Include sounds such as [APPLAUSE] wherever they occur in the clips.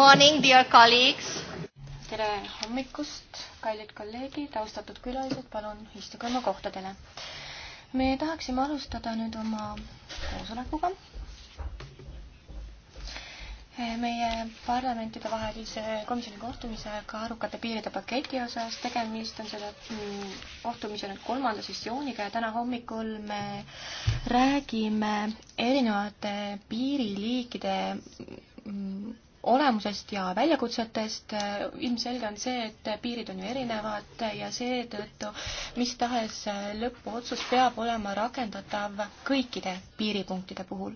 morning, dear colleagues. tere hommikust, kallid kolleegid, austatud külalised, palun istuge oma kohtadele. me tahaksime alustada nüüd oma koosolekuga. meie parlamentide vahelise komisjoni kohtumisega arukate piiride paketi osas, tegemist on selle mm, kohtumise nüüd kolmanda sessiooniga ja täna hommikul me räägime erinevate piiriliikide mm, olemusest ja väljakutsetest. ilmselge on see, et piirid on ju erinevad ja seetõttu mis tahes lõpuotsus peab olema rakendatav kõikide piiripunktide puhul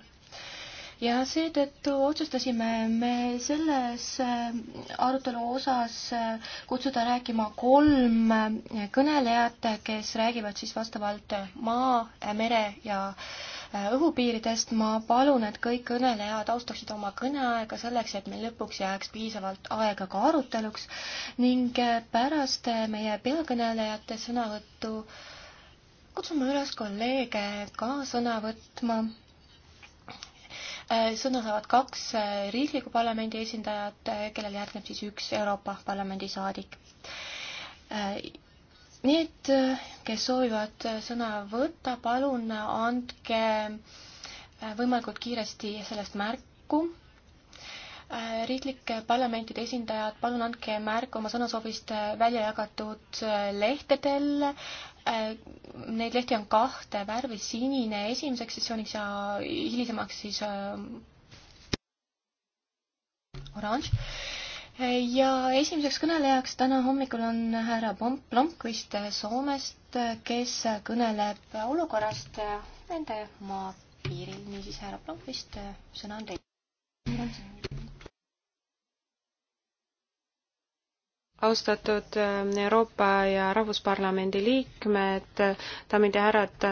ja seetõttu otsustasime me selles arutelu osas kutsuda rääkima kolm kõnelejat, kes räägivad siis vastavalt maa, mere ja õhupiiridest. ma palun, et kõik kõnelejad austaksid oma kõneaega selleks, et meil lõpuks jääks piisavalt aega ka aruteluks ning pärast meie peakõnelejate sõnavõttu kutsume üles kolleege ka sõna võtma sõna saavad kaks riikliku parlamendi esindajat, kellel järgneb siis üks Euroopa Parlamendi saadik. Need, kes soovivad sõna võtta, palun andke võimalikult kiiresti sellest märku. riiklike parlamentide esindajad, palun andke märku oma sõnasoovist välja jagatud lehtedel. Neid lehti on kahte värvi, sinine esimeseks sessiooniks ja hilisemaks siis äh, oranž ja esimeseks kõnelejaks täna hommikul on härra Blomqvist Soomest, kes kõneleb olukorrast nende maapiiril. niisiis, härra Blomqvist, sõna on teil. austatud ähm, Euroopa ja Rahvusparlamendi liikmed, daamid ja härrad,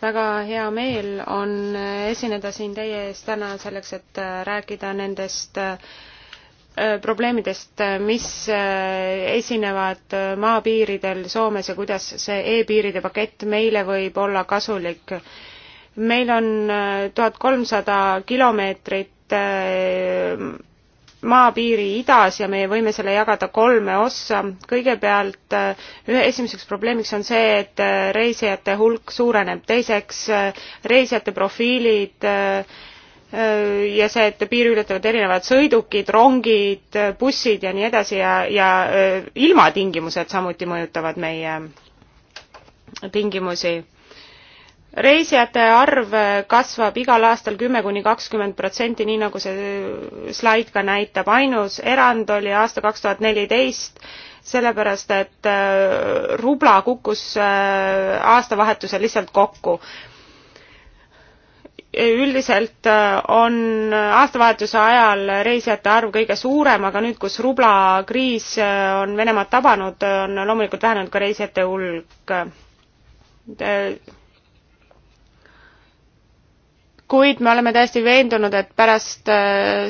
väga hea meel on äh, esineda siin teie ees täna selleks, et äh, rääkida nendest äh, Äh, probleemidest, äh, mis äh, esinevad maapiiridel Soomes ja kuidas see e-piiride pakett meile võib olla kasulik. meil on tuhat kolmsada kilomeetrit maapiiri idas ja meie võime selle jagada kolme ossa. kõigepealt ühe esimeseks probleemiks on see, et reisijate hulk suureneb, teiseks reisijate profiilid äh, ja see, et piiri ületavad erinevad sõidukid, rongid, bussid ja nii edasi ja, ja äh, ilmatingimused samuti mõjutavad meie tingimusi. reisijate arv kasvab igal aastal kümme kuni kakskümmend protsenti, nii nagu see slaid ka näitab, ainus erand oli aasta kaks tuhat neliteist, sellepärast et äh, rubla kukkus äh, aastavahetusel lihtsalt kokku üldiselt äh, on äh, aastavahetuse ajal reisijate arv kõige suurem, aga nüüd, kus rubla kriis äh, on Venemaad tabanud, on loomulikult vähenenud ka reisijate hulk. kuid me oleme täiesti veendunud, et pärast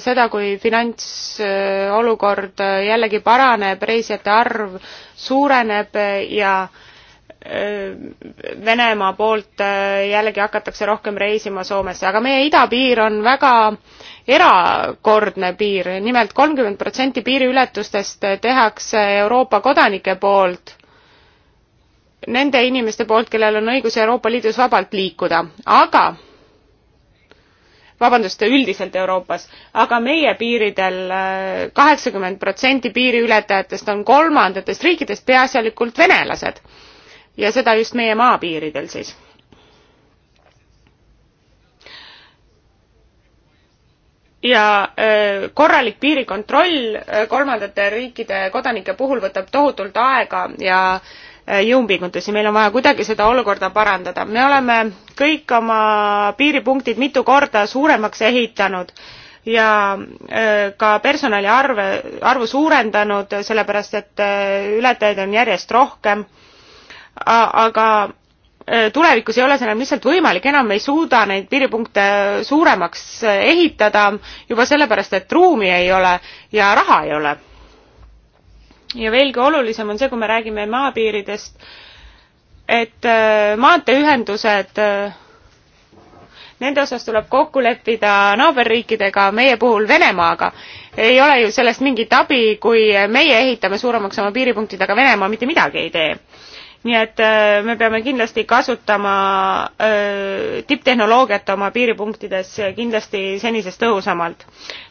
seda, kui finantsolukord jällegi paraneb, reisijate arv suureneb ja äh, Venemaa poolt jällegi hakatakse rohkem reisima Soomesse, aga meie idapiir on väga erakordne piir nimelt, nimelt kolmkümmend protsenti piiriületustest tehakse Euroopa kodanike poolt, nende inimeste poolt, kellel on õigus Euroopa Liidus vabalt liikuda, aga vabandust, üldiselt Euroopas, aga meie piiridel kaheksakümmend protsenti piiriületajatest on kolmandatest riikidest, peaasjalikult venelased ja seda just meie maapiiridel siis. ja äh, korralik piirikontroll äh, kolmandate riikide kodanike puhul võtab tohutult aega ja äh, jõupingutusi, meil on vaja kuidagi seda olukorda parandada. me oleme kõik oma piiripunktid mitu korda suuremaks ehitanud ja ka personali arve, arvu suurendanud, sellepärast et ületajaid on järjest rohkem aga e, tulevikus ei ole see enam lihtsalt võimalik, enam ei suuda neid piiripunkte suuremaks e, ehitada juba sellepärast, et ruumi ei ole ja raha ei ole. ja veelgi olulisem on see, kui me räägime maapiiridest, et e, maanteeühendused, nende osas tuleb kokku leppida naaberriikidega, meie puhul Venemaaga. ei ole ju sellest mingit abi, kui meie ehitame suuremaks oma piiripunktid, aga Venemaa mitte midagi ei tee nii et äh, me peame kindlasti kasutama äh, tipptehnoloogiat oma piiripunktides äh, kindlasti senisest tõhusamalt.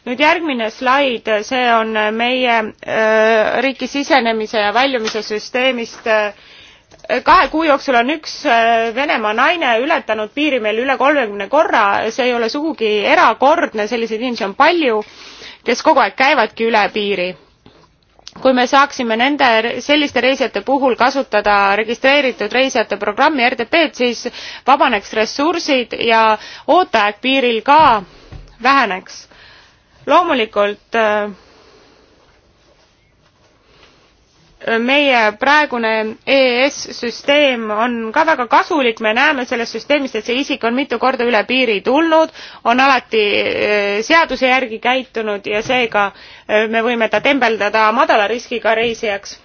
nüüd järgmine slaid, see on meie riiki sisenemise ja väljumise süsteemist kahe kuu jooksul on üks Venemaa naine ületanud piiri meil üle kolmekümne korra, see ei ole sugugi erakordne, selliseid inimesi on palju, kes kogu aeg käivadki üle piiri kui me saaksime nende selliste reisijate puhul kasutada registreeritud reisijate programmi RDP-d, siis vabaneks ressursid ja ooteaeg piiril ka väheneks. loomulikult äh, meie praegune EES süsteem on ka väga kasulik, me näeme sellest süsteemist, et see isik on mitu korda üle piiri tulnud, on alati eh, seaduse järgi käitunud ja seega eh, me võime ta tembeldada madala riskiga reisijaks.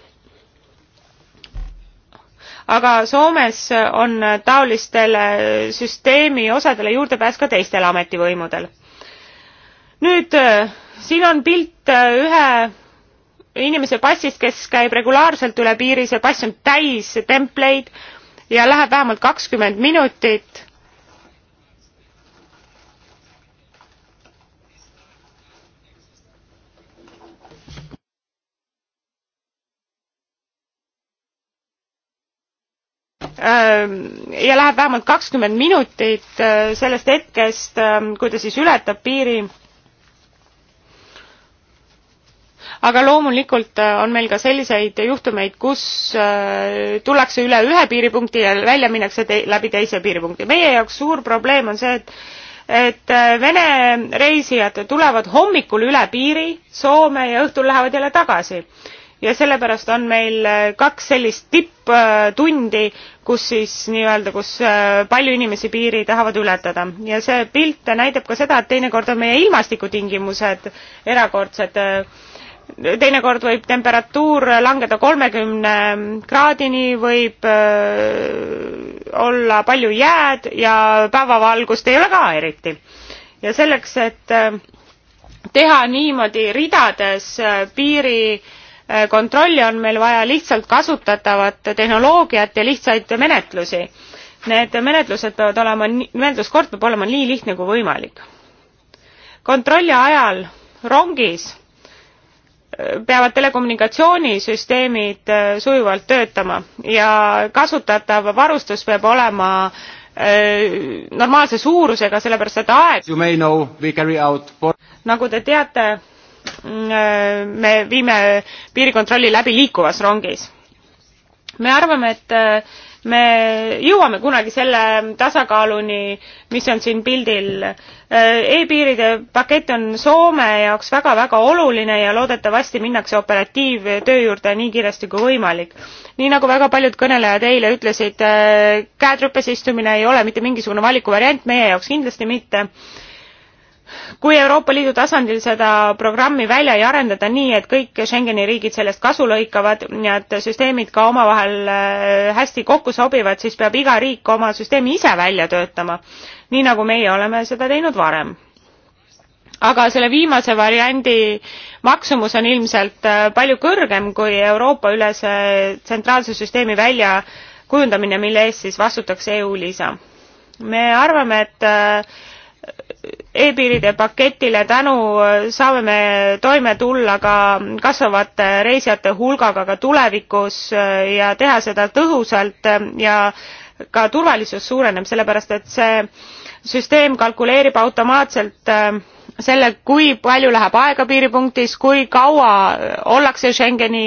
aga Soomes on taolistele süsteemi osadele juurdepääs ka teistel ametivõimudel. nüüd eh, siin on pilt ühe inimese passist, kes käib regulaarselt üle piiri, see pass on täis templeid ja läheb vähemalt kakskümmend minutit. ja läheb vähemalt kakskümmend minutit sellest hetkest, kui ta siis ületab piiri aga loomulikult äh, on meil ka selliseid juhtumeid, kus äh, tullakse üle ühe piiripunkti ja välja minnakse te läbi teise piiripunkti. meie jaoks suur probleem on see, et et äh, Vene reisijad tulevad hommikul üle piiri Soome ja õhtul lähevad jälle tagasi ja sellepärast on meil kaks sellist tipptundi, kus siis nii-öelda, kus palju inimesi piiri tahavad ületada ja see pilt näitab ka seda, et teinekord on meie ilmastikutingimused erakordsed teinekord võib temperatuur langeda kolmekümne kraadini, võib äh, olla palju jääd ja päevavalgust ei ole ka eriti. ja selleks, et äh, teha niimoodi ridades äh, piirikontrolli, on meil vaja lihtsalt kasutatavat tehnoloogiat ja lihtsaid menetlusi. Need menetlused peavad olema, menetluskord peab olema nii lihtne kui võimalik. kontrolli ajal rongis peavad telekommunikatsioonisüsteemid äh, sujuvalt töötama ja kasutatav varustus peab olema äh, normaalse suurusega, sellepärast et aeg, nagu te teate, mm, äh, me viime piirikontrolli läbi liikuvas rongis. me arvame, et me jõuame kunagi selle tasakaaluni, mis on siin pildil e. E-piiride pakett on Soome jaoks väga-väga oluline ja loodetavasti minnakse operatiivtöö juurde nii kiiresti kui võimalik. nii nagu väga paljud kõnelejad eile ütlesid, äh, käed rüpes istumine ei ole mitte mingisugune valikuvariant, meie jaoks kindlasti mitte kui Euroopa Liidu tasandil seda programmi välja ei arendata nii, et kõik Schengeni riigid sellest kasu lõikavad ja et süsteemid ka omavahel äh, hästi kokku sobivad, siis peab iga riik oma süsteemi ise välja töötama, nii nagu meie oleme seda teinud varem aga selle viimase variandi maksumus on ilmselt äh, palju kõrgem kui Euroopa ülese tsentraalse süsteemi väljakujundamine, mille eest siis vastutaks EU lisa. me arvame, et äh, e-piiride paketile tänu saame me toime tulla ka kasvavate reisijate hulgaga ka tulevikus äh, ja teha seda tõhusalt äh, ja ka turvalisus suureneb, sellepärast et see süsteem kalkuleerib automaatselt äh, selle, kui palju läheb aega piiripunktis, kui kaua ollakse Schengeni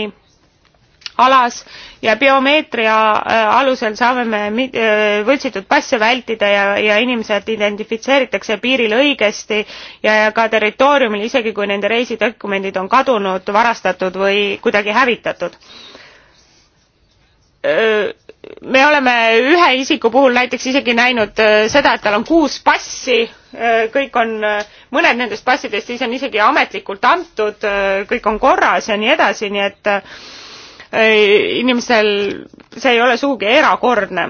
alas ja biomeetria äh, alusel saame me äh, võltsitud passe vältida ja, ja inimesed identifitseeritakse piiril õigesti ja, ja ka territooriumil, isegi kui nende reisidokumendid on kadunud, varastatud või kuidagi hävitatud. Äh, me oleme ühe isiku puhul näiteks isegi näinud seda, et tal on kuus passi, kõik on, mõned nendest passidest siis on isegi ametlikult antud, kõik on korras ja nii edasi, nii et Äh, inimesel see ei ole sugugi erakordne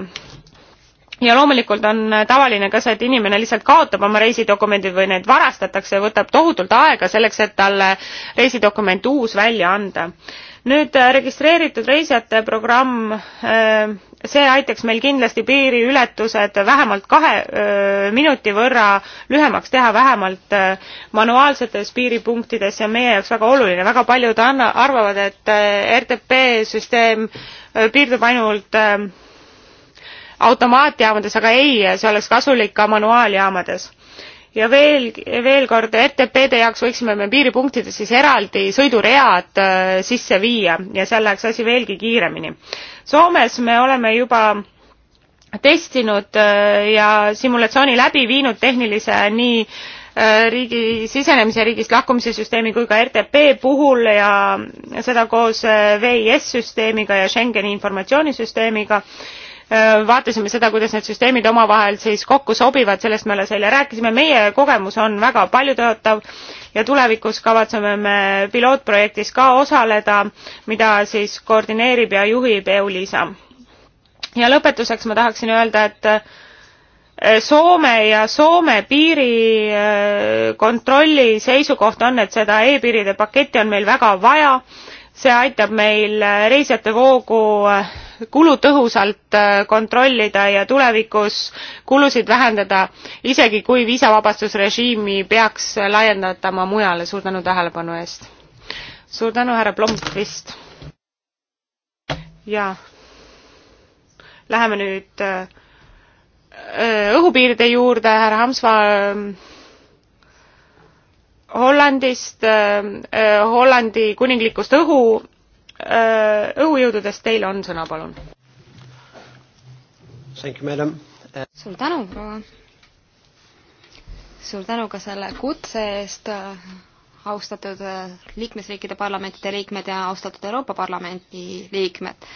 ja loomulikult on tavaline ka see, et inimene lihtsalt kaotab oma reisidokumendid või need varastatakse ja võtab tohutult aega selleks, et talle reisidokument uus välja anda nüüd äh, registreeritud reisijate programm, äh, see aitaks meil kindlasti piiriületused vähemalt kahe äh, minuti võrra lühemaks teha, vähemalt manuaalsetes piiripunktides, see on meie jaoks väga oluline, väga paljud anna-, arvavad, et RTP süsteem piirdub ainult automaatjaamades, aga ei, see oleks kasulik ka manuaaljaamades ja veel, veel kord, ETP-de jaoks võiksime me piiripunktides siis eraldi sõiduread äh, sisse viia ja seal läheks asi veelgi kiiremini. Soomes me oleme juba testinud äh, ja simulatsiooni läbi viinud tehnilise nii äh, riigi sisenemise ja riigist lahkumise süsteemi kui ka RTP puhul ja seda koos VIS süsteemiga ja Schengeni informatsioonisüsteemiga Äh, vaatasime seda, kuidas need süsteemid omavahel siis kokku sobivad, sellest me alles eile rääkisime, meie kogemus on väga paljutõotav ja tulevikus kavatseme me pilootprojektis ka osaleda, mida siis koordineerib ja juhib EULISA. ja lõpetuseks ma tahaksin öelda, et äh, Soome ja Soome piirikontrolli äh, seisukoht on, et seda e-piiride paketti on meil väga vaja. see aitab meil reisijate voogu kulutõhusalt äh, kontrollida ja tulevikus kulusid vähendada isegi kui viisavabastusrežiimi peaks laiendatama mujale suur tänu tähelepanu eest suur tänu härra blomqvist ja läheme nüüd äh, õhupiiride juurde härra hamsva äh, hollandist hollandi kuninglikust õhu Äh, õhujõududest, teil on sõna, palun. Äh, suur tänu, proua. suur tänu ka selle kutse eest, äh, austatud liikmesriikide parlamentide liikmed ja austatud Euroopa Parlamendi liikmed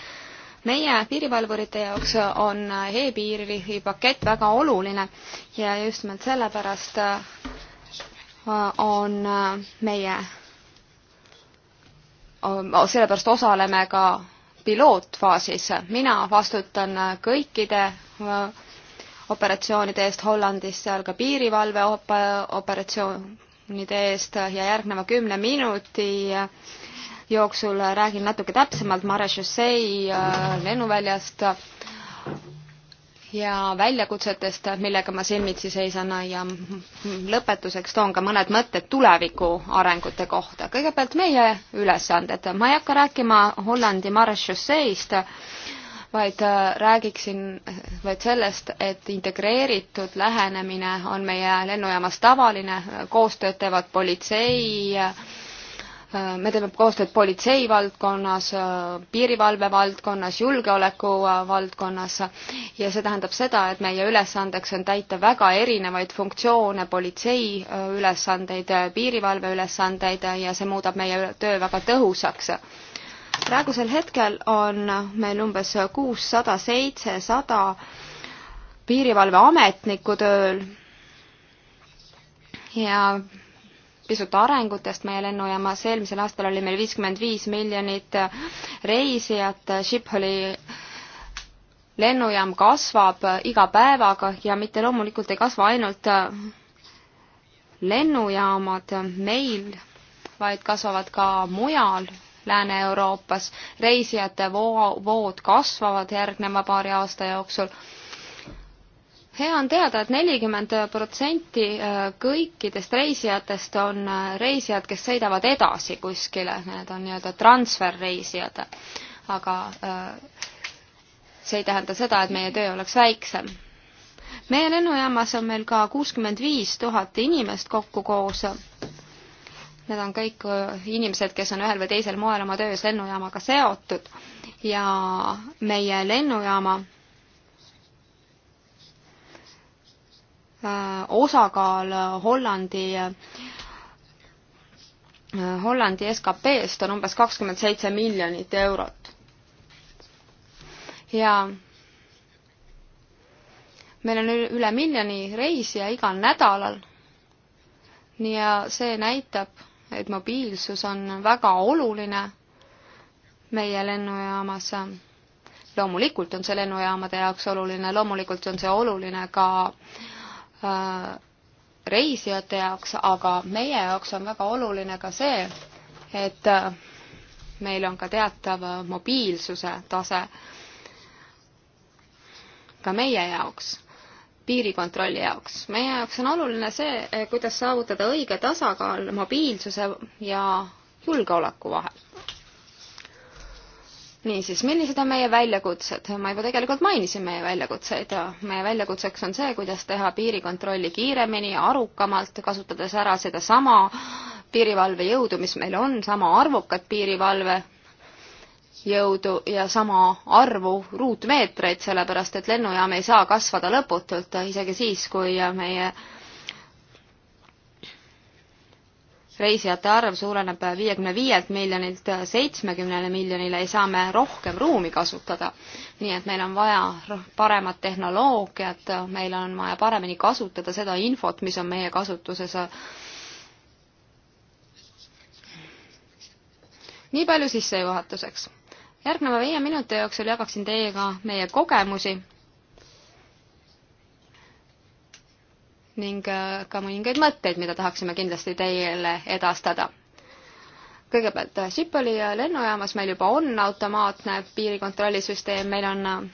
meie piirivalvurite jaoks on e-piiri pakett väga oluline ja just nimelt sellepärast on meie sellepärast osaleme ka pilootfaasis. mina vastutan kõikide operatsioonide eest Hollandis, seal ka piirivalve operatsioonide eest ja järgneva kümne minuti jooksul räägin natuke täpsemalt Mare Chaussee lennuväljast ja väljakutsetest, millega ma silmitsi seisan ja lõpetuseks toon ka mõned mõtted tuleviku arengute kohta. kõigepealt meie ülesanded, ma ei hakka rääkima Hollandi marschausseist, vaid äh, räägiksin vaid sellest, et integreeritud lähenemine on meie lennujaamas tavaline, koostööd teevad politsei, Äh, me teeme koostööd politsei valdkonnas, äh, piirivalve valdkonnas, julgeoleku äh, valdkonnas ja see tähendab seda, et meie ülesandeks on täita väga erinevaid funktsioone, politsei ülesandeid, piirivalve ülesandeid ja see muudab meie töö väga tõhusaks. praegusel hetkel on meil umbes kuussada, seitsesada piirivalveametnikku tööl ja pisut arengutest meie lennujaamas, eelmisel aastal oli meil viiskümmend viis miljonit reisijat, Schipholi lennujaam kasvab iga päevaga ja mitte loomulikult ei kasva ainult lennujaamad meil, vaid kasvavad ka mujal Lääne-Euroopas, reisijate voo, vood kasvavad järgneva paari aasta jooksul hea on teada et, et nelikümmend protsenti äh, kõikidest reisijatest on äh, reisijad, kes sõidavad edasi kuskile, need on nii-öelda transferreisijad. aga äh, see ei tähenda seda, et meie töö oleks väiksem. meie lennujaamas on meil ka kuuskümmend viis tuhat inimest kokku koos. Need on kõik inimesed, kes on ühel või teisel moel oma töös lennujaamaga seotud ja meie lennujaama Äh, osakaal Hollandi äh, Hollandi SKP-st on umbes kakskümmend seitse miljonit eurot. ja meil on üle miljoni reisija igal nädalal ja see näitab, et mobiilsus on väga oluline meie lennujaamas. loomulikult on see lennujaamade jaoks oluline, loomulikult on see oluline ka äh, Äh, reisijate jaoks, aga meie jaoks on väga oluline ka see, et äh, meil on ka teatav äh, mobiilsuse tase ka meie jaoks piirikontrolli jaoks. meie jaoks on oluline see, eh, kuidas saavutada õige tasakaal mobiilsuse ja julgeoleku vahel niisiis, millised on meie väljakutsed? ma juba tegelikult mainisin meie väljakutseid. meie väljakutseks on see, kuidas teha piirikontrolli kiiremini, arukamalt, kasutades ära sedasama piirivalvejõudu, mis meil on, sama arvukat piirivalvejõudu ja sama arvu ruutmeetreid, sellepärast et lennujaam ei saa kasvada lõputult, isegi siis, kui meie äh, reisijate arv suureneb viiekümne viielt miljonilt seitsmekümnele miljonile ja saame rohkem ruumi kasutada. nii et meil on vaja paremat tehnoloogiat, meil on vaja paremini kasutada seda infot, mis on meie kasutuses. nii palju sissejuhatuseks. järgneva viie minuti jooksul jagaksin teiega meie kogemusi ning äh, ka mõningaid mõtteid, mida tahaksime kindlasti teile edastada. kõigepealt Šipoli äh, äh, lennujaamas meil juba on automaatne piirikontrollisüsteem, meil on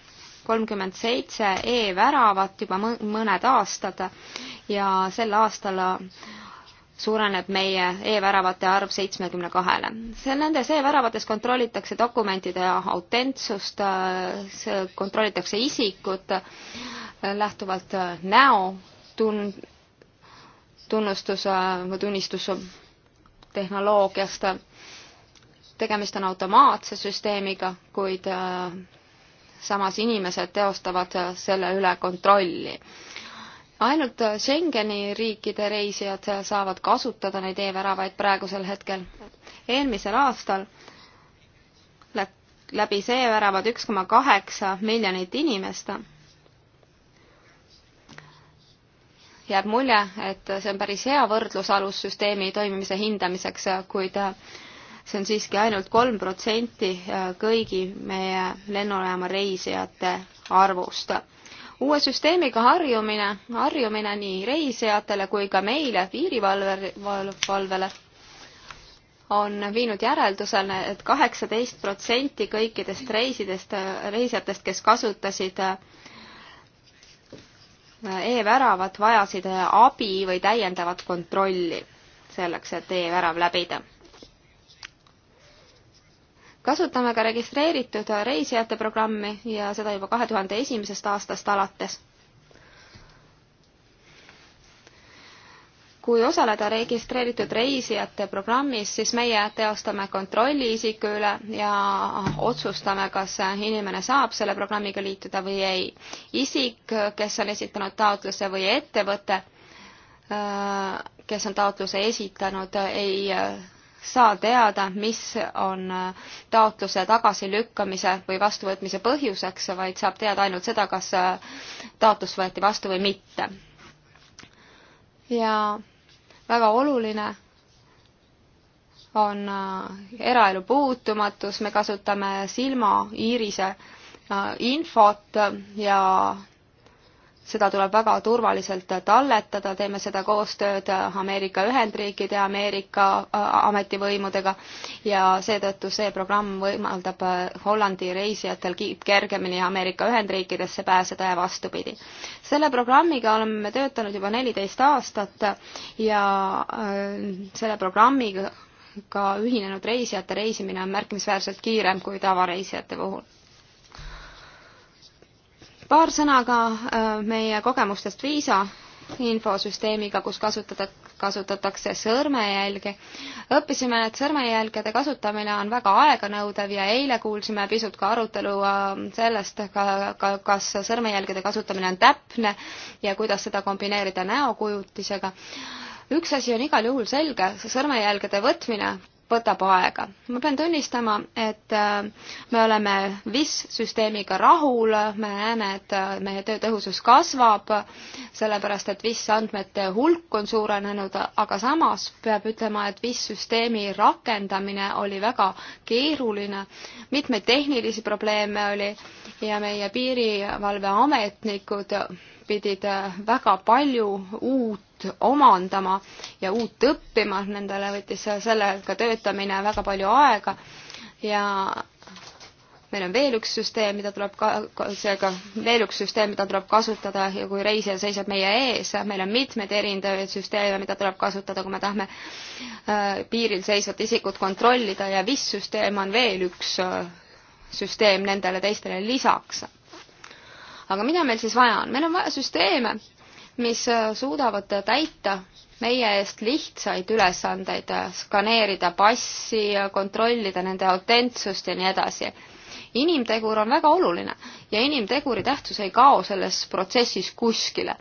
kolmkümmend seitse e-väravat juba mõned aastad ja sel aastal suureneb meie e-väravate arv seitsmekümne kahele. seal nendes e-väravates kontrollitakse dokumentide autentsust, kontrollitakse isikut lähtuvalt näo tun-, tunnustus või tunnistus tehnoloogiast. tegemist on automaatse süsteemiga, kuid äh, samas inimesed teostavad selle üle kontrolli. ainult Schengeni riikide reisijad saavad kasutada neid e-väravaid praegusel hetkel. eelmisel aastal läbis e-väravad üks koma kaheksa miljonit inimest jääb mulje, et see on päris hea võrdlusalus süsteemi toimimise hindamiseks, kuid see on siiski ainult kolm protsenti kõigi meie lennujaama reisijate arvust. uue süsteemiga harjumine, harjumine nii reisijatele kui ka meile, piirivalvele, on viinud järeldusele, et kaheksateist protsenti kõikidest reisidest, reisijatest, kes kasutasid äh, e-väravad vajasid abi või täiendavat kontrolli selleks, et e-värav läbida. kasutame ka registreeritud reisijate programmi ja seda juba kahe tuhande esimesest aastast alates. kui osaleda registreeritud reisijate programmis, siis meie teostame kontrolli isiku üle ja otsustame, kas inimene saab selle programmiga liituda või ei. isik, kes on esitanud taotluse või ettevõte, äh, kes on taotluse esitanud, ei äh, saa teada, mis on äh, taotluse tagasilükkamise või vastuvõtmise põhjuseks, vaid saab teada ainult seda, kas taotlus võeti vastu või mitte. ja väga oluline on äh, eraelu puutumatus, me kasutame silma, iirise äh, infot ja seda tuleb väga turvaliselt talletada, teeme seda koostööd Ameerika Ühendriikide ja Ameerika äh, ametivõimudega ja seetõttu see programm võimaldab äh, Hollandi reisijatel kergemini Ameerika Ühendriikidesse pääseda ja vastupidi. selle programmiga oleme töötanud juba neliteist aastat ja äh, selle programmiga ka ühinenud reisijate reisimine on märkimisväärselt kiirem kui tavareisijate puhul paar sõna ka äh, meie kogemustest viisa infosüsteemiga, kus kasutada, kasutatakse sõrmejälgi. õppisime, et sõrmejälgede kasutamine on väga aeganõudev ja eile kuulsime pisut ka arutelu äh, sellest, ka, ka, kas sõrmejälgede kasutamine on täpne ja kuidas seda kombineerida näokujutisega üks asi on igal juhul selge, see sõrmejälgede võtmine võtab aega. ma pean tunnistama, et äh, me oleme VIS süsteemiga rahul, me näeme, et äh, meie töö tõhusus kasvab, sellepärast et VIS andmete hulk on suurenenud, aga samas peab ütlema, et VIS süsteemi rakendamine oli väga keeruline, mitmeid tehnilisi probleeme oli ja meie piirivalveametnikud pidid äh, väga palju uut uut omandama ja uut õppima, nendele võttis sellega töötamine väga palju aega ja meil on veel üks süsteem, mida tuleb ka, seega veel üks süsteem, mida tuleb kasutada ja kui reisija seisab meie ees, meil on mitmeid erinevaid süsteeme, mida tuleb kasutada, kui me tahame äh, piiril seisvat isikut kontrollida ja VIS-süsteem on veel üks äh, süsteem nendele teistele lisaks. aga mida meil siis vaja on? meil on vaja süsteeme, mis äh, suudavad täita meie eest lihtsaid ülesandeid, äh, skaneerida passi, äh, kontrollida nende autentsust ja nii edasi. inimtegur on väga oluline ja inimteguri tähtsus ei kao selles protsessis kuskile.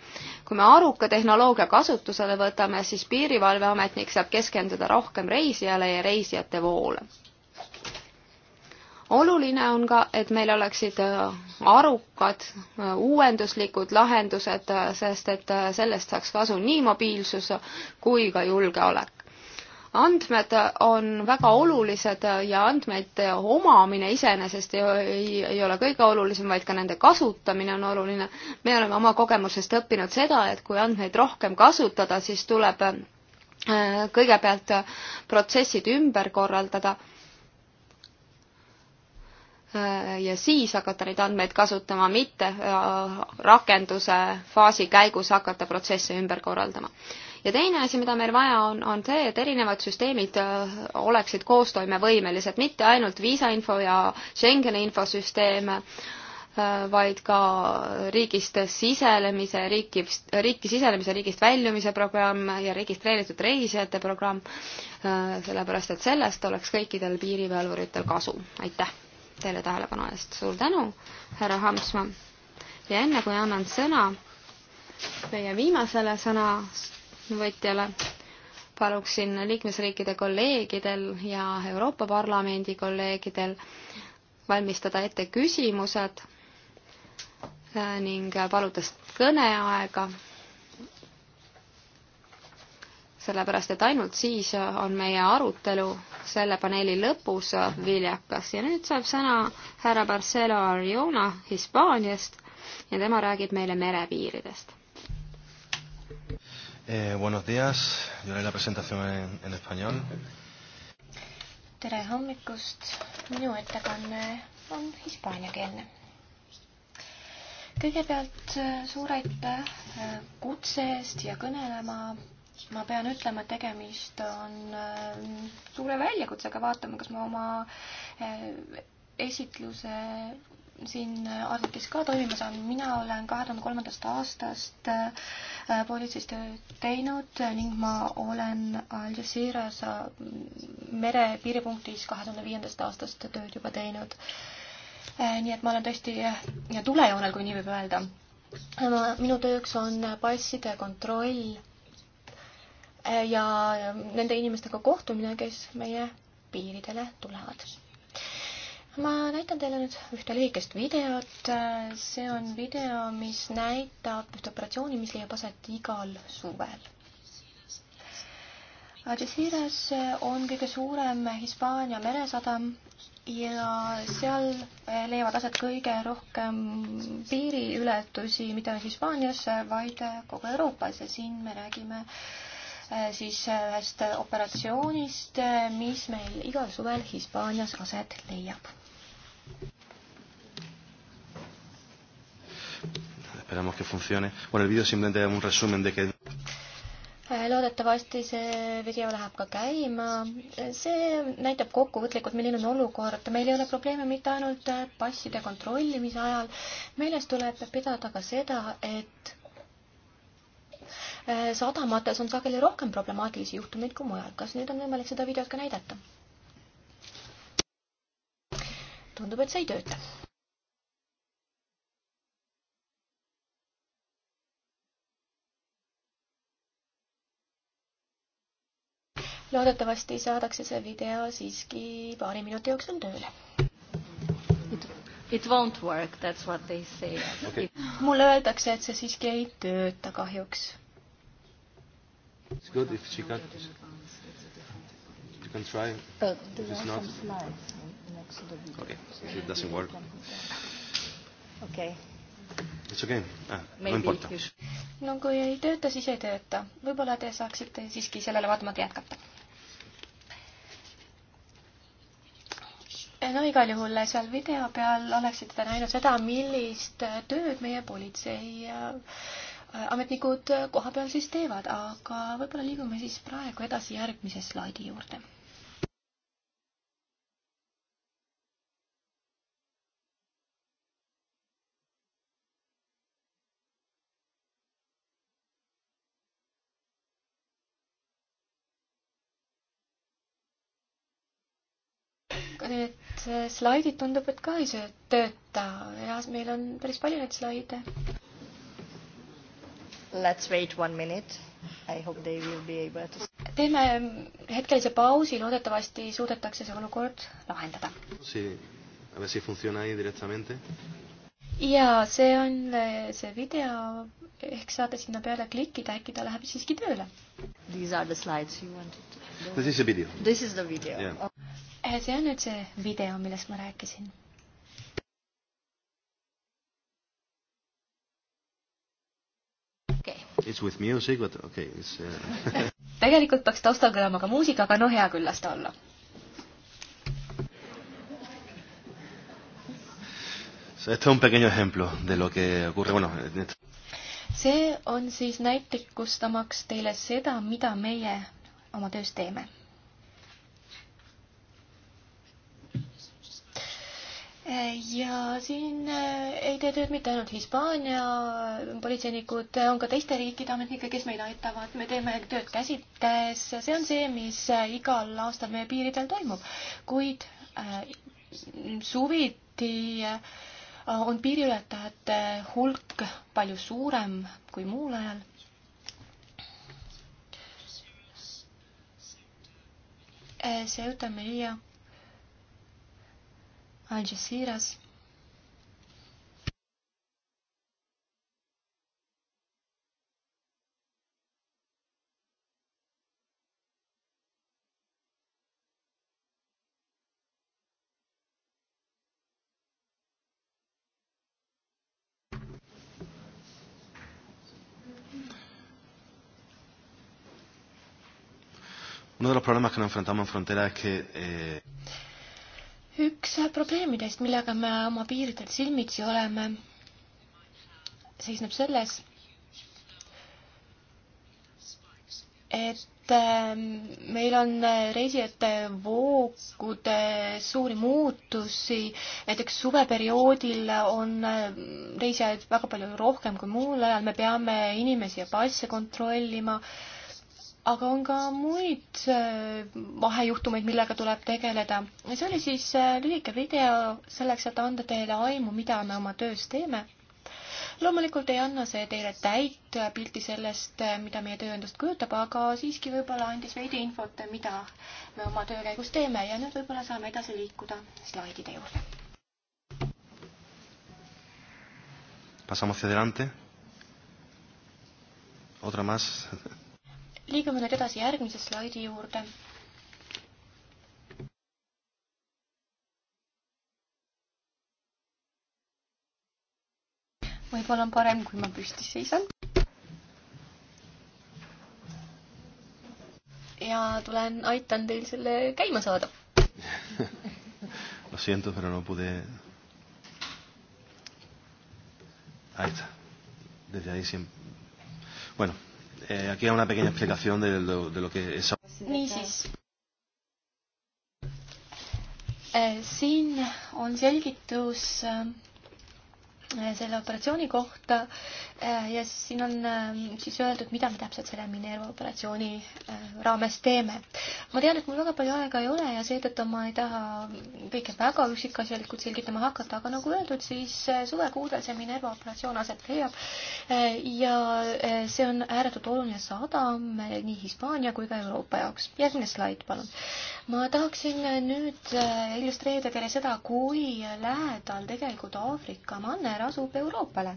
kui me aruka tehnoloogia kasutusele võtame, siis piirivalveametnik saab keskenduda rohkem reisijale ja reisijate voole oluline on ka, et meil oleksid äh, arukad, äh, uuenduslikud lahendused, äh, sest et sellest saaks kasu nii mobiilsus kui ka julgeolek. andmed on väga olulised ja andmete omamine iseenesest ei, ei, ei ole kõige olulisem, vaid ka nende kasutamine on oluline. me oleme oma kogemusest õppinud seda, et kui andmeid rohkem kasutada, siis tuleb kõigepealt protsessid ümber korraldada Äh, ja siis hakata neid andmeid kasutama, mitte äh, rakenduse faasi käigus hakata protsesse ümber korraldama. ja teine asi, mida meil vaja on, on see, et erinevad süsteemid äh, oleksid koostoimevõimelised, mitte ainult viisainfo ja Schengeni infosüsteem, vaid ka riigist sisenemise, riiki, riiki sisenemise, riigist väljumise programm ja registreeritud reisijate programm, sellepärast et sellest oleks kõikidel piirivalvuritel kasu. aitäh! teile tähelepanu eest. suur tänu, härra Hamsma. ja enne kui annan sõna meie viimasele sõnavõtjale, paluksin liikmesriikide kolleegidel ja Euroopa Parlamendi kolleegidel valmistada ette küsimused eh, ning paluda kõneaega sellepärast et ainult siis on meie arutelu selle paneeli lõpus viljakas. ja nüüd saab sõna härra Barcelo Arjona Hispaaniast ja tema räägib meile merepiiridest eh,. Buenos días, yo haré la presentación en, en español. tere hommikust, minu ettekanne on hispaaniakeelne kõigepealt eh, suur aitäh eh, kutse eest ja kõnelema ma pean ütlema, et tegemist on äh, suure väljakutsega, vaatame, kas ma oma äh, esitluse siin arvutis ka toimima saan. mina olen kahe tuhande kolmandast aastast äh, politseis tööd teinud ning ma olen Al Jazeeras merepiiripunktis kahe tuhande viiendast aastast tööd juba teinud. nii et ma olen tõesti tulejoonel, kui nii võib öelda. minu tööks on passide kontroll Eh, ja nende inimestega kohtumine, kes meie piiridele tulevad. ma näitan teile nüüd ühte lühikest videot. Eh, see on video, mis näitab ühte operatsiooni, mis leiab aset igal suvel Algeciras eh, on kõige suurem Hispaania meresadam ja seal leiavad aset kõige rohkem piiriületusi, mitte ainult Hispaanias, vaid kogu Euroopas ja siin me räägime äh, Äh, siis äh, ühest operatsioonist, äh, mis meil igal suvel Hispaanias aset leiab. Esperamos que funcione. Bueno, el vídeo simplemente es un resumen de que loodetavasti see video läheb ka käima. see näitab kokkuvõtlikult, milline on olukord. meil ei ole probleeme mitte ainult passide kontrollimise ajal. meeles tuleb pidada ka seda, et Äh, sadamates on sageli rohkem problemaatilisi juhtumeid kui mujal. kas nüüd on võimalik seda videot ka näidata? tundub, et see ei tööta. loodetavasti saadakse see video siiski paari minuti jooksul tööle. It won't work, that's what they say okay.. mulle öeldakse, et see siiski ei tööta kahjuks It's good if she can. You can try. Uh, there if it's are not. some slides next to the video. Okay, if it doesn't work. Okay. It's okay ah,. no importa. no kui ei tööta, siis ei tööta. võib-olla te saaksite siiski sellele vaatamata jätkata. Eh, no igal juhul eh, seal video peal oleksite te näinud seda, millist tööd meie politsei äh, ametnikud kohapeal siis teevad, aga võib-olla liigume siis praegu edasi järgmise slaidi juurde. Need slaidid tundub, et ka ei tööta ja meil on päris palju neid slaide. Let's wait one minute. I hope they will be able to. teeme hetkelise pausi, loodetavasti suudetakse see olukord lahendada. ja see on eh, see video, ehk saate sinna peale klikkida, äkki ta läheb siiski tööle. These are the slides you wanted to. This is a video. This is the video yeah.. Eh, see on nüüd see video, millest ma rääkisin it's with music, but okei okay, it's uh... [LAUGHS] tegelikult peaks taustal kõlama ka muusika, aga no hea küll, las ta olla. Este es un pequeño ejemplo de lo que ocurre, bueno, eh, need... see on siis näitlikustamaks teile seda, mida meie oma töös teeme ja siin eh, ei tee tööd mitte ainult Hispaania politseinikud, on ka teiste riikide ametnikke, kes meid aitavad, me teeme tööd käsites, see on see, mis eh, igal aastal meie piiridel toimub. kuid äh, suviti äh, on piiriületajate hulk palju suurem kui muul ajal. Ceuta, Melilla الجزيرة Uno de los problemas que nos enfrentamos en frontera es que... Eh üks probleemidest, millega me oma piiridel silmitsi oleme, seisneb selles, et ähm, meil on reisijate voogude suuri muutusi, näiteks suveperioodil on ähm, reisijaid väga palju rohkem kui muul ajal, me peame inimesi ja passe kontrollima äh,, aga on ka muid äh, vahejuhtumeid, millega tuleb tegeleda. see oli siis äh, lühike video selleks, et anda teile aimu, mida me oma töös teeme. loomulikult ei anna see teile täit pilti sellest, äh, mida meie töö endast kujutab, aga siiski võib-olla andis veidi infot, mida me oma töö käigus teeme ja nüüd võib-olla saame edasi liikuda slaidide juurde. Pasamos hacia adelante. Otra más liigume nüüd edasi järgmise slaidi juurde võib-olla on parem, kui ma püsti seisan. ja tulen, aitan teil selle käima saada [LAUGHS] Lo siento, pero no pude. Ahí está. Desde ahí siempre. Bueno eh, aquí hay una pequeña explicación de, de, de lo que es. niisiis. Eh, siin on selgitus Äh, selle operatsiooni kohta äh, ja siin on ähm, siis öeldud, mida me täpselt selle Minerva operatsiooni äh, raames teeme. ma tean, et mul väga palju aega ei ole ja seetõttu ma ei taha kõike väga üksikasjalikult selgitama hakata, aga nagu öeldud, siis suvekuudel see Minerva operatsioon aset leiab ja see on ääretult oluline sadam nii Hispaania kui ka Euroopa jaoks. järgmine slaid, palun ma tahaksin nüüd äh, illustreerida teile seda, kui lähedal tegelikult Aafrika manner asub Euroopale.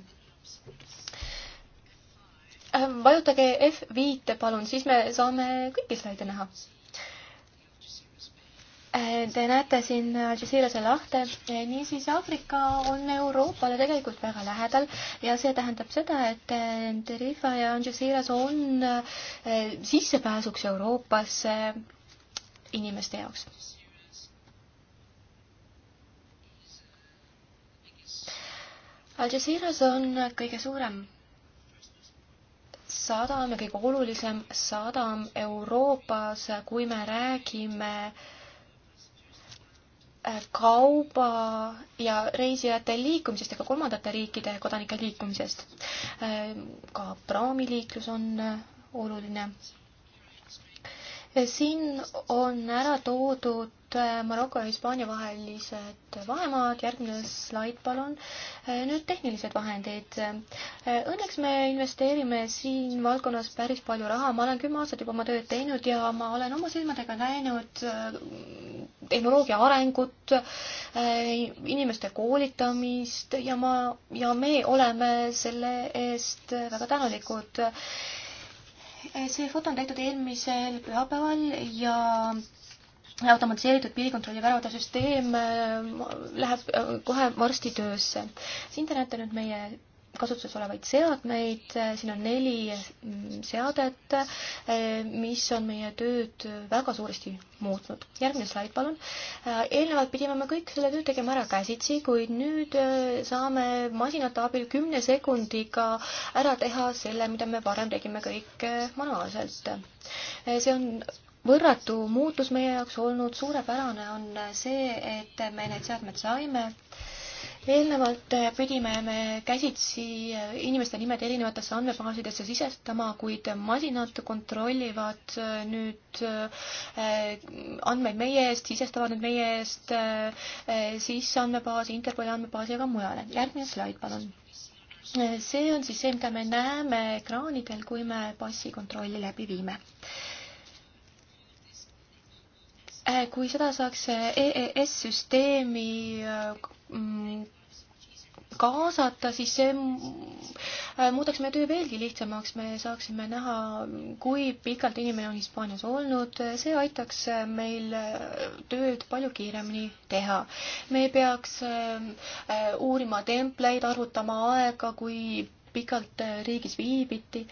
Äh, vajutage F5-te palun, siis me saame kõiki slaide näha. Äh, te näete siin Algeciirase lahte, niisiis Aafrika on Euroopale tegelikult väga lähedal ja see tähendab seda, et Tarifa ja Algeciiras on sissepääsuks Euroopasse inimeste jaoks. Al Jazeeras on kõige suurem sadam ja kõige olulisem sadam Euroopas, kui me räägime äh, kauba ja reisijate liikumisest ja ka kolmandate riikide kodanike liikumisest. Äh, ka praamiliiklus on äh, oluline siin on ära toodud äh, Maroko ja Hispaania vahelised vahemaad, järgmine slaid palun. Äh, nüüd tehnilised vahendid. Äh, õnneks me investeerime siin valdkonnas päris palju raha, ma olen kümme aastat juba oma tööd teinud ja ma olen oma silmadega näinud tehnoloogia arengut, inimeste koolitamist ja ma ja me oleme selle eest väga tänulikud see foto on tehtud eelmisel pühapäeval ja automatiseeritud piirikontrolli väravate süsteem äh, läheb äh, kohe varsti töösse. siin te näete nüüd meie kasutuses olevaid seadmeid, siin on neli seadet, mis on meie tööd väga suuresti muutnud. järgmine slaid, palun. eelnevalt pidime me kõik selle töö tegema ära käsitsi, kuid nüüd saame masinate abil kümne sekundiga ära teha selle, mida me varem tegime kõik manuaalselt. see on võrratu muutus meie jaoks olnud, suurepärane on see, et me need seadmed saime eelnevalt äh, pidime me käsitsi äh, inimeste nimed erinevatesse andmebaasidesse sisestama, kuid masinad kontrollivad äh, nüüd andmeid meie eest, sisestavad need meie eest sisse andmebaasi, Interpoli andmebaasi ja ka mujale. järgmine slaid, palun. see on siis see, mida me näeme ekraanidel, kui me passikontrolli läbi viime Äh, kui seda saaks äh, EES-süsteemi äh, mm, kaasata, siis see muudaks meie töö veelgi lihtsamaks, me saaksime näha, kui pikalt inimene on Hispaanias olnud, see aitaks meil tööd palju kiiremini teha. me ei peaks uurima templeid, arvutama aega, kui pikalt riigis viibiti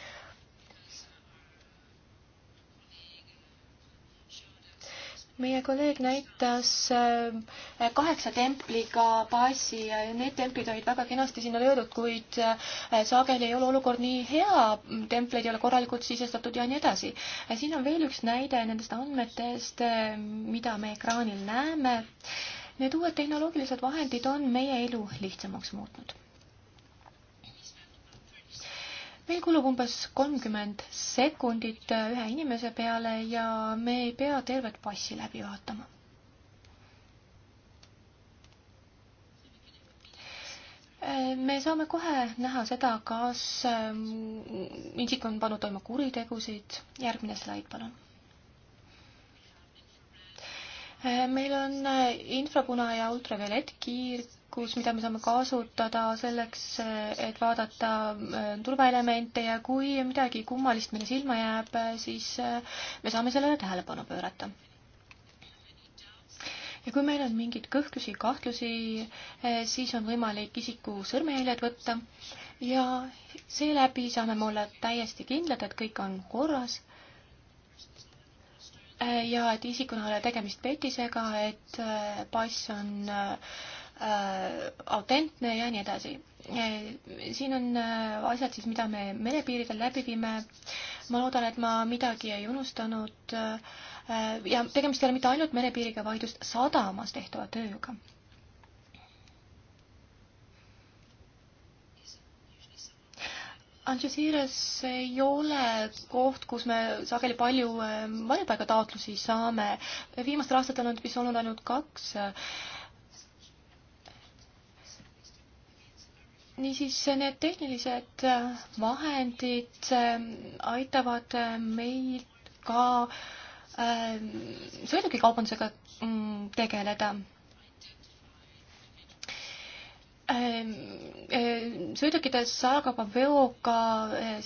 meie kolleeg näitas äh, kaheksa templiga passi ja need templid olid väga kenasti sinna löödud, kuid äh, sageli ei ole olukord nii hea, templeid ei ole korralikult sisestatud ja nii edasi. Äh, siin on veel üks näide nendest andmetest, mida me ekraanil näeme. Need uued tehnoloogilised vahendid on meie elu lihtsamaks muutnud meil kulub umbes kolmkümmend sekundit äh, ühe inimese peale ja me ei pea tervet passi läbi vaatama. Äh, me saame kohe näha seda, kas ähm, isik on pannud toime kuritegusid. järgmine slaid, palun äh, meil on infrapunane ja ultraviolettkiir valikus, mida me saame kasutada selleks, et vaadata äh, turvaelemente ja kui midagi kummalist meile silma jääb, äh, siis äh, me saame sellele tähelepanu pöörata. ja kui meil on mingeid kõhklusi, kahtlusi, siis on võimalik isiku sõrmejäljed võtta ja seeläbi saame me olla täiesti kindlad, et kõik on korras ja et isikuna ei ole tegemist petisega, et pass on äh, Äh, autentne ja nii edasi. siin on äh, asjad siis, mida me merepiiridel läbi viime. ma loodan, et ma midagi ei unustanud. Äh, ja tegemist ei ole mitte ainult merepiiriga, vaid just sadamas tehtava tööga. Algeciras ei ole koht, kus me sageli palju varjupaigataotlusi saame. viimastel aastatel on vist olnud ainult kaks niisiis, need tehnilised äh, vahendid ähm, aitavad äh, meil ka ähm, sõidukikaubandusega mm, tegeleda. Ähm, äh, sõidukite salakaubaveoga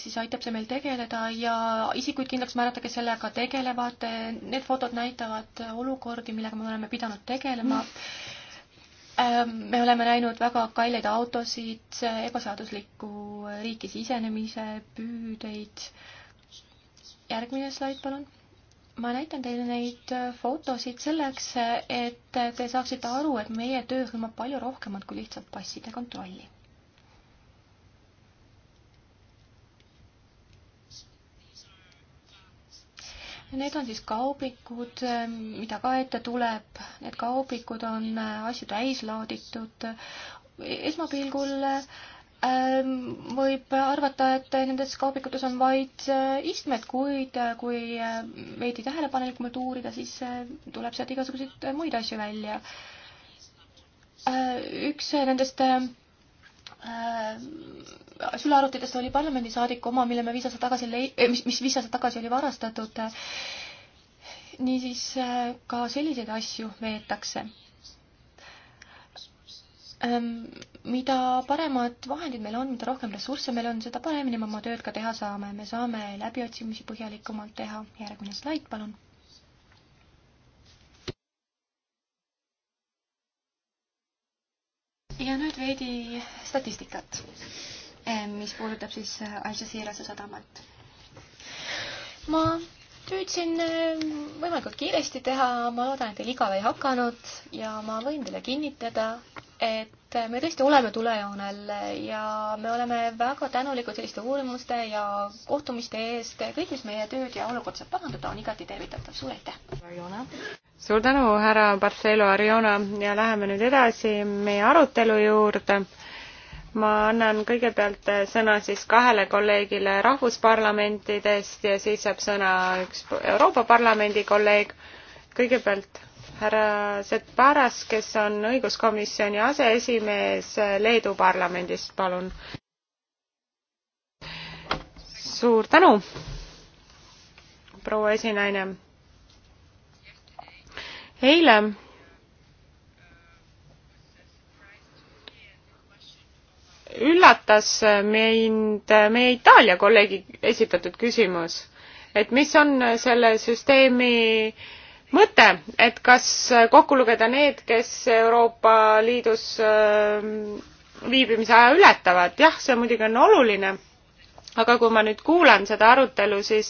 siis aitab see meil tegeleda ja isikuid kindlaks määrata, kes sellega tegelevad. Need fotod näitavad olukordi, millega me oleme pidanud tegelema mm Äh, me oleme näinud väga kalleid autosid, ebaseaduslikku riiki sisenemise püüdeid. järgmine slaid, palun. ma näitan teile neid äh, fotosid selleks, äh, et te saaksite aru, et meie töö hõlmab palju rohkemat kui lihtsalt passide kontrolli Need on siis kaubikud, äh, mida ka ette tuleb. Need kaubikud on äh, asju täis laaditud. esmapilgul ähm, võib arvata, et nendes kaubikutes on vaid äh, istmed, kuid kui veidi tähelepanelikumalt uurida, siis tuleb sealt igasuguseid muid asju välja. üks nendest Äh, sülearvutitest oli parlamendisaadik oma, mille me viis aastat tagasi lei-, eh, mis, mis viis aastat tagasi oli varastatud. niisiis äh, ka selliseid asju veetakse. Ähm, mida paremad vahendid meil on, mida rohkem ressursse meil on, seda paremini me oma tööd ka teha saame. me saame läbiotsimisi põhjalikumalt teha. järgmine slaid, palun ja nüüd veidi statistikat, eh, mis puudutab siis eh, Al Jazeera'se sadamat. ma püüdsin eh, võimalikult kiiresti teha, ma loodan, et teil igav ei hakanud ja ma võin teile kinnitada, et me tõesti oleme tulejoonel ja me oleme väga tänulikud selliste uurimuste ja kohtumiste eest. kõik, mis meie tööd ja olukorda saab parandada, on igati tervitatav. suur aitäh! suur tänu, härra Barcelo Ariona ja läheme nüüd edasi meie arutelu juurde ma annan kõigepealt sõna siis kahele kolleegile rahvusparlamentidest ja siis saab sõna üks Euroopa Parlamendi kolleeg. kõigepealt härra Sepp Paras, kes on õiguskomisjoni aseesimees Leedu parlamendist, palun. suur tänu, proua esinaine eile üllatas mind meie Itaalia kolleegi esitatud küsimus, et mis on selle süsteemi mõte, et kas kokku lugeda need, kes Euroopa Liidus ähm, viibimise aja ületavad, jah, see muidugi on oluline aga kui ma nüüd kuulan seda arutelu, siis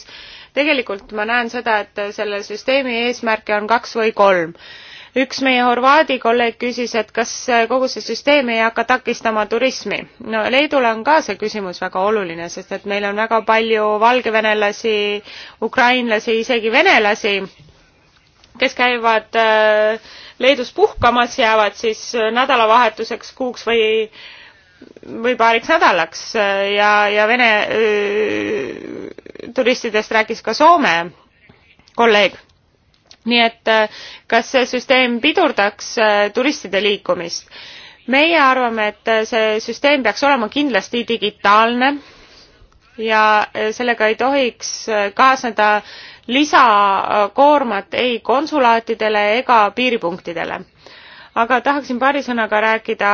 tegelikult ma näen seda, et selle süsteemi eesmärke on kaks või kolm. üks meie Horvaadi kolleeg küsis, et kas kogu see süsteem ei hakka takistama turismi. no Leedule on ka see küsimus väga oluline, sest et meil on väga palju valgevenelasi, ukrainlasi, isegi venelasi, kes käivad äh, Leedus puhkamas, jäävad siis äh, nädalavahetuseks kuuks või või paariks nädalaks äh, ja, ja Vene öö, äh, turistidest rääkis ka Soome kolleeg. nii et äh, kas see süsteem pidurdaks turistide liikumist? meie arvame, et see süsteem peaks olema kindlasti digitaalne ja sellega ei tohiks kaasneda lisakoormat ei konsulaatidele ega piiripunktidele aga tahaksin paari sõnaga rääkida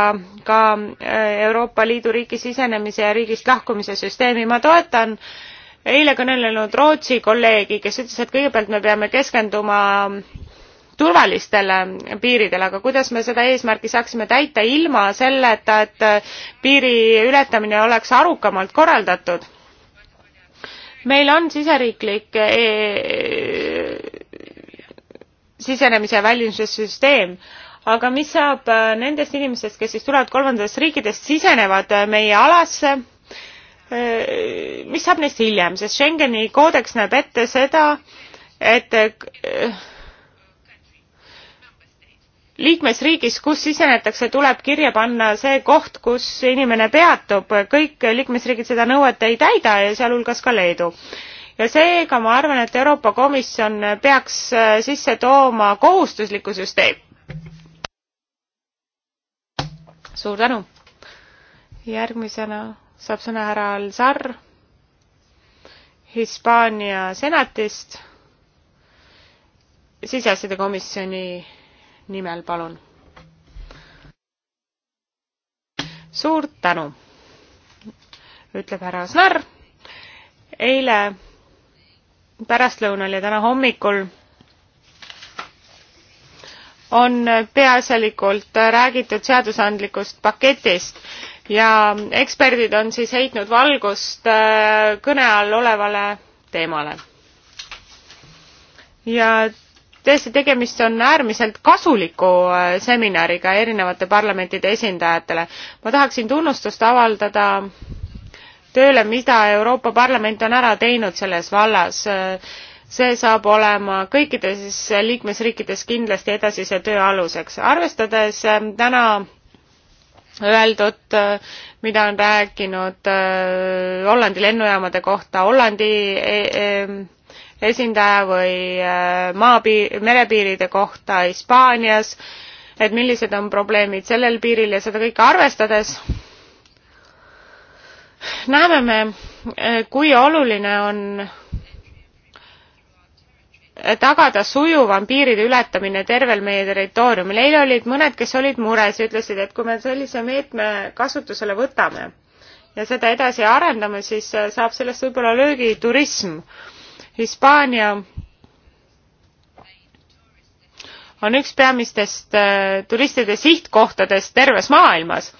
ka äh, Euroopa Liidu riiki sisenemise ja riigist lahkumise süsteemi. ma toetan eile kõnelenud Rootsi kolleegi, kes ütles, et kõigepealt me peame keskenduma turvalistele piiridele, aga kuidas me seda eesmärki saaksime täita ilma selleta, et äh, piiri ületamine oleks arukamalt korraldatud? meil on siseriiklik e sisenemise ja väljumissüsteem aga mis saab äh, nendest inimestest, kes siis tulevad kolmandatest riikidest, sisenevad äh, meie alasse? Äh, mis saab neist hiljem, sest Schengeni koodeks näeb ette seda, et liikmesriigis, kus sisenetakse, tuleb kirja panna see koht, kus inimene peatub. kõik liikmesriigid seda nõuet ei täida ja sealhulgas ka Leedu ja seega ma arvan, et Euroopa Komisjon peaks sisse tooma kohustusliku süsteemi suur tänu! järgmisena saab sõna härra Alzar Hispaania senatist. siseasjade komisjoni nimel, palun. suur tänu, ütleb härra Asnar. eile pärastlõunal ja täna hommikul on peaasjalikult räägitud seadusandlikust paketist ja eksperdid on siis heitnud valgust äh, kõne all olevale teemale. ja tõesti, tegemist on äärmiselt kasuliku äh, seminariga erinevate parlamentide esindajatele. ma tahaksin tunnustust avaldada tööle, mida Euroopa Parlament on ära teinud selles vallas äh, see saab olema kõikides liikmesriikides kindlasti edasise töö aluseks. arvestades ähm, täna öeldud, äh, mida on rääkinud äh, Hollandi lennujaamade kohta Hollandi e, e, esindaja või äh, maapiir, merepiiride kohta Hispaanias, et millised on probleemid sellel piiril ja seda kõike arvestades, näeme me, kui oluline on tagada sujuvam piiride ületamine tervel meie territooriumil. eile olid mõned, kes olid mures ja ütlesid, et kui me sellise meetme kasutusele võtame ja seda edasi arendame, siis äh, saab sellest võib-olla löögi turism. Hispaania on üks peamistest äh, turistide sihtkohtadest terves maailmas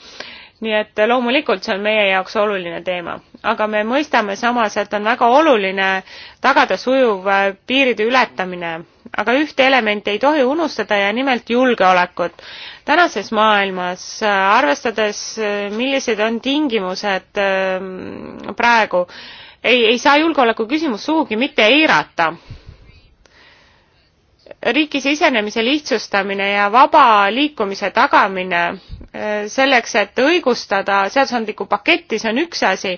nii et äh, loomulikult see on meie jaoks oluline teema, aga me mõistame samas, et on väga oluline tagada sujuv äh, piiride ületamine, aga ühte elementi ei tohi unustada ja nimelt julgeolekut. tänases maailmas, äh, arvestades, millised on tingimused ähm, praegu, ei, ei saa julgeoleku küsimust sugugi mitte eirata riiki sisenemise lihtsustamine ja vaba liikumise tagamine Äh, selleks, et õigustada seadusandlikku paketti, see on üks asi,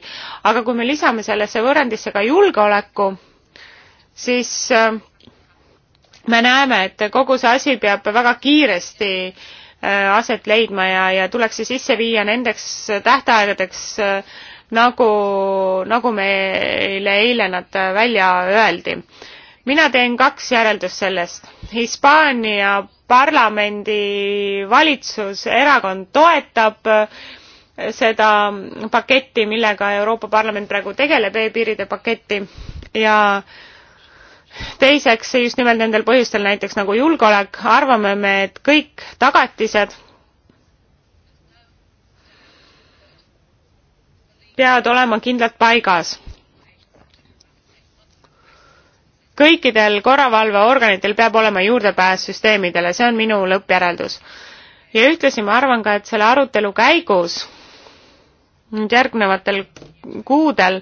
aga kui me lisame sellesse võrrandisse ka julgeoleku, siis äh, me näeme, et kogu see asi peab väga kiiresti äh, aset leidma ja, ja tuleks see sisse viia nendeks tähtaegadeks, nagu, nagu meile eile nad välja öeldi. mina teen kaks järeldust sellest. Hispaania parlamendi valitsuserakond toetab äh, seda paketti, millega Euroopa Parlament praegu tegeleb e, e-piiride paketti ja teiseks just nimelt nendel põhjustel näiteks nagu julgeolek, arvame me, et kõik tagatised peavad olema kindlalt paigas kõikidel korravalveorganitel peab olema juurdepääs süsteemidele, see on minu lõppjäreldus. ja ühtlasi ma arvan ka, et selle arutelu käigus nüüd järgnevatel kuudel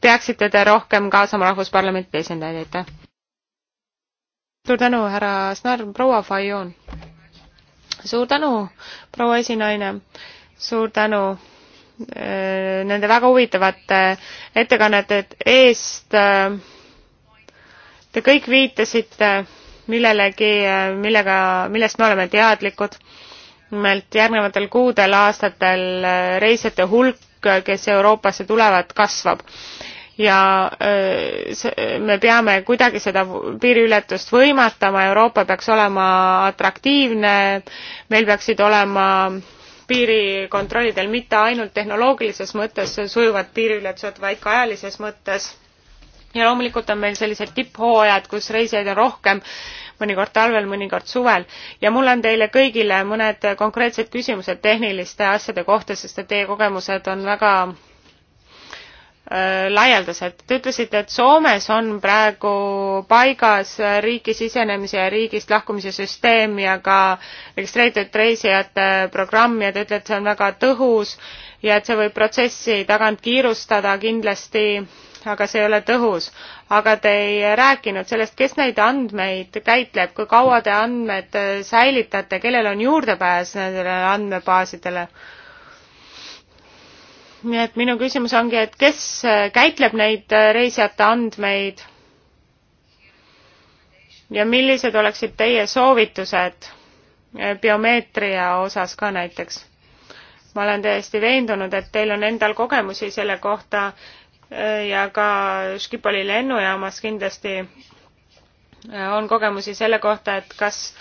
peaksite te rohkem kaasama Rahvusparlamendi esindajaid, aitäh! suur tänu, härra Snarv, proua Fajon! suur tänu, proua esinaine! suur tänu öö, äh, nende väga huvitavate ettekannete eest öö, äh, Te kõik viitasite millelegi, millega, millest me oleme teadlikud. nimelt järgnevatel kuudel, aastatel reisijate hulk, kes Euroopasse tulevad, kasvab ja äh, me peame kuidagi seda piiriületust võimatama, Euroopa peaks olema atraktiivne, meil peaksid olema piirikontrollidel mitte ainult tehnoloogilises mõttes sujuvad piiriületused, vaid ka ajalises mõttes ja loomulikult on meil sellised tipphooajad, kus reisijaid on rohkem, mõnikord talvel, mõnikord suvel. ja mul on teile kõigile mõned konkreetsed küsimused tehniliste asjade kohta, sest et teie kogemused on väga äh, laialdased. Te ütlesite, et Soomes on praegu paigas riiki sisenemise ja riigist lahkumise süsteem ja ka registreeritud reisijate programm ja te ütlete, et see on väga tõhus ja et see võib protsessi tagant kiirustada kindlasti aga see ei ole tõhus. aga te ei rääkinud sellest, kes neid andmeid käitleb, kui kaua te andmed äh, säilitate, kellel on juurdepääs nendele andmebaasidele? nii et minu küsimus ongi, et kes äh, käitleb neid äh, reisijate andmeid? ja millised oleksid teie soovitused biomeetria osas ka näiteks? ma olen täiesti veendunud, et teil on endal kogemusi selle kohta, Äh, ja ka Škipoli lennujaamas kindlasti äh, on kogemusi selle kohta, et kas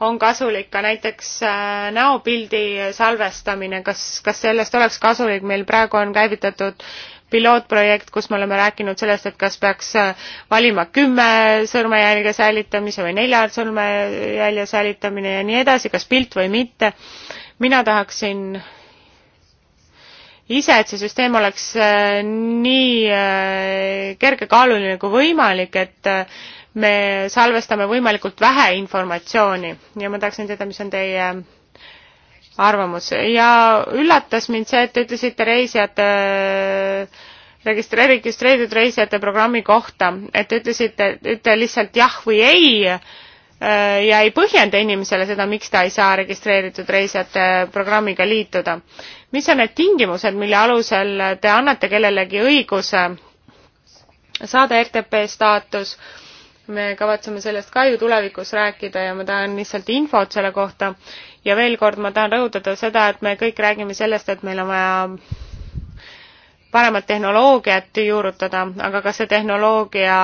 on kasulik ka näiteks äh, näopildi salvestamine, kas, kas sellest oleks kasulik, meil praegu on käivitatud pilootprojekt, kus me oleme rääkinud sellest, et kas peaks valima kümme sõrmejälge säilitamise või nelja sõrmejälje säilitamine ja nii edasi, kas pilt või mitte. mina tahaksin ise, et see süsteem oleks äh, nii äh, kergekaaluline kui võimalik, et äh, me salvestame võimalikult vähe informatsiooni ja ma tahaksin teada, mis on teie arvamus ja üllatas mind see, et te ütlesite reisijate registreeritud reisijate programmi kohta, et te ütlesite, ütle lihtsalt jah või ei Äh, ja ei põhjenda inimesele seda, miks ta ei saa registreeritud reisijate programmiga liituda. mis on need tingimused, mille alusel te annate kellelegi õiguse saada RTP staatus? me kavatseme sellest ka ju tulevikus rääkida ja ma tahan lihtsalt infot selle kohta ja veel kord ma tahan rõhutada seda, et me kõik räägime sellest, et meil on vaja paremat tehnoloogiat juurutada, aga kas see tehnoloogia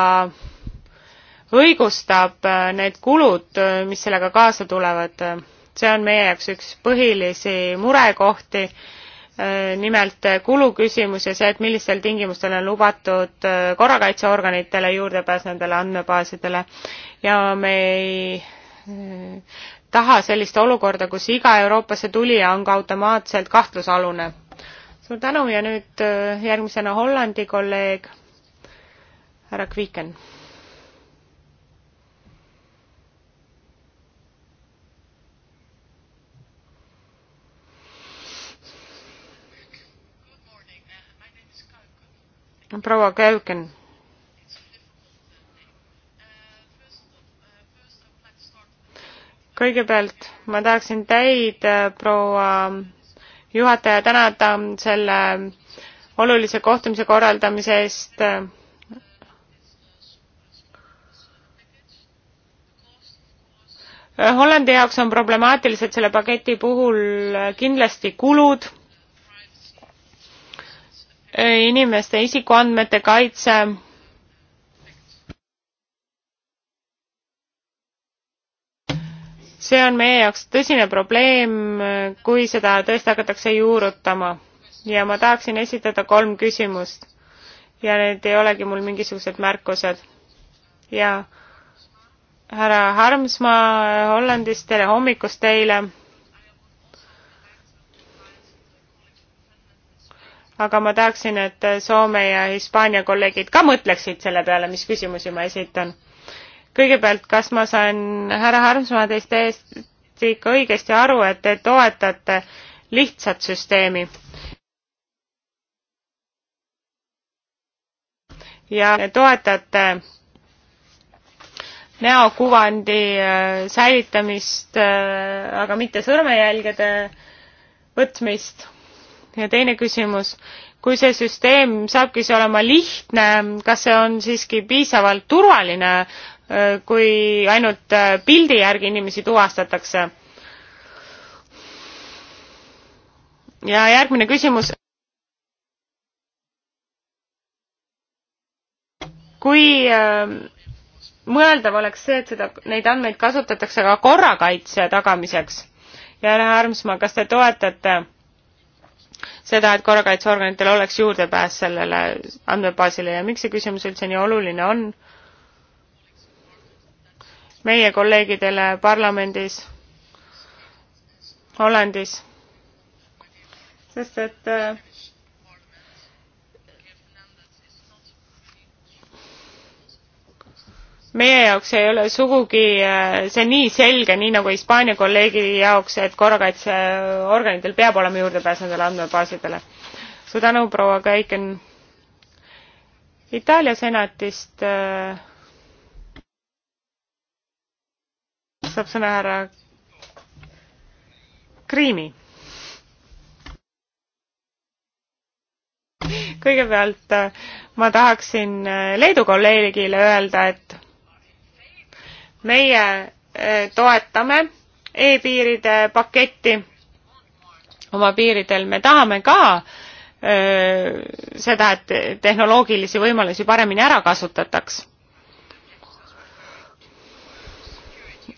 õigustab äh, need kulud, äh, mis sellega kaasa tulevad. see on meie jaoks üks põhilisi murekohti, äh, nimelt kuluküsimus ja see, et millistel tingimustel on lubatud korrakaitseorganitele juurdepääs nendele andmebaasidele ja me ei taha sellist olukorda, kus iga Euroopasse tulija on ka automaatselt kahtlusalune. suur tänu ja nüüd järgmisena Hollandi kolleeg härra Kviken proua Käüken. kõigepealt ma tahaksin teid, äh, proua juhataja, tänada selle olulise kohtumise korraldamise eest hollandi jaoks on problemaatilised selle paketi puhul kindlasti kulud inimeste isikuandmete kaitse see on meie jaoks tõsine probleem, kui seda tõesti hakatakse juurutama. ja ma tahaksin esitada kolm küsimust. ja need ei olegi mul mingisugused märkused. ja härra Harmsmaa Hollandist, tere hommikust teile! aga ma tahaksin, et Soome ja Hispaania kolleegid ka mõtleksid selle peale, mis küsimusi ma esitan. kõigepealt, kas ma saan, härra Harmsmaa, teist täiesti ikka õigesti aru, et te toetate lihtsat süsteemi? ja toetate näokuvandi äh, säilitamist, äh, aga mitte sõrmejälgede võtmist ja teine küsimus, kui see süsteem saabki see olema lihtne, kas see on siiski piisavalt turvaline, äh, kui ainult äh, pildi järgi inimesi tuvastatakse? ja järgmine küsimus. kui äh, mõeldav oleks see, et seda, neid andmeid kasutatakse ka korrakaitse tagamiseks ja härra Armsmaa, kas te toetate seda, et korrakaitseorganitel oleks juurdepääs sellele andmebaasile ja miks see küsimus üldse nii oluline on meie kolleegidele parlamendis Hollandis, sest et äh, meie jaoks ei ole sugugi äh, see nii selge, nii nagu Hispaania kolleegi jaoks, et korrakaitseorganitel peab olema juurdepääs nendele andmebaasidele. suur tänu, proua Käiken. Itaalia senatist äh, saab sõna härra Kriimi. kõigepealt äh, ma tahaksin äh, Leedu kolleegile öelda, et meie eh, toetame e-piiride paketti oma piiridel, me tahame ka öö, eh, seda, et tehnoloogilisi võimalusi paremini ära kasutataks.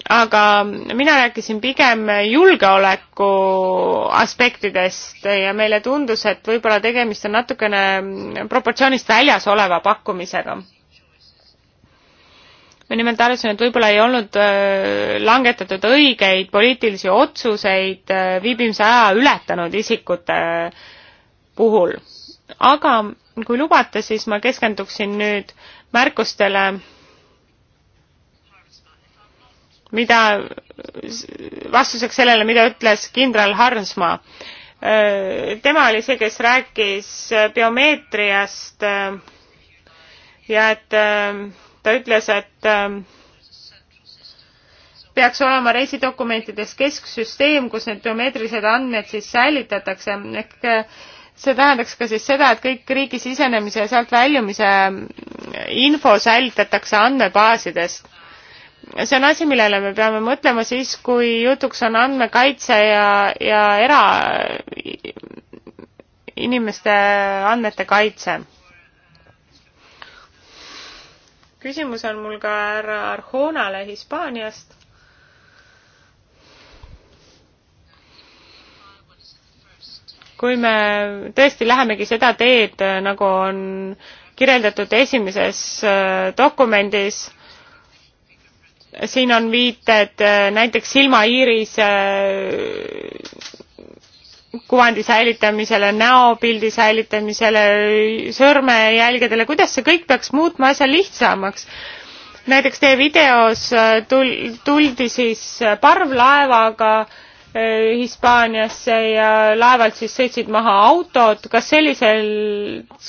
aga mina rääkisin pigem julgeoleku aspektidest ja meile tundus, et võib-olla tegemist on natukene proportsioonist väljas oleva pakkumisega me nimelt arvasime, et võib-olla ei olnud äh, langetatud õigeid poliitilisi otsuseid äh, viibimise aja ületanud isikute äh, puhul. aga kui lubate, siis ma keskenduksin nüüd märkustele, mida, vastuseks sellele, mida ütles kindral Harnsmaa. tema oli see, kes rääkis biomeetriast ja et ta ütles, et ähm, peaks olema reisidokumentides kesksüsteem, kus need biomeetrilised andmed siis säilitatakse ehk äh, see tähendaks ka siis seda, et kõik riigi sisenemise ja sealt väljumise mm, info säilitatakse andmebaasidest. see on asi, millele me peame mõtlema siis, kui jutuks on andmekaitse ja, ja era inimeste andmete kaitse küsimus on mul ka härra Arjonale Hispaaniast. kui me tõesti lähemegi seda teed, nagu on kirjeldatud esimeses äh, dokumendis, siin on viited äh, näiteks silmaiirise äh, kuvandi säilitamisele, näopildi säilitamisele, sõrmejälgedele, kuidas see kõik peaks muutma asja lihtsamaks? näiteks teie videos äh, tul-, tuldi siis äh, parvlaevaga äh, Hispaaniasse ja laevalt siis sõitsid maha autod, kas sellisel,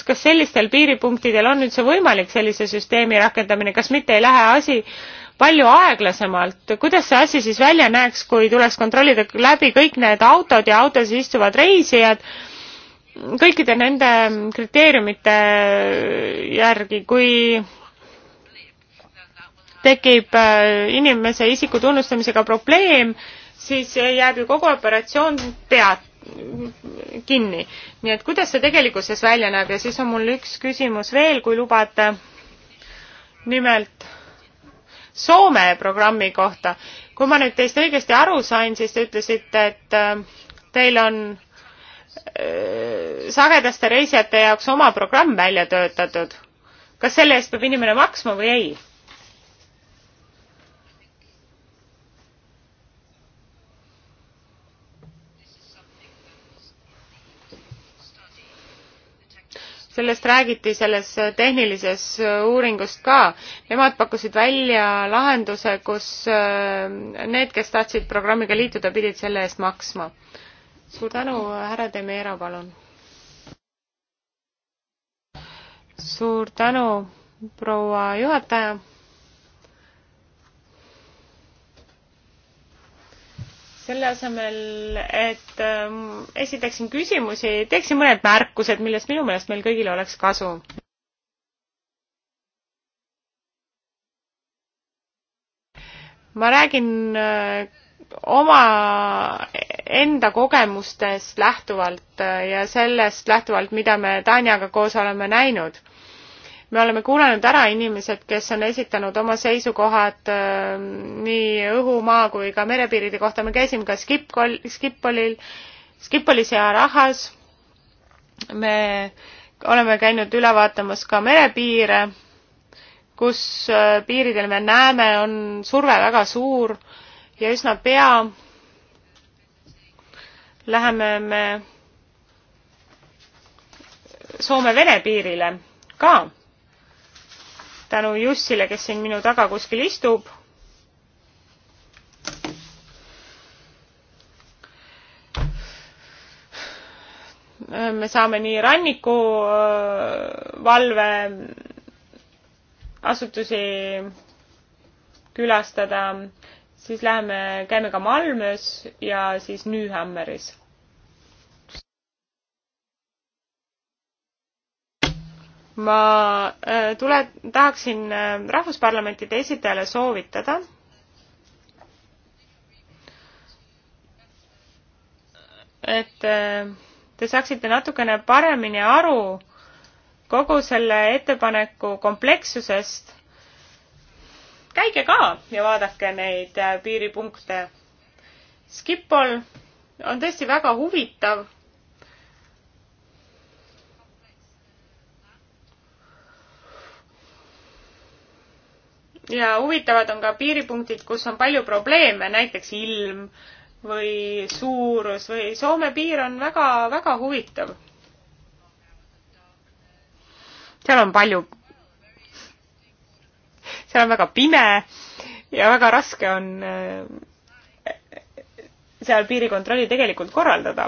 kas sellistel piiripunktidel on üldse võimalik sellise süsteemi rakendamine, kas mitte ei lähe asi palju aeglasemalt. kuidas see asi siis välja näeks, kui tuleks kontrollida läbi kõik need autod ja autos istuvad reisijad kõikide nende kriteeriumite järgi, kui tekib äh, inimese isiku tunnustamisega probleem, siis jääb ju kogu operatsioon pead kinni. nii et kuidas see tegelikkuses välja näeb ja siis on mul üks küsimus veel, kui lubate. nimelt Soome programmi kohta. kui ma nüüd teist õigesti aru sain, siis te ütlesite, et äh, teil on äh, sagedaste reisijate jaoks oma programm välja töötatud. kas selle eest peab inimene maksma või ei? sellest räägiti selles tehnilises uuringus ka. Nemad pakkusid välja lahenduse, kus äh, need, kes tahtsid programmiga liituda, pidid selle eest maksma. suur tänu, härra Demeera, palun. suur tänu, proua juhataja selle asemel, et ähm, esitaksin küsimusi, teeksin mõned märkused, millest minu meelest meil kõigil oleks kasu. ma räägin äh, oma enda kogemustest lähtuvalt äh, ja sellest lähtuvalt, mida me Tanjaga koos oleme näinud me oleme kuulanud ära inimesed, kes on esitanud oma seisukohad äh, nii õhu, maa kui ka merepiiride kohta, me käisime ka Skipkol-, Skippolil, Skippolis ja Rahas, me oleme käinud üle vaatamas ka merepiire, kus äh, piiridel me näeme, on surve väga suur ja üsna pea läheme me Soome-Vene piirile ka tänu Jussile, kes siin minu taga kuskil istub. me saame nii rannikuvalve äh, asutusi külastada, siis läheme, käime ka Malmös ja siis Nühammeris ma äh, tule, tahaksin äh, rahvusparlamentide esindajale soovitada, et äh, te saaksite natukene paremini aru kogu selle ettepaneku komplekssusest. käige ka ja vaadake neid piiripunkte. Skipol on tõesti väga huvitav ja huvitavad on ka piiripunktid, kus on palju probleeme, näiteks ilm või suurus või Soome piir on väga-väga huvitav. seal on palju, seal on väga pime ja väga raske on äh, seal piirikontrolli tegelikult korraldada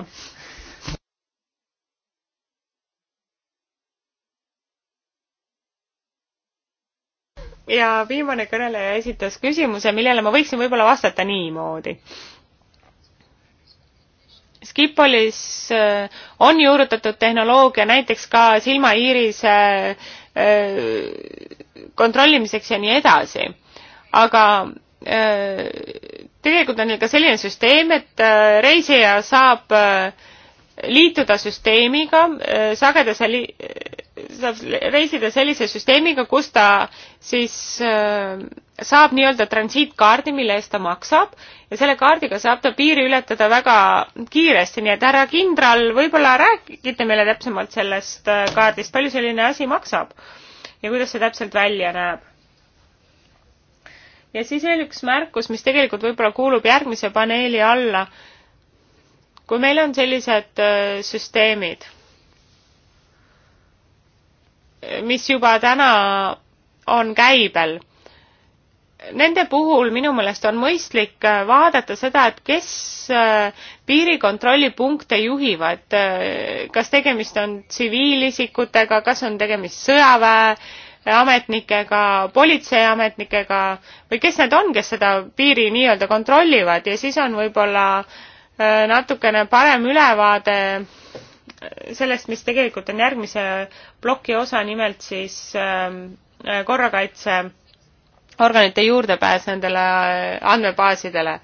ja viimane kõneleja esitas küsimuse, millele ma võiksin võib-olla vastata niimoodi. Skipolis äh, on juurutatud tehnoloogia näiteks ka silmaiirise äh, äh, kontrollimiseks ja nii edasi, aga tegelikult on neil ka selline süsteem, et reisija saab liituda süsteemiga sagedase li-, saab reisida sellise süsteemiga, kus ta siis äh, saab nii-öelda transiitkaardi, mille eest ta maksab ja selle kaardiga saab ta piiri ületada väga kiiresti, nii et härra kindral, võib-olla räägite meile täpsemalt sellest äh, kaardist, palju selline asi maksab ja kuidas see täpselt välja näeb? ja siis veel üks märkus, mis tegelikult võib-olla kuulub järgmise paneeli alla. kui meil on sellised äh, süsteemid mis juba täna on käibel. Nende puhul minu meelest on mõistlik äh, vaadata seda, et kes äh, piirikontrollipunkte juhivad, äh, kas tegemist on tsiviilisikutega, kas on tegemist sõjaväe ametnikega, politseiametnikega või kes need on, kes seda piiri nii-öelda kontrollivad ja siis on võib-olla natukene parem ülevaade sellest, mis tegelikult on järgmise ploki osa, nimelt siis ähm, äh, korrakaitseorganite juurdepääs nendele äh, andmebaasidele.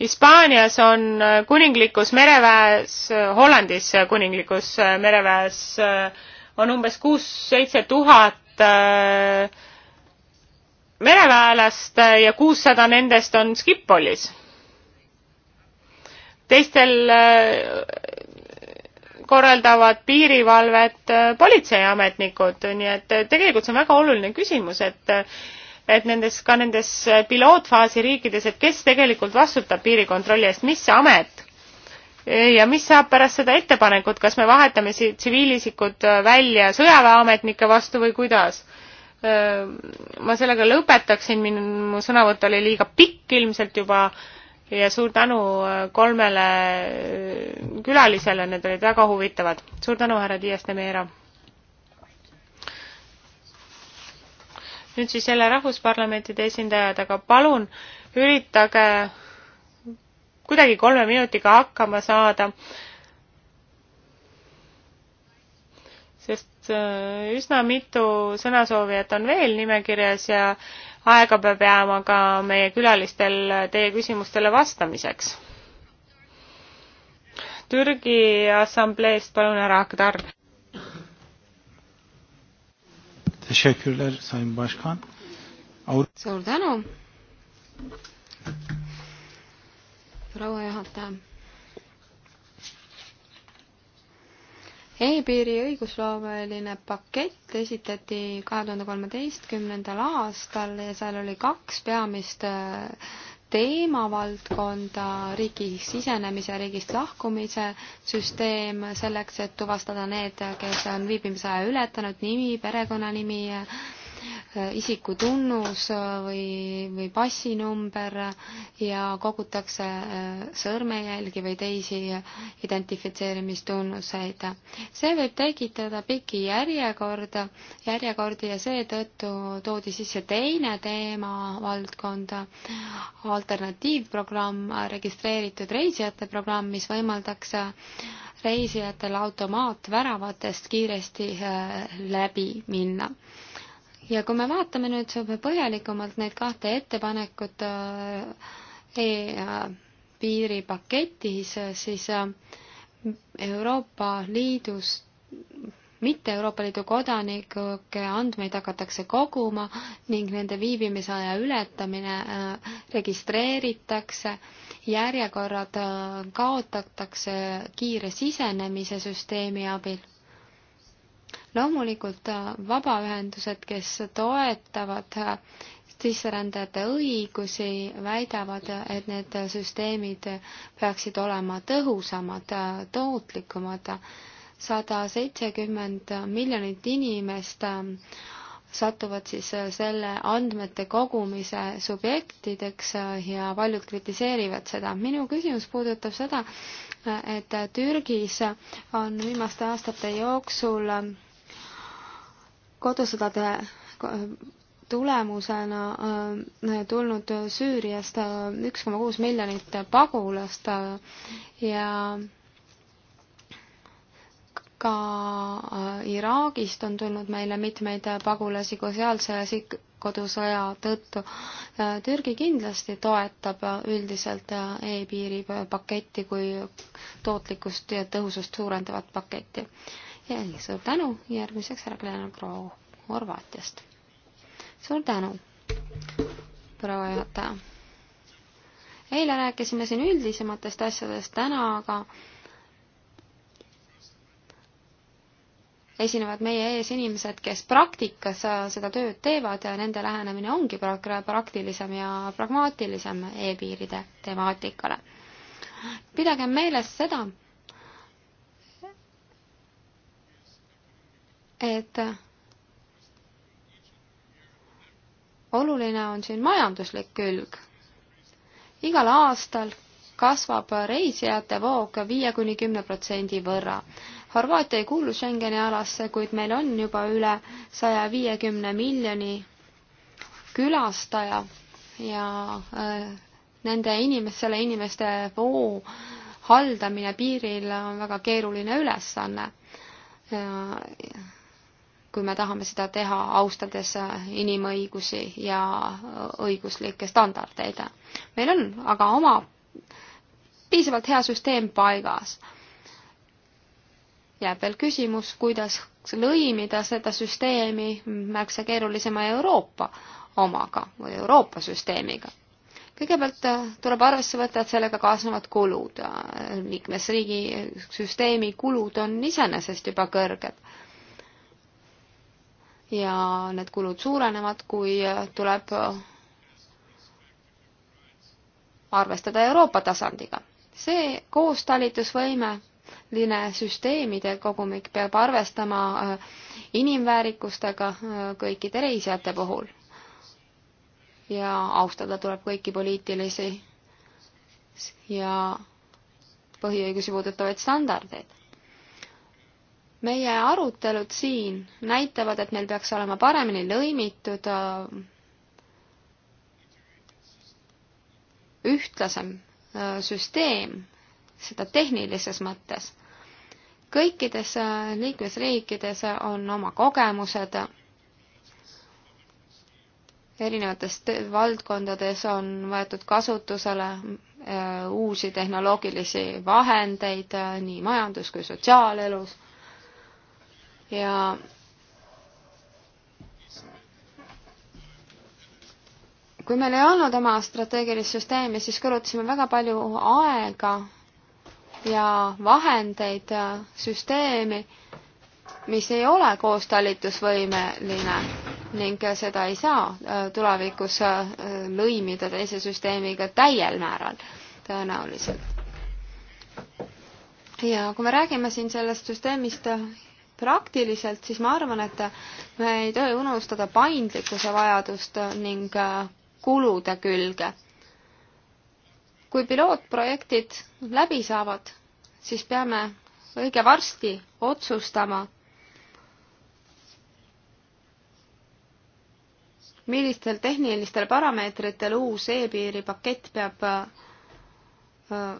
Hispaanias on äh, kuninglikus mereväes, Hollandis kuninglikus mereväes on umbes kuus-seitse tuhat mereväelast ja kuussada nendest on Skipolis. teistel äh, korraldavad piirivalvet äh, politseiametnikud, nii et äh, tegelikult see on väga oluline küsimus, et et nendes, ka nendes pilootfaasi riikides, et kes tegelikult vastutab piirikontrolli eest, mis amet ja mis saab pärast seda ettepanekut, kas me vahetame tsiviilisikud välja sõjaväeametnike vastu või kuidas? ma sellega lõpetaksin, minu sõnavõtt oli liiga pikk ilmselt juba ja suur tänu kolmele külalisele, need olid väga huvitavad. suur tänu, härra Dias de Meera. nüüd siis jälle rahvusparlamentide esindajad, aga palun üritage kuidagi kolme minutiga hakkama saada sest äh, üsna mitu sõnasoovijat on veel nimekirjas ja aega peab jääma ka meie külalistel teie küsimustele vastamiseks. Türgi Assambleest palun härra Akdar. suur tänu, proua juhataja E-piiri õigusloomeline pakett esitati kahe tuhande kolmeteistkümnendal aastal ja seal oli kaks peamist äh, teemavaldkonda, riigi sisenemise, riigist lahkumise süsteem selleks, et tuvastada need, kes on viibimisaja ületanud, nimi, perekonnanimi Äh, isikutunnus äh, või, või passinumber ja kogutakse äh, sõrmejälgi või teisi identifitseerimistunnuseid. see võib tekitada pikki järjekorda, järjekordi ja seetõttu toodi sisse teine teemavaldkond, alternatiivprogramm, registreeritud reisijate programm, mis võimaldaks reisijatel automaatväravatest kiiresti läbi minna ja kui me vaatame nüüd põhjalikumalt neid kahte ettepanekut äh, e äh, piiripaketis, siis äh, Euroopa Liidus mitte Euroopa Liidu kodanike andmeid hakatakse koguma ning nende viibimisaja ületamine registreeritakse, järjekorrad kaotatakse kiire sisenemise süsteemi abil loomulikult äh, vabaühendused, kes toetavad äh, sisserändajate õigusi, väidavad, äh, et need süsteemid peaksid olema tõhusamad, tootlikumad. sada seitsekümmend miljonit inimest satuvad siis selle andmete kogumise subjektideks ja paljud kritiseerivad seda. minu küsimus puudutab seda, et Türgis on viimaste aastate jooksul kodusõdade tulemusena äh, tulnud Süüriast äh, üks koma kuus miljonit pagulast äh, ja ka Iraagist on tulnud meile mitmeid pagulasi kui sealse kodusõja tõttu. Türgi kindlasti toetab üldiselt e-piiri paketti kui tootlikkust ja tõhusust suurendavat paketti ja suur tänu, järgmiseks härra Glen Pro Horvaatiast. suur tänu, proua juhataja. eile rääkisime siin üldisematest asjadest, täna aga esinevad meie ees inimesed, kes praktikas seda tööd teevad ja nende lähenemine ongi praktilisem ja pragmaatilisem e-piiride temaatikale. pidagem meeles seda, et oluline on siin majanduslik külg. igal aastal kasvab reisijate voog viie kuni kümne protsendi võrra. Horvaatia ei kuulu Schengeni alasse, kuid meil on juba üle saja viiekümne miljoni külastaja ja äh, nende inimes-, selle inimeste voo haldamine piiril on väga keeruline ülesanne. ja, ja kui me tahame seda teha, austades inimõigusi ja õiguslikke standardeid. meil on aga oma piisavalt hea süsteem paigas. jääb veel küsimus, kuidas lõimida seda süsteemi märksa keerulisema Euroopa omaga või Euroopa süsteemiga kõigepealt äh, tuleb arvesse võtta, et sellega kaasnevad kulud. Äh, liikmesriigi süsteemi kulud on iseenesest juba kõrged ja need kulud suurenevad, kui tuleb arvestada Euroopa tasandiga. see koostalitusvõimeline süsteemide kogumik peab arvestama äh, inimväärikustega äh, kõikide reisijate puhul. ja austada tuleb kõiki poliitilisi ja põhiõigusi puudutavaid standardeid meie arutelud siin näitavad, et meil peaks olema paremini lõimitud äh, ühtlasem äh, süsteem, seda tehnilises mõttes. kõikides äh, liikmesriikides on oma kogemused, erinevates valdkondades on võetud kasutusele uusi tehnoloogilisi vahendeid nii majandus- kui sotsiaalelus ja kui meil ei olnud oma strateegilist süsteemi, siis kulutasime väga palju aega ja vahendeid äh, süsteemi, mis ei ole koostalitusvõimeline ning äh, seda ei saa äh, tulevikus lõimida teise süsteemiga täiel määral tõenäoliselt. ja kui me räägime siin sellest süsteemist praktiliselt, siis ma arvan, et me ei tohi unustada paindlikkuse vajadust ning äh, kulude külge. kui pilootprojektid läbi saavad, siis peame õige varsti otsustama, millistel tehnilistel parameetritel uus e-piiri pakett peab äh,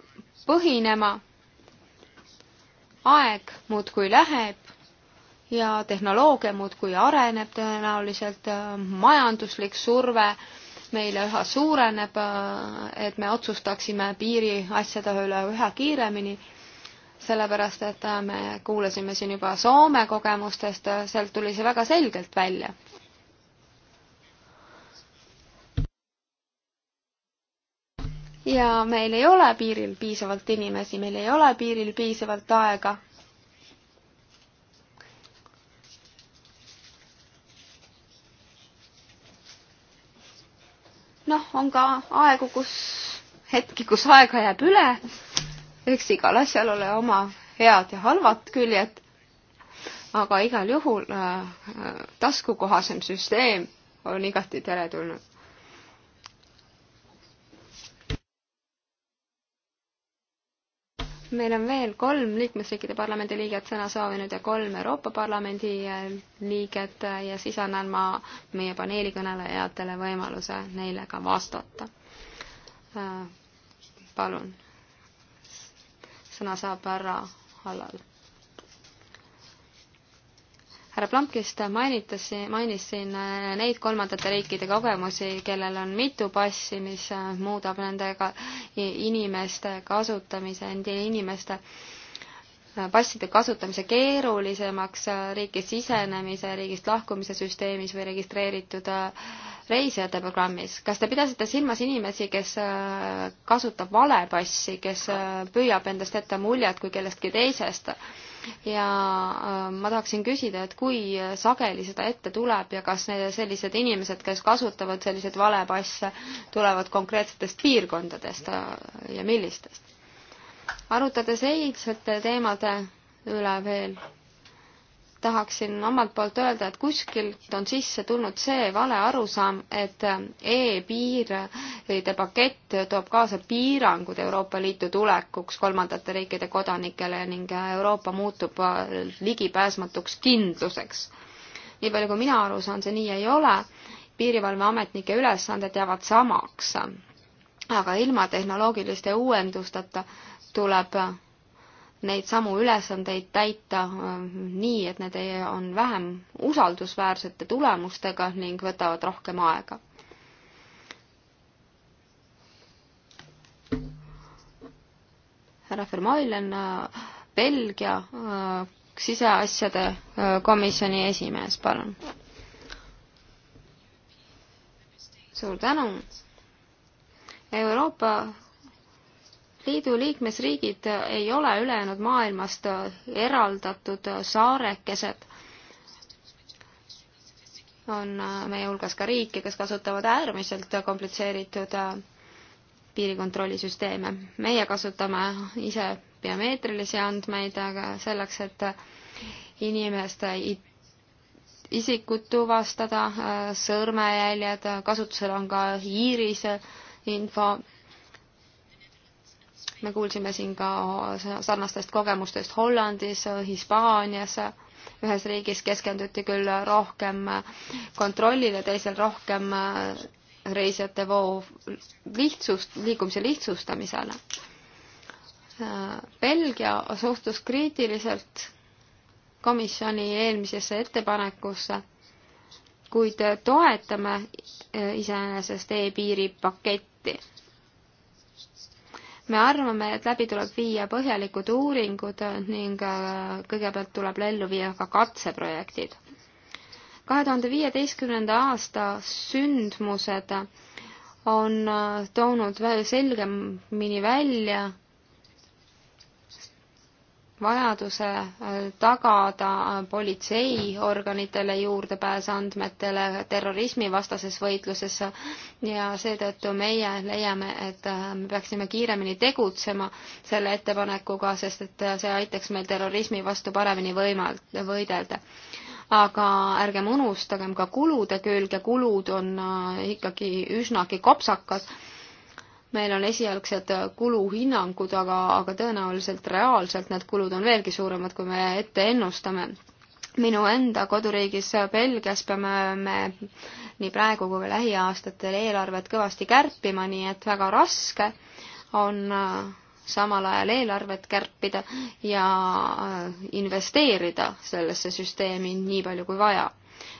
põhinema aeg muudkui läheb ja tehnoloogia muudkui areneb tõenäoliselt, majanduslik surve meile üha suureneb, et me otsustaksime piiriasjade üle üha kiiremini, sellepärast et me kuulasime siin juba Soome kogemustest, sealt tuli see väga selgelt välja. ja meil ei ole piiril piisavalt inimesi, meil ei ole piiril piisavalt aega noh, on ka aegu, kus, hetki, kus aega jääb üle. eks igal asjal ole oma head ja halvad küljed. aga igal juhul äh, äh taskukohasem süsteem on igati teretulnud. meil on veel kolm liikmesriikide parlamendi liiget sõna soovinud ja kolm Euroopa Parlamendi äh, liiget äh, ja siis annan ma meie paneeli kõnelejatele võimaluse neile ka vastata. Äh, palun, sõna saab härra Hallal härra Plumpkist mainitas, mainis siin äh, neid kolmandate riikide kogemusi, kellel on mitu passi, mis äh, muudab nendega inimeste kasutamise, nende inimeste äh, passide kasutamise keerulisemaks riiki sisenemise, riigist lahkumise süsteemis või registreeritud reisijate programmis. kas te pidasite silmas inimesi, kes kasutab vale passi, kes püüab endast jätta muljet kui kellestki teisest? ja äh, ma tahaksin küsida, et kui sageli seda ette tuleb ja kas need sellised inimesed, kes kasutavad selliseid valepasse, tulevad konkreetsetest piirkondadest äh, ja millistest? arutades eilsete teemade üle veel tahaksin omalt poolt öelda, et kuskilt on sisse tulnud see vale arusaam, et e-piiride pakett toob kaasa piirangud Euroopa Liitu tulekuks kolmandate riikide kodanikele ning Euroopa muutub ligipääsmatuks kindluseks. nii palju, kui mina aru saan, see nii ei ole, piirivalveametnike ülesanded jäävad samaks. aga ilma tehnoloogiliste uuendusteta tuleb neid samu ülesandeid täita ähm, nii, et need on vähem usaldusväärsete tulemustega ning võtavad rohkem aega. härra Fermail on äh, Belgia äh, siseasjade äh, komisjoni esimees, palun. suur tänu. Euroopa Liidu liikmesriigid ei ole ülejäänud maailmast eraldatud saarekesed. on meie hulgas ka riike, kes kasutavad äärmiselt komplitseeritud piirikontrollisüsteeme. meie kasutame ise biomeetrilisi andmeid, aga selleks, et inimeste isikut tuvastada, sõrmejäljed, kasutusel on ka iirise info me kuulsime siin ka sarnastest kogemustest Hollandis, Hispaanias, ühes riigis keskenduti küll rohkem kontrollile, teisel rohkem reisijate voo lihtsust, liikumise lihtsustamisele. Belgia suhtus kriitiliselt komisjoni eelmisesse ettepanekusse, kuid toetame iseenesest e-piiripaketti me arvame, et läbi tuleb viia põhjalikud uuringud ning äh, kõigepealt tuleb ellu viia ka katseprojektid. kahe tuhande viieteistkümnenda aasta sündmused on äh, toonud selgemini välja vajaduse äh, tagada äh, politseiorganitele juurdepääs andmetele terrorismivastases võitluses ja seetõttu meie leiame, et äh, me peaksime kiiremini tegutsema selle ettepanekuga, sest et see aitaks meil terrorismi vastu paremini võimal-, võidelda. aga ärgem unustagem ka kulude külge, kulud on ikkagi üsnagi kopsakad meil on esialgsed kuluhinnangud, aga, aga tõenäoliselt reaalselt need kulud on veelgi suuremad, kui me ette ennustame. minu enda koduriigis Belgias peame me nii praegu kui ka lähiaastatel eelarvet kõvasti kärpima, nii et väga raske on äh, samal ajal eelarvet kärpida ja äh, investeerida sellesse süsteemi nii palju kui vaja.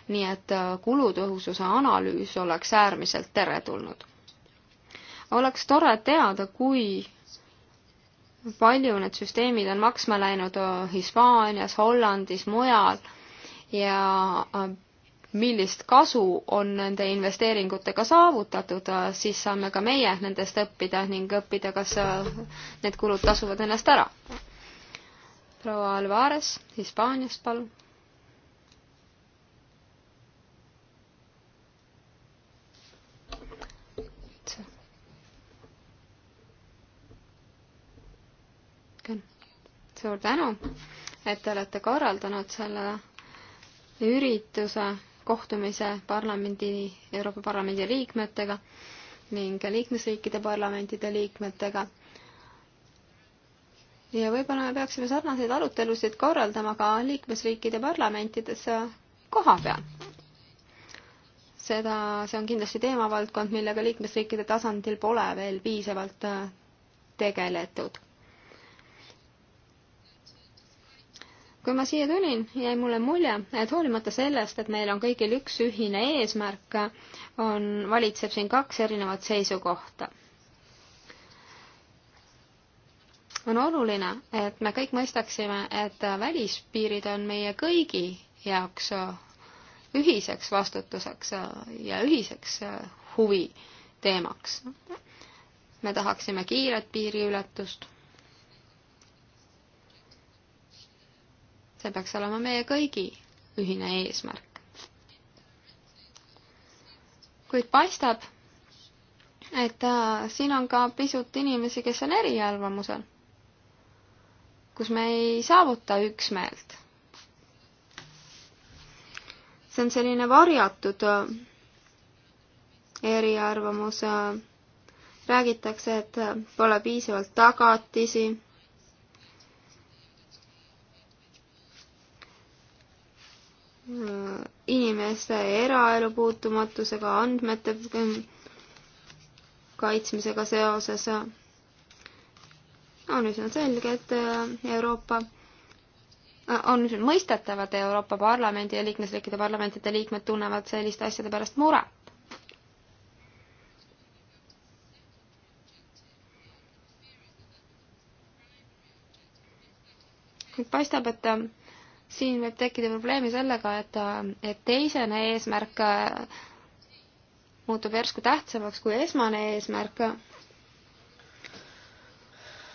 nii et äh, kulutõhususe analüüs oleks äärmiselt teretulnud oleks tore teada, kui palju need süsteemid on maksma läinud Hispaanias, Hollandis, mujal ja millist kasu on nende investeeringutega saavutatud, siis saame ka meie nendest õppida ning õppida, kas need kulud tasuvad ennast ära. proua Alvarez Hispaaniast, palun suur tänu, et te olete korraldanud selle ürituse, kohtumise parlamendi, Euroopa Parlamendi liikmetega ning liikmesriikide parlamentide liikmetega. ja võib-olla me peaksime sarnaseid arutelusid korraldama ka liikmesriikide parlamentides koha peal. seda, see on kindlasti teemavaldkond, millega liikmesriikide tasandil pole veel piisavalt tegeletud kui ma siia tulin, jäi mulle mulje, et hoolimata sellest, et meil on kõigil üks ühine eesmärk, on, valitseb siin kaks erinevat seisukohta. on oluline, et me kõik mõistaksime, et välispiirid on meie kõigi jaoks ühiseks vastutuseks ja ühiseks huvi teemaks. me tahaksime kiiret piiriületust see peaks olema meie kõigi ühine eesmärk. kuid paistab, et äh, siin on ka pisut inimesi, kes on eriarvamusel, kus me ei saavuta üksmeelt. see on selline varjatud äh, eriarvamus. Äh, räägitakse, et pole piisavalt tagatisi inimeste eraelu puutumatusega, andmete kaitsmisega seoses on üsna selge, et äh, Euroopa äh, on mõistetav, et Euroopa Parlamendi ja liikmesriikide parlamentide liikmed tunnevad selliste asjade pärast muret. kuid paistab, et äh, siin võib tekkida probleemi sellega, et, et teisene eesmärk äh, muutub järsku tähtsamaks kui esmane eesmärk.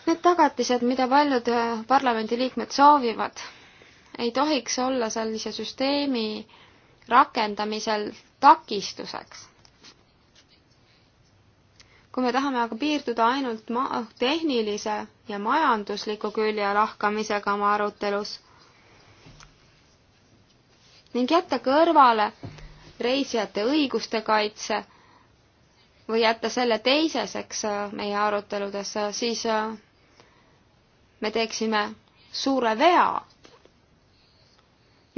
Need tagatised, mida paljud äh, parlamendiliikmed soovivad, ei tohiks olla sellise süsteemi rakendamisel takistuseks. kui me tahame aga piirduda ainult ma-, tehnilise ja majandusliku külje lahkamisega oma arutelus ning jätta kõrvale reisijate õiguste kaitse või jätta selle teiseseks äh, meie aruteludes, äh, siis äh, me teeksime suure vea.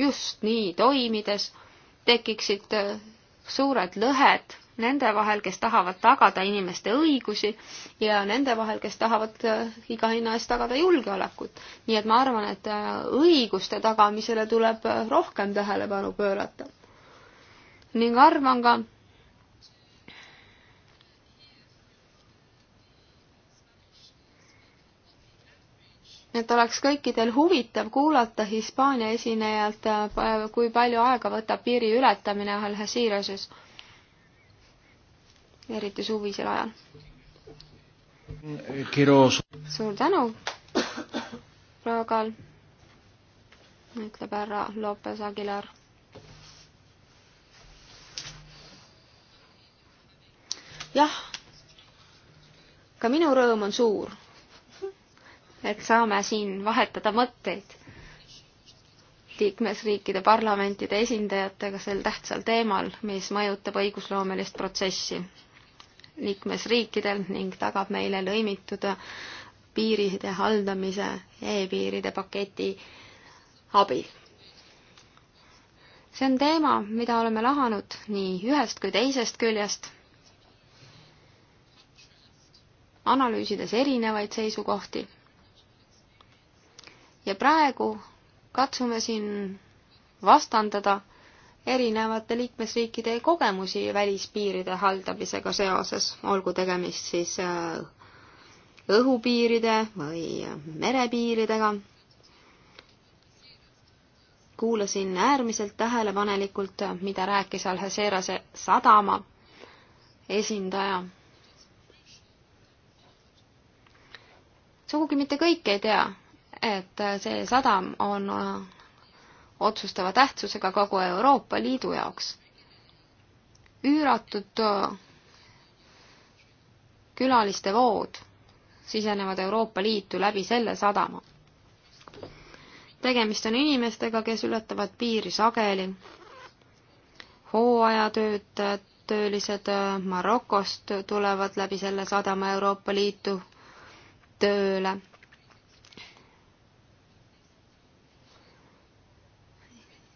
just nii toimides tekiksid suured lõhed nende vahel, kes tahavad tagada inimeste õigusi ja nende vahel, kes tahavad äh, iga hinna eest tagada julgeolekut. nii et ma arvan, et äh, õiguste tagamisele tuleb äh, rohkem tähelepanu pöörata. ning arvan ka, et oleks kõikidel huvitav kuulata Hispaania esinejalt, kui palju aega võtab piiri ületamine Algecireses eriti suvisel ajal. suur tänu, proua Kall, ütleb härra Lopez Aguilar jah, ka minu rõõm on suur, et saame siin vahetada mõtteid liikmesriikide parlamentide esindajatega sel tähtsal teemal, mis mõjutab õigusloomelist protsessi liikmesriikidel ning tagab meile lõimitud piiride haldamise e-piiride paketi abil. see on teema, mida oleme lahanud nii ühest kui teisest küljest, analüüsides erinevaid seisukohti. ja praegu katsume siin vastandada erinevate liikmesriikide kogemusi välispiiride haldamisega seoses, olgu tegemist siis äh, õhupiiride või merepiiridega. kuulasin äärmiselt tähelepanelikult, mida rääkis Alheserase sadama esindaja. sugugi mitte kõik ei tea, et see sadam on äh, otsustava tähtsusega kogu Euroopa Liidu jaoks. üüratud äh, külaliste vood sisenevad Euroopa Liitu läbi selle sadama. tegemist on inimestega, kes ületavad piiri sageli, hooajatöötajad, töölised äh, Marokost tulevad läbi selle sadama Euroopa Liitu tööle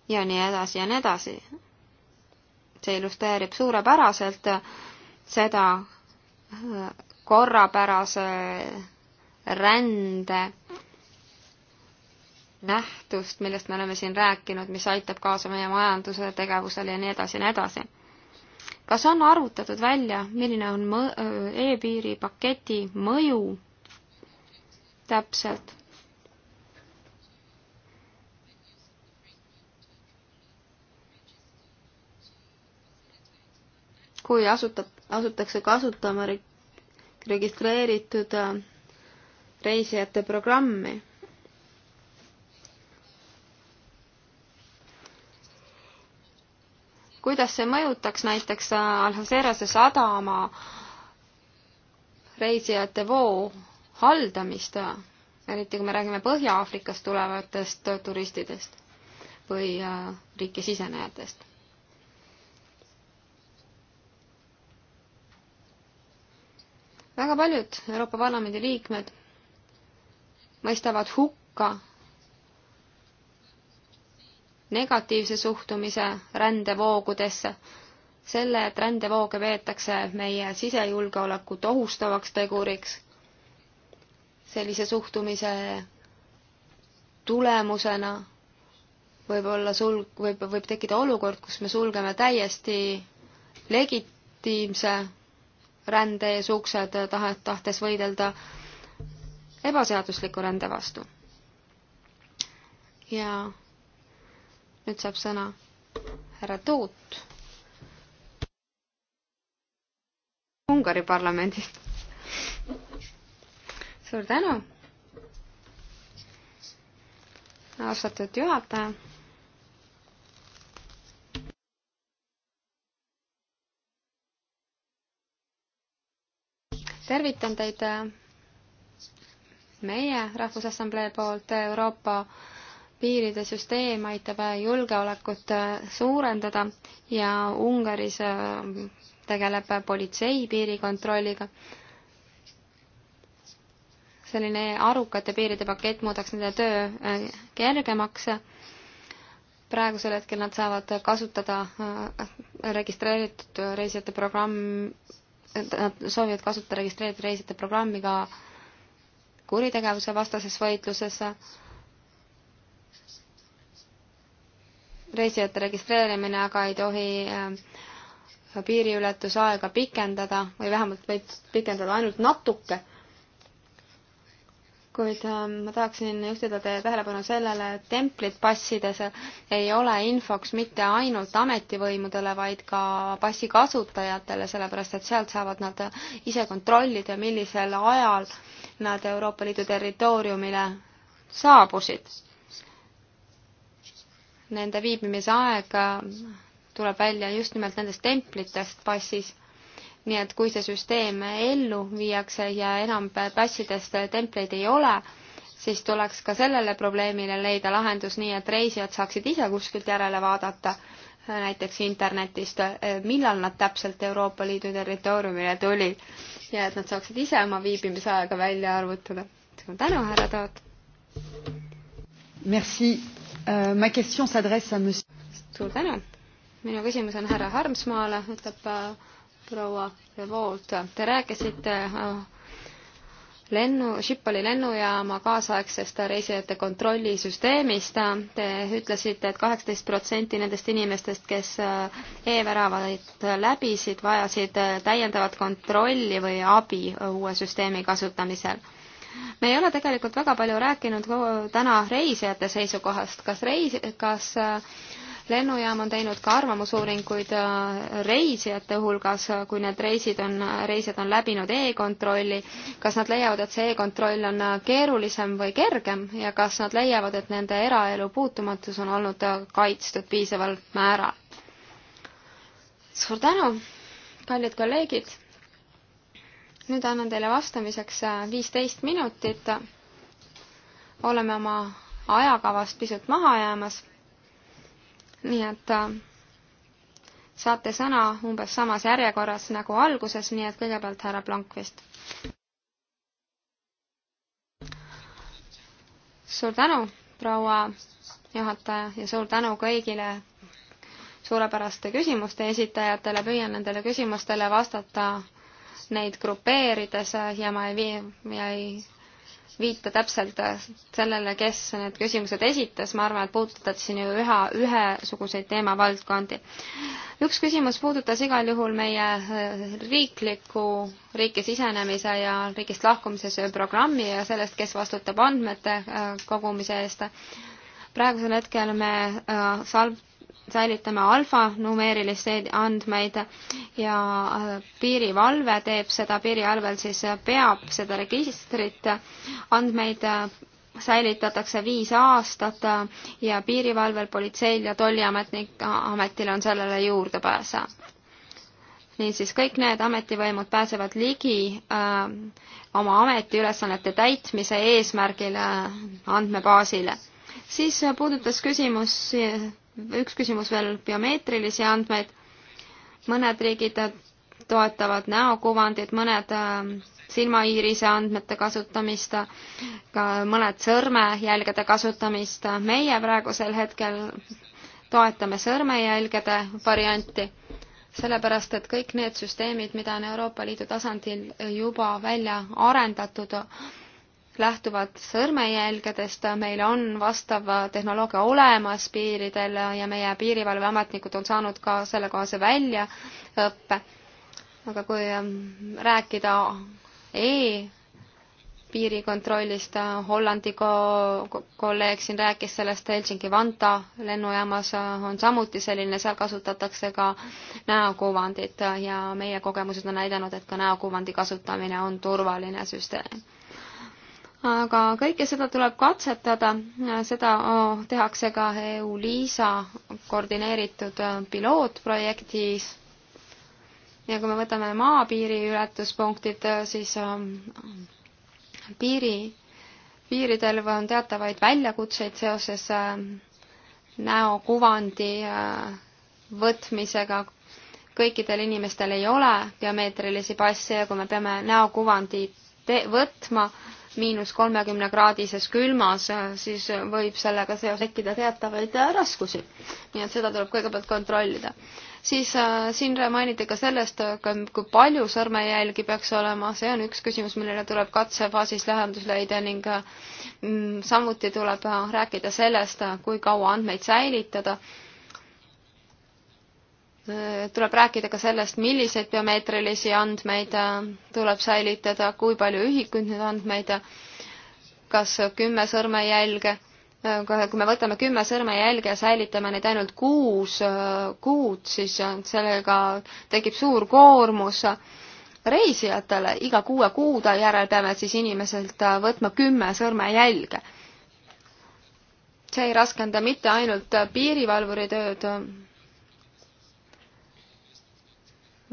ja nii edasi ja nii edasi. see illustreerib suurepäraselt seda äh, korrapärase rände nähtust, millest me oleme siin rääkinud, mis aitab kaasa meie majanduse tegevusele ja nii edasi ja nii edasi. kas on arvutatud välja, milline on e-piiri paketi mõju täpselt? kui asutab, asutakse kasutama registreeritud äh, reisijate programmi. kuidas see mõjutaks näiteks äh, Alhaserase sadama reisijate voo haldamist, äh, eriti kui me räägime Põhja-Aafrikast tulevatest turistidest või riiki sisenejatest? väga paljud Euroopa Parlamendi liikmed mõistavad hukka negatiivse suhtumise rändevoogudesse, selle, et rändevooge peetakse meie sisejulgeolekut ohustavaks teguriks. sellise suhtumise tulemusena võib olla sul-, võib, võib tekkida olukord, kus me sulgeme täiesti legitiimse rände ees uksed, tahtes võidelda ebaseadusliku rände vastu. ja nüüd saab sõna härra Tuut Ungari parlamendist. suur tänu, austatud juhataja tervitan teid äh, meie Rahvusassamblee poolt äh, Euroopa piiride süsteem aitab äh, julgeolekut suurendada ja Ungaris tegeleb politsei piirikontrolliga. selline arukate piiride pakett muudaks nende töö kergemaks. praegusel hetkel nad saavad kasutada registreeritud reisijate programm nad soovivad kasutada registreeritud reiside programmi ka kuritegevuse vastases võitluses. reisijate registreerimine aga ei tohi äh, piiriületusaega pikendada või vähemalt võib pikendada ainult natuke kuid ähm, ma tahaksin juhtida teie tähelepanu sellele, et templid passides ei ole infoks mitte ainult ametivõimudele, vaid ka passi kasutajatele, sellepärast et sealt saavad nad ise kontrollida, millisel ajal nad Euroopa Liidu territooriumile saabusid. Nende viibimise aeg tuleb välja just nimelt nendest templitest passis nii et kui see süsteem ellu viiakse ja enam passidest templeid ei ole, siis tuleks ka sellele probleemile leida lahendus nii, et reisijad saaksid ise kuskilt järele vaadata, näiteks internetist, millal nad täpselt Euroopa Liidu territooriumile tulid ja et nad saaksid ise oma viibimisaega välja arvutada. suur tänu, härra Toot! Merci uh,, ma question s'adresse à monsieur. suur tänu! minu küsimus on härra Harmsmaale, ütleb uh, proua Revolt, te rääkisite äh, lennu, Schipholi lennujaama kaasaegsest reisijate kontrollisüsteemist. Te ütlesite et, et kaheksateist protsenti nendest inimestest, kes äh, e-väravaid läbisid, vajasid äh, täiendavat kontrolli või abi uue süsteemi kasutamisel me ei ole tegelikult väga palju rääkinud täna reisijate seisukohast, kas reis, kas äh, lennujaam on teinud ka arvamusuuringuid äh, reisijate hulgas, kui need reisid on, reisijad on läbinud e-kontrolli, kas nad leiavad, et see e-kontroll on äh, keerulisem või kergem ja kas nad leiavad, et nende eraelu puutumatus on olnud äh, kaitstud piisaval määral. suur tänu, kallid kolleegid. nüüd annan teile vastamiseks viisteist minutit. oleme oma ajakavast pisut maha jäämas nii et äh, saate sõna umbes samas järjekorras nagu alguses, nii et kõigepealt härra Blankvist. suur tänu, proua juhataja ja suur tänu kõigile suurepäraste küsimuste esitajatele, püüan nendele küsimustele vastata neid grupeerides ja ma ei vii, ma ei viita täpselt äh, sellele, kes need küsimused esitas, ma arvan, et puudutad siin ju üha, ühesuguseid teemavaldkondi. üks küsimus puudutas igal juhul meie äh, riikliku, riiki sisenemise ja riigist lahkumise programmi ja sellest, kes vastutab andmete äh, kogumise eest praegusel hetkel me sal-, säilitame alfanumeerilisi andmeid ja äh, piirivalve teeb seda, piirivalvel siis peab seda registrit, andmeid äh, säilitatakse viis aastat ja piirivalvel, politseil ja tolliametnik, äh, ametil on sellele juurdepääs. niisiis, kõik need ametivõimud pääsevad ligi öö, oma ametiülesannete täitmise eesmärgil andmebaasile. siis puudutas küsimus üks küsimus veel, biomeetrilisi andmeid. mõned riigid toetavad näokuvandit, mõned ähm, silmaiirise andmete kasutamist, ka mõned sõrmejälgede kasutamist. meie praegusel hetkel toetame sõrmejälgede varianti, sellepärast et kõik need süsteemid, mida on Euroopa Liidu tasandil juba välja arendatud, lähtuvad sõrmejälgedest, meil on vastav tehnoloogia olemas piiridel ja meie piirivalveametnikud on saanud ka sellekohase väljaõppe. aga kui ähm, rääkida e-piirikontrollist, äh, Hollandi ko-, kolleeg siin rääkis sellest Helsingi Vanta lennujaamas äh, on samuti selline, seal kasutatakse ka näokuvandit ja meie kogemused on näidanud, et ka näokuvandi kasutamine on turvaline süsteem aga kõike seda tuleb katsetada, seda tehakse ka EU-LISA koordineeritud pilootprojektis. ja kui me võtame maapiiri ületuspunktid, siis piiri, piiridel on teatavaid väljakutseid seoses näokuvandi võtmisega, kõikidel inimestel ei ole biomeetrilisi passe ja kui me peame näokuvandi võtma, miinus kolmekümne kraadises külmas, siis võib sellega seoses tekkida teatavaid raskusi. nii et seda tuleb kõigepealt kontrollida. siis äh, siin mainiti ka sellest, kui palju sõrmejälgi peaks olema, see on üks küsimus, millele tuleb katsefaasis lahendus leida ning äh, mm, samuti tuleb äh, rääkida sellest, kui kaua andmeid säilitada tuleb rääkida ka sellest, milliseid biomeetrilisi andmeid äh, tuleb säilitada, kui palju ühikuid neid andmeid, kas kümme sõrmejälge, äh, kui me võtame kümme sõrmejälge ja säilitame neid ainult kuus äh, kuud, siis sellega tekib suur koormus reisijatele, iga kuue kuu järel peame siis inimeselt võtma kümme sõrmejälge. see ei raskenda mitte ainult piirivalvuri tööd,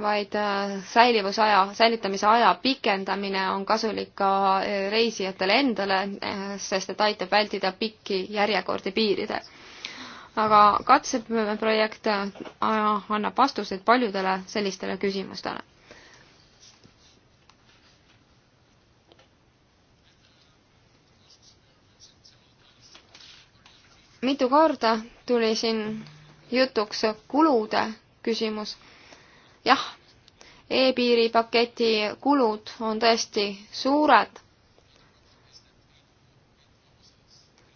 vaid äh, säilivusaja, säilitamise aja pikendamine on kasulik ka äh, reisijatele endale, äh, sest et aitab vältida pikki järjekordi piiridel. aga katseprojekt annab vastuseid paljudele sellistele küsimustele. mitu korda tuli siin jutuks kulude küsimus jah, e-piiri paketi kulud on tõesti suured.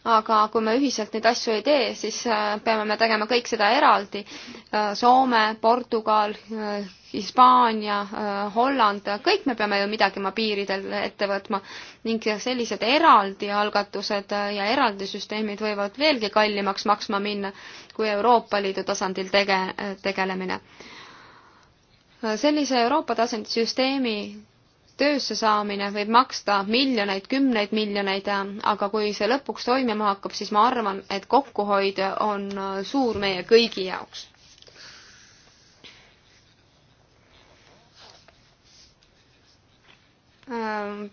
aga kui me ühiselt neid asju ei tee, siis äh, peame me tegema kõik seda eraldi. Äh, Soome, Portugal, äh, Hispaania, Holland, kõik me peame ju midagi oma piiridel ette võtma ning sellised eraldi algatused ja eraldi süsteemid võivad veelgi kallimaks maksma minna kui Euroopa Liidu tasandil tege-, tegelemine Äh, sellise Euroopa tasandi süsteemi töösse saamine võib maksta miljoneid, kümneid miljoneid, äh, aga kui see lõpuks toimima hakkab, siis ma arvan, et kokkuhoid on äh, suur meie kõigi jaoks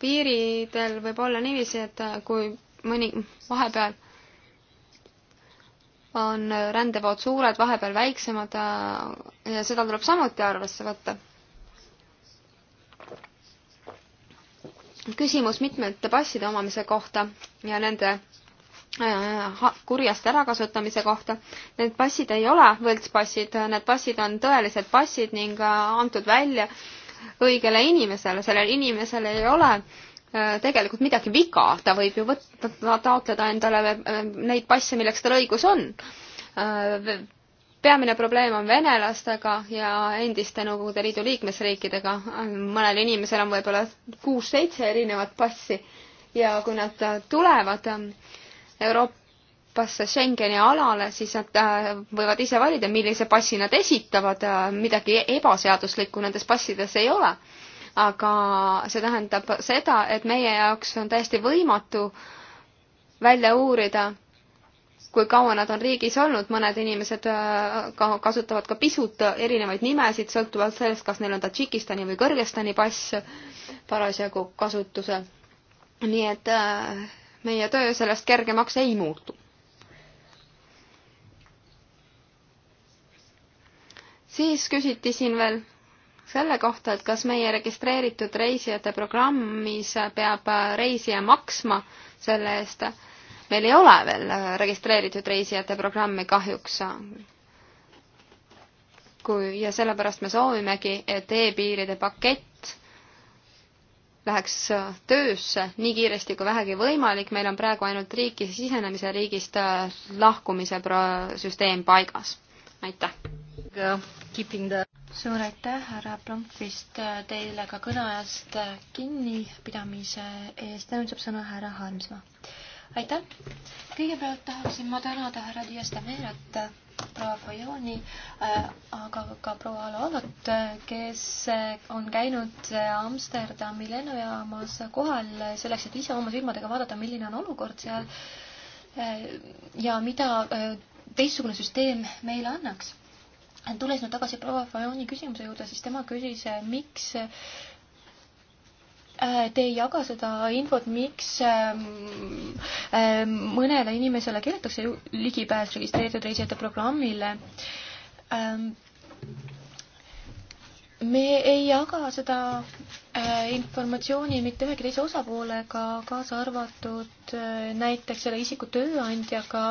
piiridel võib olla niiviisi, et kui mõni vahepeal on rändevood suured, vahepeal väiksemad äh, ja seda tuleb samuti arvesse võtta. küsimus mitmete passide omamise kohta ja nende äh, kurjast ärakasutamise kohta. Need passid ei ole võltspassid, need passid on tõelised passid ning äh, antud välja õigele inimesele, sellel inimesel ei ole äh, Äh, tegelikult midagi viga, ta võib ju võtta, taotleda endale äh, neid passe, milleks tal õigus on. Äh, peamine probleem on venelastega ja endiste Nõukogude Liidu liikmesriikidega. mõnel inimesel on võib-olla kuus-seitse erinevat passi ja kui nad tulevad Euroopa ähm, Euroopasse Schengeni alale, siis nad võivad ise valida, millise passi nad esitavad, midagi ebaseaduslikku nendes passides ei ole aga see tähendab seda, et meie jaoks on täiesti võimatu välja uurida, kui kaua nad on riigis olnud, mõned inimesed äh, ka kasutavad ka pisut erinevaid nimesid, sõltuvalt sellest, kas neil on Tadžikistani või Kõrgõzstani pass parasjagu kasutusel. nii et äh, meie töö sellest kergemaks ei muutu. siis küsiti siin veel selle kohta, et kas meie registreeritud reisijate programmis peab reisija maksma selle eest. meil ei ole veel registreeritud reisijate programmi kahjuks. kui, ja sellepärast me soovimegi, et e-piiride pakett läheks töösse nii kiiresti kui vähegi võimalik, meil on praegu ainult riiki sisenemise riigist lahkumise süsteem paigas. aitäh! the... suur aitäh, härra Plumpist, teile ka kõneajast kinnipidamise eest. nüüd saab sõna härra Harmsmaa. aitäh. kõigepealt tahaksin ma tänada härra Dias-Tamerat, proua Fajoni äh,, aga ka proua Alalot, kes on käinud Amsterdami lennujaamas kohal selleks, et ise oma silmadega vaadata, milline on olukord seal äh, ja mida äh, teistsugune süsteem meile annaks tulles nüüd tagasi proua Fajoni küsimuse juurde, siis tema küsis, eh, miks eh, Te ei jaga seda infot, miks ehm, ehm, mõnele inimesele keelatakse ligipääs registreeritud reisijate programmile. Ehm, me ei jaga seda eh, informatsiooni mitte ühegi teise osapoolega, kaasa arvatud näiteks selle isiku tööandjaga ka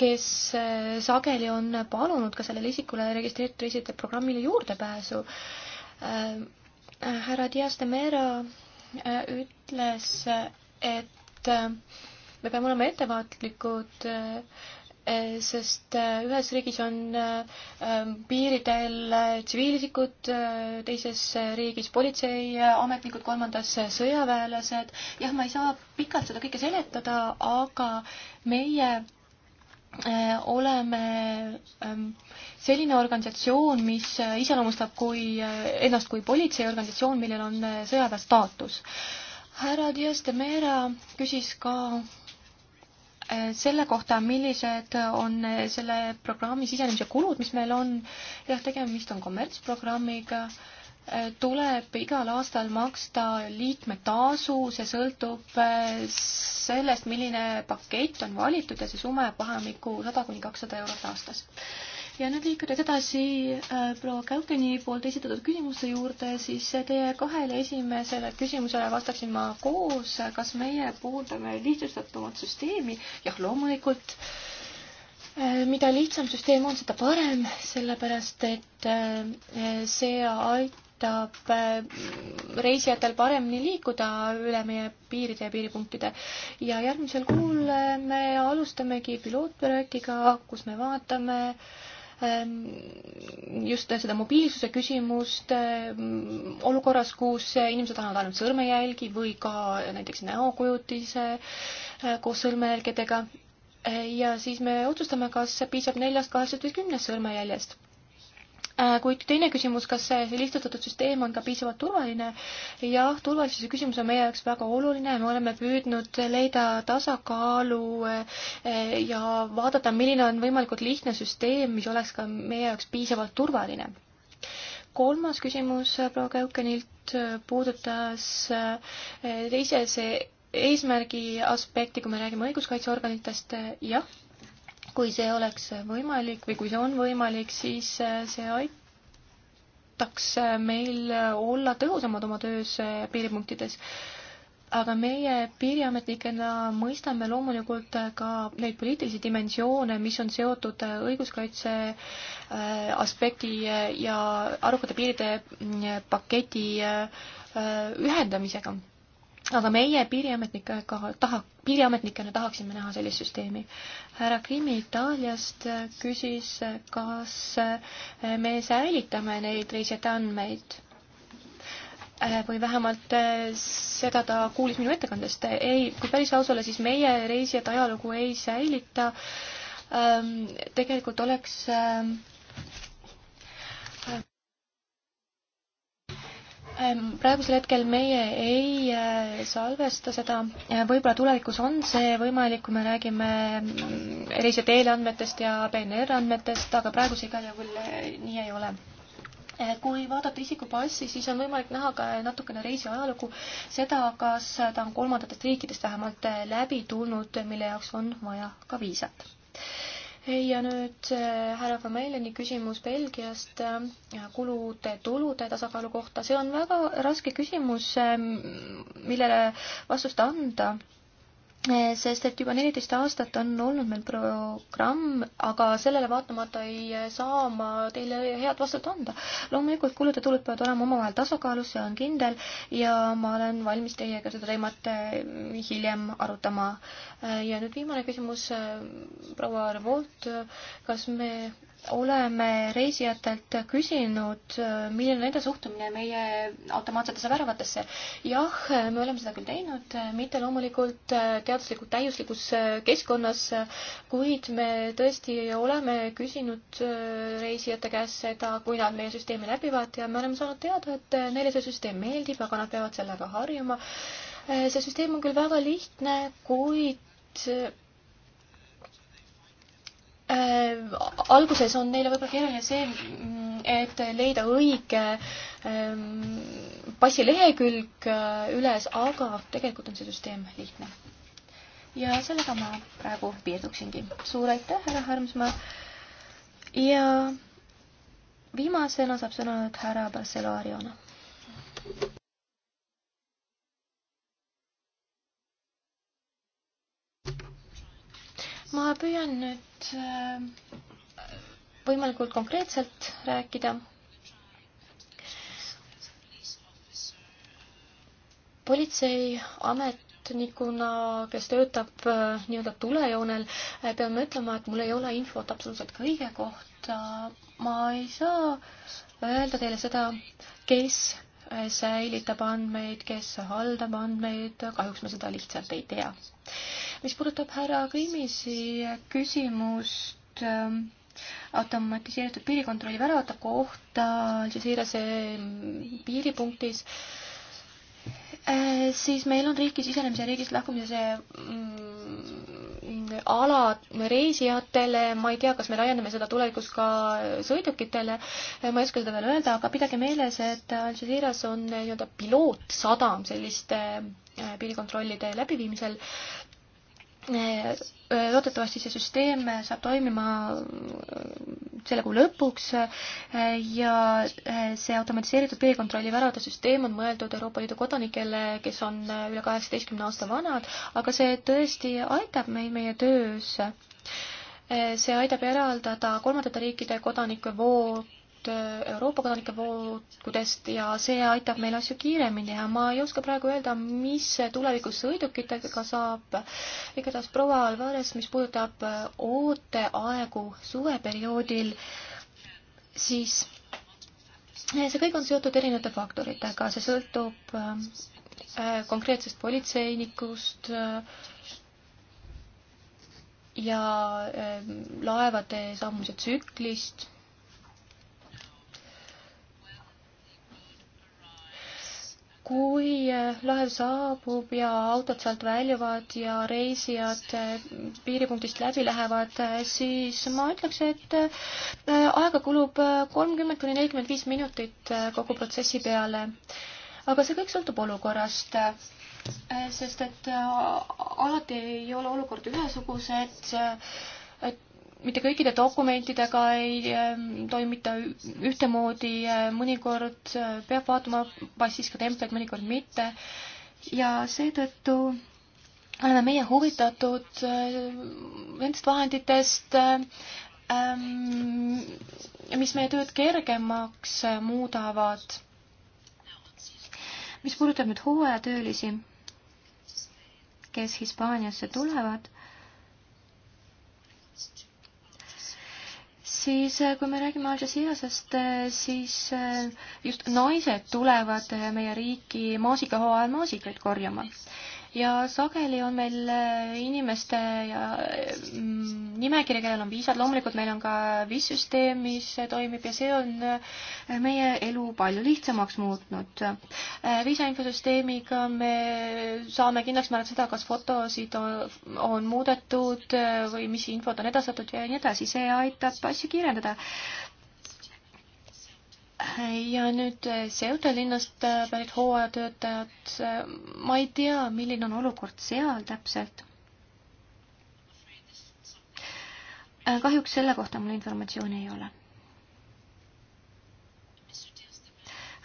kes äh, sageli on palunud ka sellele isikule registreeritud reisijate programmile juurdepääsu. Äh, härra Dias de Mera äh, ütles, et me peame olema ettevaatlikud, sest ühes riigis on piiridel tsiviilisikud, teises riigis politseiametnikud, kolmandas sõjaväelased. jah, ma ei saa pikalt seda kõike seletada, aga meie Äh, oleme ähm, selline organisatsioon, mis äh, iseloomustab kui, äh, ennast kui politseiorganisatsioon, millel on sõjaväe staatus. härra Dias de Mera küsis ka selle kohta, millised on selle programmi sisenemise kulud, mis meil on. jah, tegemist on kommertsprogrammiga äh, tuleb igal aastal maksta liikmetasu, see sõltub eh, sellest, milline pakett on valitud ja see summa jääb vahemikku sada kuni kakssada eurot aastas. ja nüüd liikudes edasi eh, proua Käukeni poolt esitatud küsimuste juurde, siis teie kahele esimesele küsimusele vastaksin ma koos, kas meie pooldame lihtsustatumat süsteemi, jah, loomulikult eh, mida lihtsam süsteem on, seda parem, sellepärast et see aitab aitab äh, reisijatel paremini liikuda üle meie piiride ja piiripunktide. ja järgmisel kuul äh, me alustamegi pilootprojektiga, kus me vaatame ähm, just seda mobiilsuse küsimust äh, olukorras, kus inimesed annavad ainult sõrmejälgi või ka näiteks näokujutise koos sõrmejälgedega. ja siis me otsustame, kas piisab neljast, kaheksast või kümnest sõrmejäljest Äh, kuid teine küsimus, kas see lihtsustatud süsteem on ka piisavalt turvaline? jah, turvalisuse küsimus on meie jaoks väga oluline, me oleme püüdnud leida tasakaalu äh, ja vaadata, milline on võimalikult lihtne süsteem, mis oleks ka meie jaoks piisavalt turvaline. kolmas küsimus äh, proua Käukenilt puudutas teise see eesmärgi aspekti, kui me räägime õiguskaitseorganitest, jah kui see oleks võimalik või kui see on võimalik, siis eh, see aitaks eh, meil olla tõhusamad oma töös eh, piiripunktides aga meie piiriametnikena mõistame loomulikult ka neid poliitilisi dimensioone, mis on seotud õiguskaitse aspekti ja arukate piiride mm, paketi ühendamisega aga meie piiriametnikega taha, piiriametnikena tahaksime näha sellist süsteemi. härra Krimmi Itaaliast küsis, kas me säilitame neid reisijate andmeid või vähemalt seda ta kuulis minu ettekandest. ei, kui päris aus olla, siis meie reisijate ajalugu ei säilita. Ehm, tegelikult oleks ehm, Ehm, praegusel hetkel meie ei äh, salvesta seda, äh, võib-olla tulevikus on see võimalik, kui me räägime mm, erilised eelandmetest ja PNR andmetest, aga praeguse igal juhul äh, nii ei ole kui vaadata isikupassi, siis on võimalik näha ka natukene reisi ajalugu, seda, kas ta on kolmandatest riikidest vähemalt läbi tulnud, mille jaoks on vaja ka viisat ja nüüd äh, härra Van Meileni küsimus Belgiast äh, kulude-tulude tasakaalu kohta. see on väga raske küsimus, äh, millele vastust anda Eh, sest et juba neliteist aastat on olnud meil programm, aga sellele vaatamata ei eh, saa ma teile head vastust anda. loomulikult kulud ja tulud peavad olema omavahel tasakaalus, see on kindel ja ma olen valmis teiega seda teemat eh, hiljem arutama. ja nüüd viimane küsimus proua Revolt, kas me oleme reisijatelt küsinud, milline on nende suhtumine meie automaatsetesse väravatesse. jah, me oleme seda küll teinud, mitte loomulikult teaduslikult täiuslikus keskkonnas, kuid me tõesti oleme küsinud reisijate käest seda, kui nad meie süsteemi läbivad ja me oleme saanud teada, et neile see süsteem meeldib, aga nad peavad sellega harjuma. see süsteem on küll väga lihtne, kuid äh, alguses on neile võib-olla keeruline see, mm, et leida õige ähm, passilehekülg äh, üles, aga tegelikult on see süsteem lihtne. ja sellega ma praegu piirduksingi. suur aitäh, härra Harmsmaa. ja viimasena saab sõna nüüd härra Barcelona. ma püüan nüüd äh, võimalikult konkreetselt rääkida. politseiametnikuna, kes töötab äh, nii-öelda tulejoonel, äh, pean ma ütlema, et mul ei ole infot absoluutselt kõige kohta. ma ei saa öelda teile seda, kes säilitab andmeid, kes haldab andmeid, kahjuks me seda lihtsalt ei tea. mis puudutab härra Krimisi küsimust ähm, automatiseeritud piirikontrolli väravate kohta Alžesiirase piiripunktis, äh, siis meil on riiki sisenemise ja riigist lahkumise mm, ala reisijatele, ma ei tea, kas me laiendame seda tulevikus ka sõidukitele, ma ei oska seda veel öelda, aga pidage meeles, et Algeciras on nii-öelda pilootsadam selliste äh, piirikontrollide läbiviimisel Äh, loodetavasti see süsteem saab toimima äh, selle kuu lõpuks äh, ja see automatiseeritud piirikontrolli värade süsteem on mõeldud Euroopa Liidu kodanikele, kes on üle kaheksateistkümne aasta vanad, aga see tõesti aitab meid meie töös see aitab eraldada kolmandate riikide kodanike voo Äh, Euroopa kodanike voodudest ja see aitab meil asju kiiremini teha. ma ei oska praegu öelda, mis tulevikus sõidukitega saab. igatahes proua Alvarez, mis puudutab äh, ooteaegu suveperioodil, siis äh, see kõik on seotud erinevate faktoritega, see sõltub konkreetsest politseinikust ja laevade sammumise tsüklist kui eh, laev saabub ja autod sealt väljuvad ja reisijad eh, piiripunktist läbi lähevad, eh, siis ma ütleks, et aega kulub kolmkümmend kuni nelikümmend viis minutit kogu protsessi peale. aga see kõik sõltub olukorrast sest et alati ei ole olukord ühesugused, et mitte kõikide dokumentidega ei ähm, toimita ühtemoodi, äh, mõnikord äh, peab vaatama passis ka templeid, mõnikord mitte. ja seetõttu oleme meie huvitatud äh, nendest vahenditest, ähm, mis meie tööd kergemaks muudavad. mis puudutab nüüd hooajatöölisi, kes Hispaaniasse tulevad siis äh, kui me räägime Al Jazeerasest, äh, siis äh, just naised tulevad meie riiki maasikahooajal maasikaid korjama ja sageli on meil äh, inimeste ja mm, nimekiri, kellel on viisad, loomulikult meil on ka viissüsteem, mis toimib ja see on äh, meie elu palju lihtsamaks muutnud. Äh, viisainfosüsteemiga me saame kindlaks määrata seda, kas fotosid on, on muudetud või mis infot on edastatud ja nii edasi, see aitab asju kiirendada ja nüüd Ceuta eh, linnast eh, pärit hooajatöötajad, eh, ma ei tea, milline on olukord seal täpselt. kahjuks selle kohta mul informatsiooni ei ole.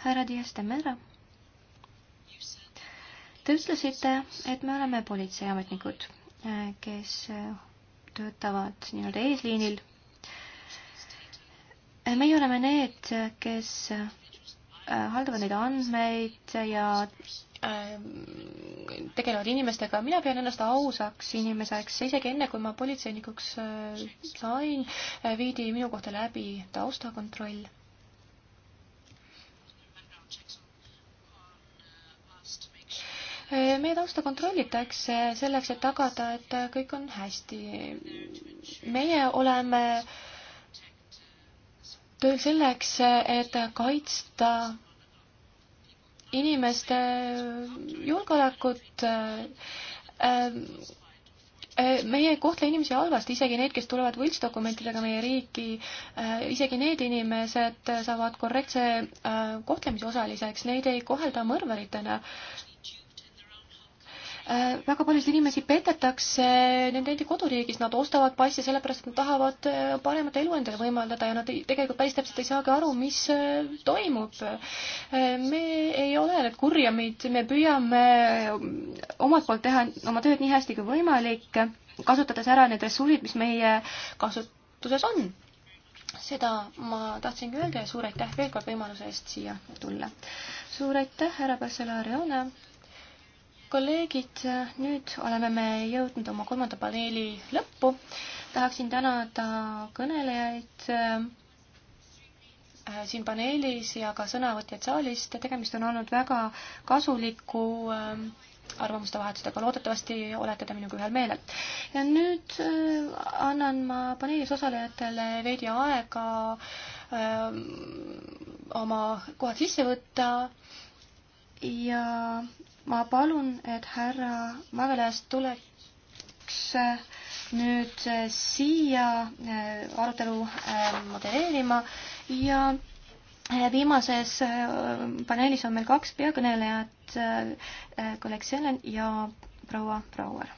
härra Dias de Mera, te ütlesite, et me oleme politseiametnikud, kes töötavad nii-öelda eesliinil meie oleme need, kes äh, haldavad neid andmeid ja ähm, tegelevad inimestega, mina pean ennast ausaks inimeseks, isegi enne, kui ma politseinikuks äh, sain, äh, viidi minu kohta läbi taustakontroll. meie tausta kontrollitakse selleks, et tagada, et kõik on hästi. meie oleme äh, töö selleks, et kaitsta inimeste julgeolekut. Äh, äh, meie ei kohtle inimesi halvasti, isegi need, kes tulevad võltsdokumentidega meie riiki, äh, isegi need inimesed saavad korrektse kohtlemise osaliseks, neid ei kohelda mõrvaritena Äh, väga paljusid inimesi petetakse nende endi koduriigis, nad ostavad passi sellepärast, et nad tahavad äh, paremat elu endale võimaldada ja nad ei, tegelikult päris täpselt ei saagi aru, mis äh, toimub. me ei ole need kurjamid, me püüame omalt poolt teha oma tööd nii hästi kui võimalik, kasutades ära need ressursid, mis meie kasutuses on seda ma tahtsingi öelda ja suur aitäh veel kord võimaluse eest siia tulla. suur aitäh, härra Barcelona Reone kolleegid, nüüd oleme me jõudnud oma kolmanda paneeli lõppu. tahaksin tänada kõnelejaid äh, siin paneelis ja ka sõnavõtjaid saalist. tegemist on olnud väga kasuliku äh, arvamuste vahetustega, loodetavasti olete te minuga ühel meelel. ja nüüd äh, annan ma paneelis osalejatele veidi aega öö, oma kohad sisse võtta ja ma palun, et härra Mävelas tuleks äh, nüüd äh, siia äh, arutelu modereerima ja viimases paneelis on meil kaks peakõnelejat, kolleeg Selen ja proua Brouer.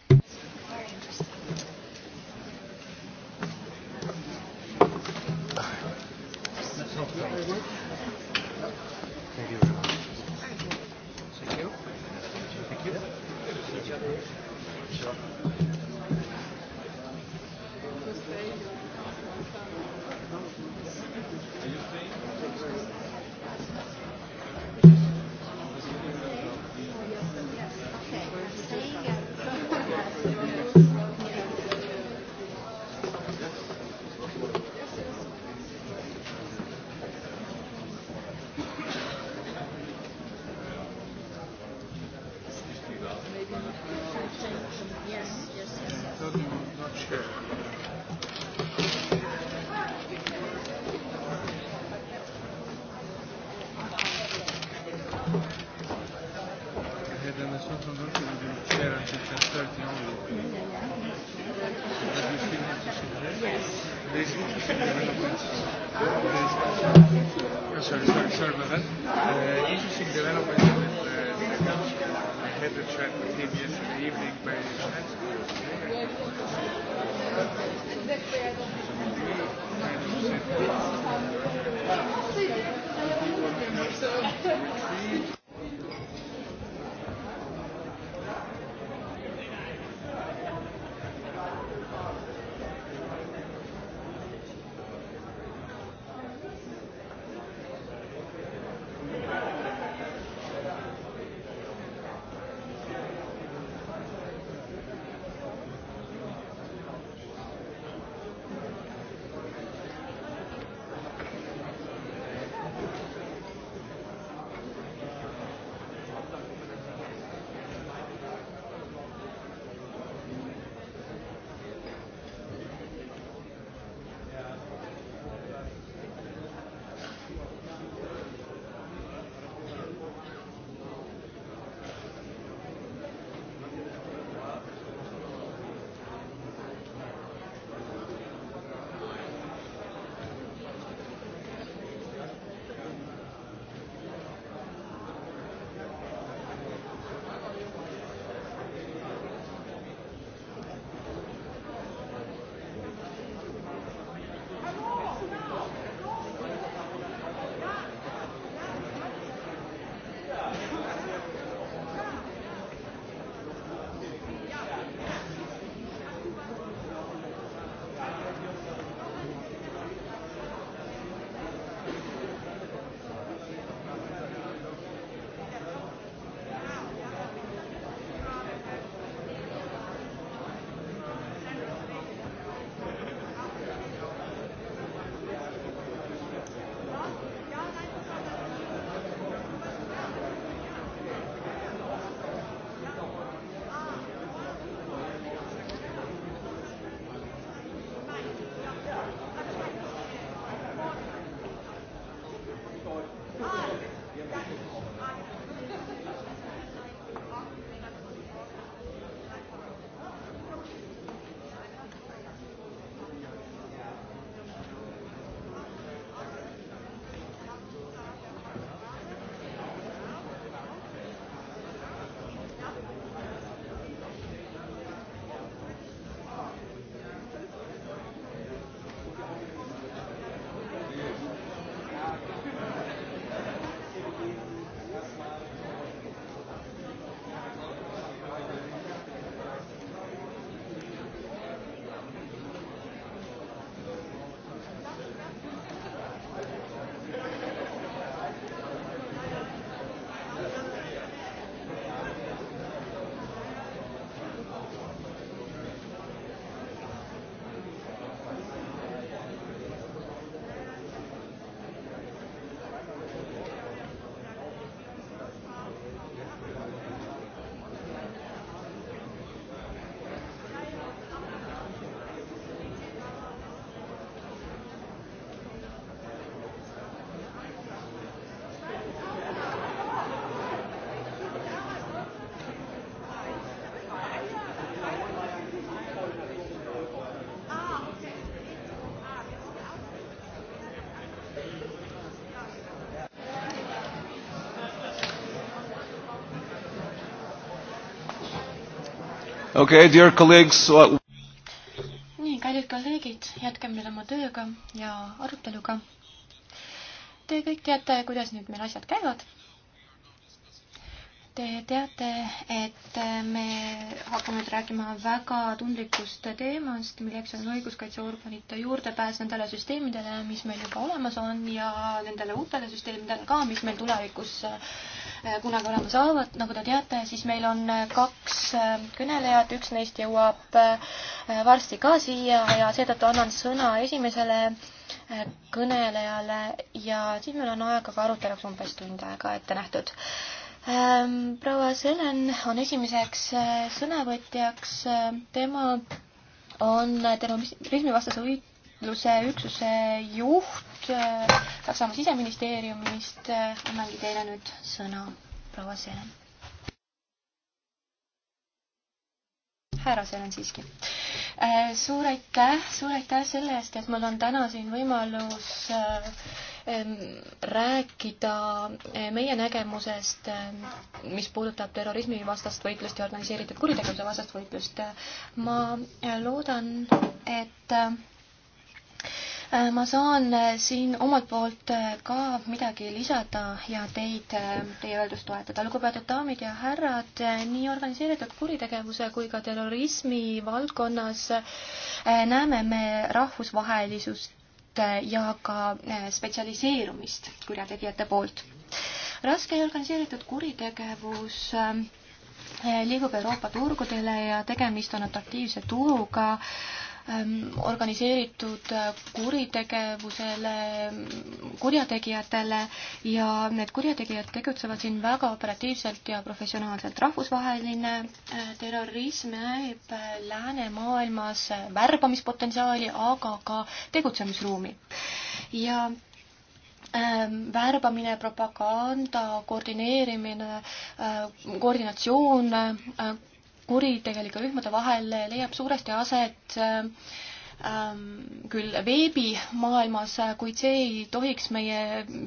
Thank you. okay, dear colleagues what.... Uh, nii, kallid kolleegid, jätkame nüüd oma tööga ja aruteluga. Te kõik teate, kuidas nüüd meil asjad käivad teate, et me hakkame nüüd rääkima väga tundlikust teemast, milleks on õiguskaitseorganite juurdepääs nendele süsteemidele, mis meil juba olemas on ja nendele uutele süsteemidele ka, mis meil tulevikus äh, kunagi olema saavad. nagu te teate, siis meil on äh, kaks äh, kõnelejat, üks neist jõuab varsti ka siia ja seetõttu annan sõna esimesele kõnelejale ja siis meil on aega ka aruteluks umbes tund aega ette nähtud. Ähm, proua Sõlen on esimeseks äh, sõnavõtjaks, äh, tema on äh, terrorismivastase võitluse üksuse juht Saksamaa siseministeeriumist, annangi teile nüüd sõna, proua Sõlen. härra Sõlen siiski suur aitäh, suur aitäh selle eest, et mul on täna siin võimalus äh, Ähm, rääkida äh, meie nägemusest, äh, mis puudutab terrorismivastast võitlust ja organiseeritud kuritegevuse vastast võitlust. ma äh, loodan, et ma saan siin omalt poolt ka midagi lisada ja teid, teie öeldust toetada. lugupeetud daamid ja härrad, nii organiseeritud kuritegevuse kui ka terrorismi valdkonnas näeme me rahvusvahelisust Äh, ja ka äh, spetsialiseerumist kurjategijate poolt. raske ja organiseeritud kuritegevus äh, liigub Euroopa turgudele ja tegemist on atraktiivse turuga äh, Ähm, organiseeritud äh, kuritegevusele, kurjategijatele ja need kurjategijad tegutsevad siin väga operatiivselt ja professionaalselt. rahvusvaheline äh, terrorism näeb äh, läänemaailmas värbamispotentsiaali, aga ka tegutsemisruumi. ja ähm, värbamine, propaganda, koordineerimine, koordinatsioon, kuritegelike rühmade vahel leiab suuresti aset ähm, küll veebimaailmas, kuid see ei tohiks meie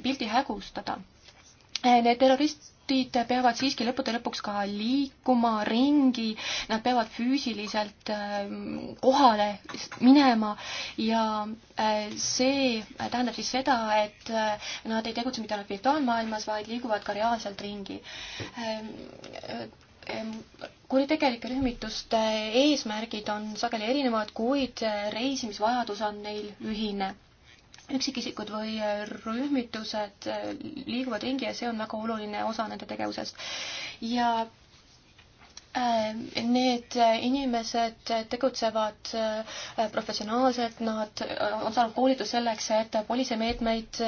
pildi hägustada. Äh, need terroristid peavad siiski lõppude lõpuks ka liikuma ringi, nad peavad füüsiliselt ähm, kohale minema ja äh, see tähendab siis seda, et äh, nad ei tegutse mitte ainult virtuaalmaailmas, vaid liiguvad ka reaalselt ringi ähm, kuritegelike rühmituste eesmärgid on sageli erinevad, kuid reisimisvajadus on neil ühine. üksikisikud või rühmitused liiguvad ringi ja see on väga oluline osa nende tegevusest. ja Äh, need inimesed tegutsevad äh, professionaalselt, nad äh, on saanud koolitust selleks, et politseimeetmeid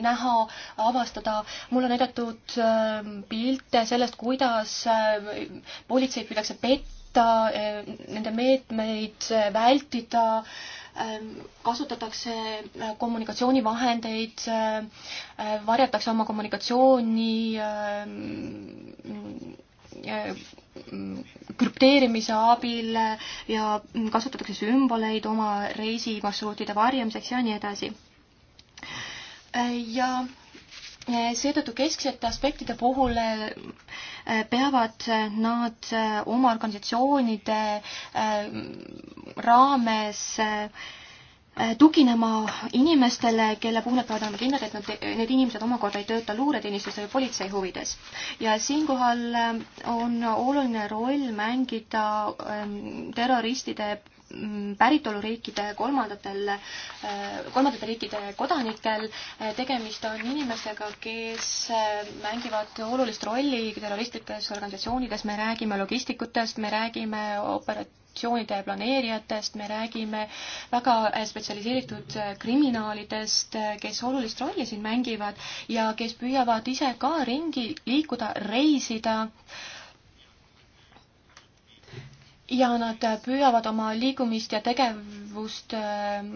näha, avastada. mulle on näidatud pilte sellest, kuidas politseid püütakse petta, nende meetmeid vältida, ähm, kasutatakse kommunikatsioonivahendeid, varjatakse oma kommunikatsiooni ähm, krüpteerimise abil ja kasutatakse sümboleid oma reisimarsruutide varjamiseks ja nii edasi. ja seetõttu kesksete aspektide puhul eh, peavad nad oma organisatsioonide eh, raames eh, Äh, tuginema inimestele, kelle puhul nad peavad olema kindlad, et nad, need inimesed omakorda ei tööta luureteenistuse või politsei huvides. ja siinkohal äh, on oluline roll mängida ähm, terroristide päritoluriikide kolmandatel, äh, kolmandate riikide kodanikel. Äh, tegemist on inimestega, kes äh, mängivad olulist rolli terroristlikes organisatsioonides, me räägime logistikutest, me räägime operatsioonide planeerijatest, me räägime väga spetsialiseeritud kriminaalidest, kes olulist rolli siin mängivad ja kes püüavad ise ka ringi liikuda, reisida äh, ja nad püüavad oma liigumist ja tegevust äh,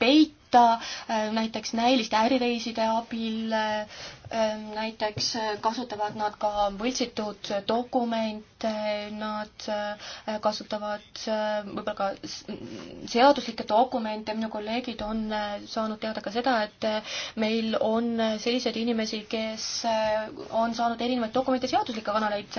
peita võtta, äh, näiteks näiliste ärireiside abil, äh, äh, näiteks kasutavad nad ka võltsitud dokumente, nad kasutavad võib-olla ka seaduslikke dokumente, minu kolleegid on saanud teada ka seda, et meil on selliseid inimesi, kes on saanud erinevaid dokumente seaduslikke kanaleid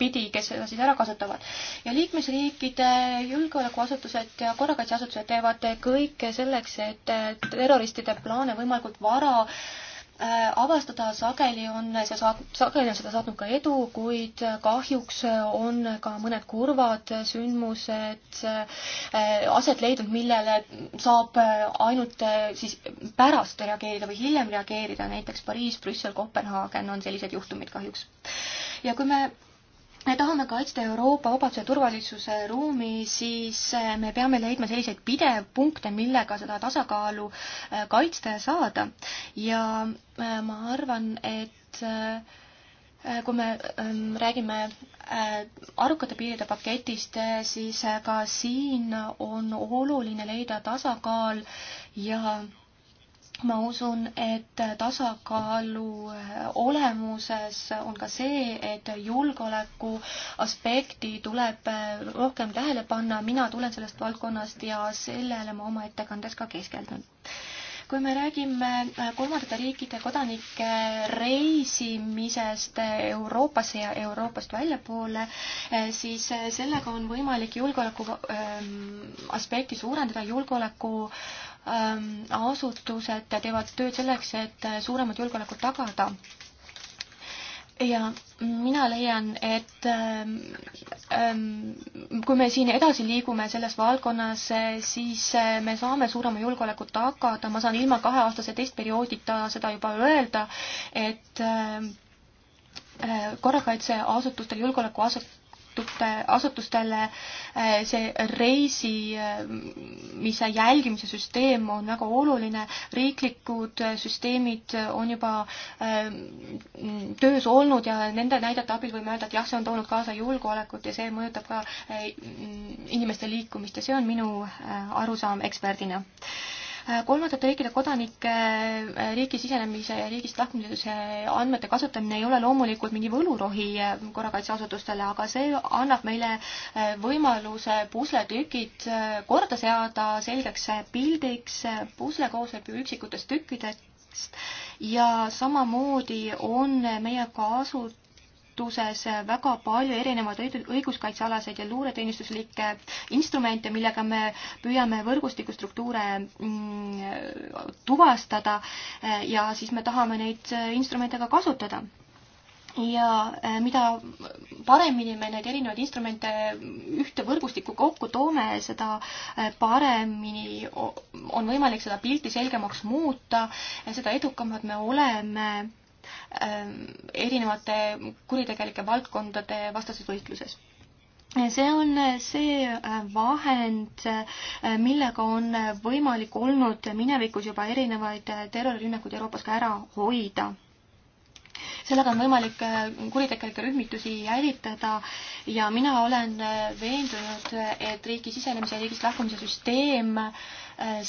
pidi, kes seda siis ära kasutavad. ja liikmesriikide julgeolekuasutused ja korrakaitseasutused teevad kõik selleks, et et terroristide plaane võimalikult vara äh, avastada sageli on see saat-, sageli on seda saatnud ka edu, kuid kahjuks on ka mõned kurvad sündmused äh, aset leidnud, millele saab ainult äh, siis pärast reageerida või hiljem reageerida, näiteks Pariis, Brüssel, Kopenhaagen on sellised juhtumid kahjuks. ja kui me me tahame kaitsta Euroopa vabaduse ja turvalisuse ruumi, siis äh, me peame leidma selliseid pidevpunkte, millega seda tasakaalu äh, kaitsta ja saada. ja äh, ma arvan, et kui me ähm, räägime arukate piiride paketist, siis ka siin on oluline leida tasakaal ja ma usun, et tasakaalu äh, olemuses on ka see, et julgeoleku aspekti tuleb äh, rohkem tähele panna, mina tulen sellest valdkonnast ja sellele ma oma ettekandes ka keskendun kui me räägime äh, kolmandate riikide kodanike reisimisest Euroopasse ja Euroopast väljapoole, siis sellega on võimalik julgeoleku ähm, aspekti suurendada, julgeoleku Ähm, asutused teevad tööd selleks, et suuremat julgeolekut tagada. ja mina leian, et ähm, ähm, kui me siin edasi liigume selles valdkonnas, siis äh, me saame suurema julgeoleku tagada, ma saan ilma kaheaastase testperioodita seda juba öelda, et äh, korrakaitseasutustel, julgeolekuasutustel asutute, asutustele äh, see reisimise äh, jälgimise süsteem on väga oluline, riiklikud äh, süsteemid on juba töös olnud ja nende näidete abil võime öelda, et jah, see on toonud kaasa julgeolekut ja see mõjutab ka inimeste liikumist ja see on minu arusaam eksperdina kolmandate riikide kodanike eh, riiki sisenemise ja riigist lahkumise andmete kasutamine ei ole loomulikult mingi võlurohi eh, korrakaitseasutustele, aga see annab meile eh, võimaluse pusletükid korda seada selgeks pildiks, pusle koosneb ju üksikutest tükkidest ja samamoodi on meie kasu- kasutuses väga palju erinevaid õiguskaitsealaseid ja luureteenistuslikke instrumente, millega me püüame võrgustikustruktuure mm, tuvastada eh, ja siis me tahame neid eh, instrumente ka kasutada ja eh, mida paremini me neid erinevaid instrumente ühte võrgustikku kokku toome, seda paremini on võimalik seda pilti selgemaks muuta ja seda edukamad me oleme Ähm, erinevate kuritegelike valdkondade vastases võitluses see on see äh, vahend, äh, millega on võimalik olnud minevikus juba erinevaid äh, terrorirünnakuid Euroopas ka ära hoida. sellega on võimalik kuritegelikke rühmitusi jälitada ja mina olen veendunud, et riigi sisenemise ja riigist lahkumise süsteem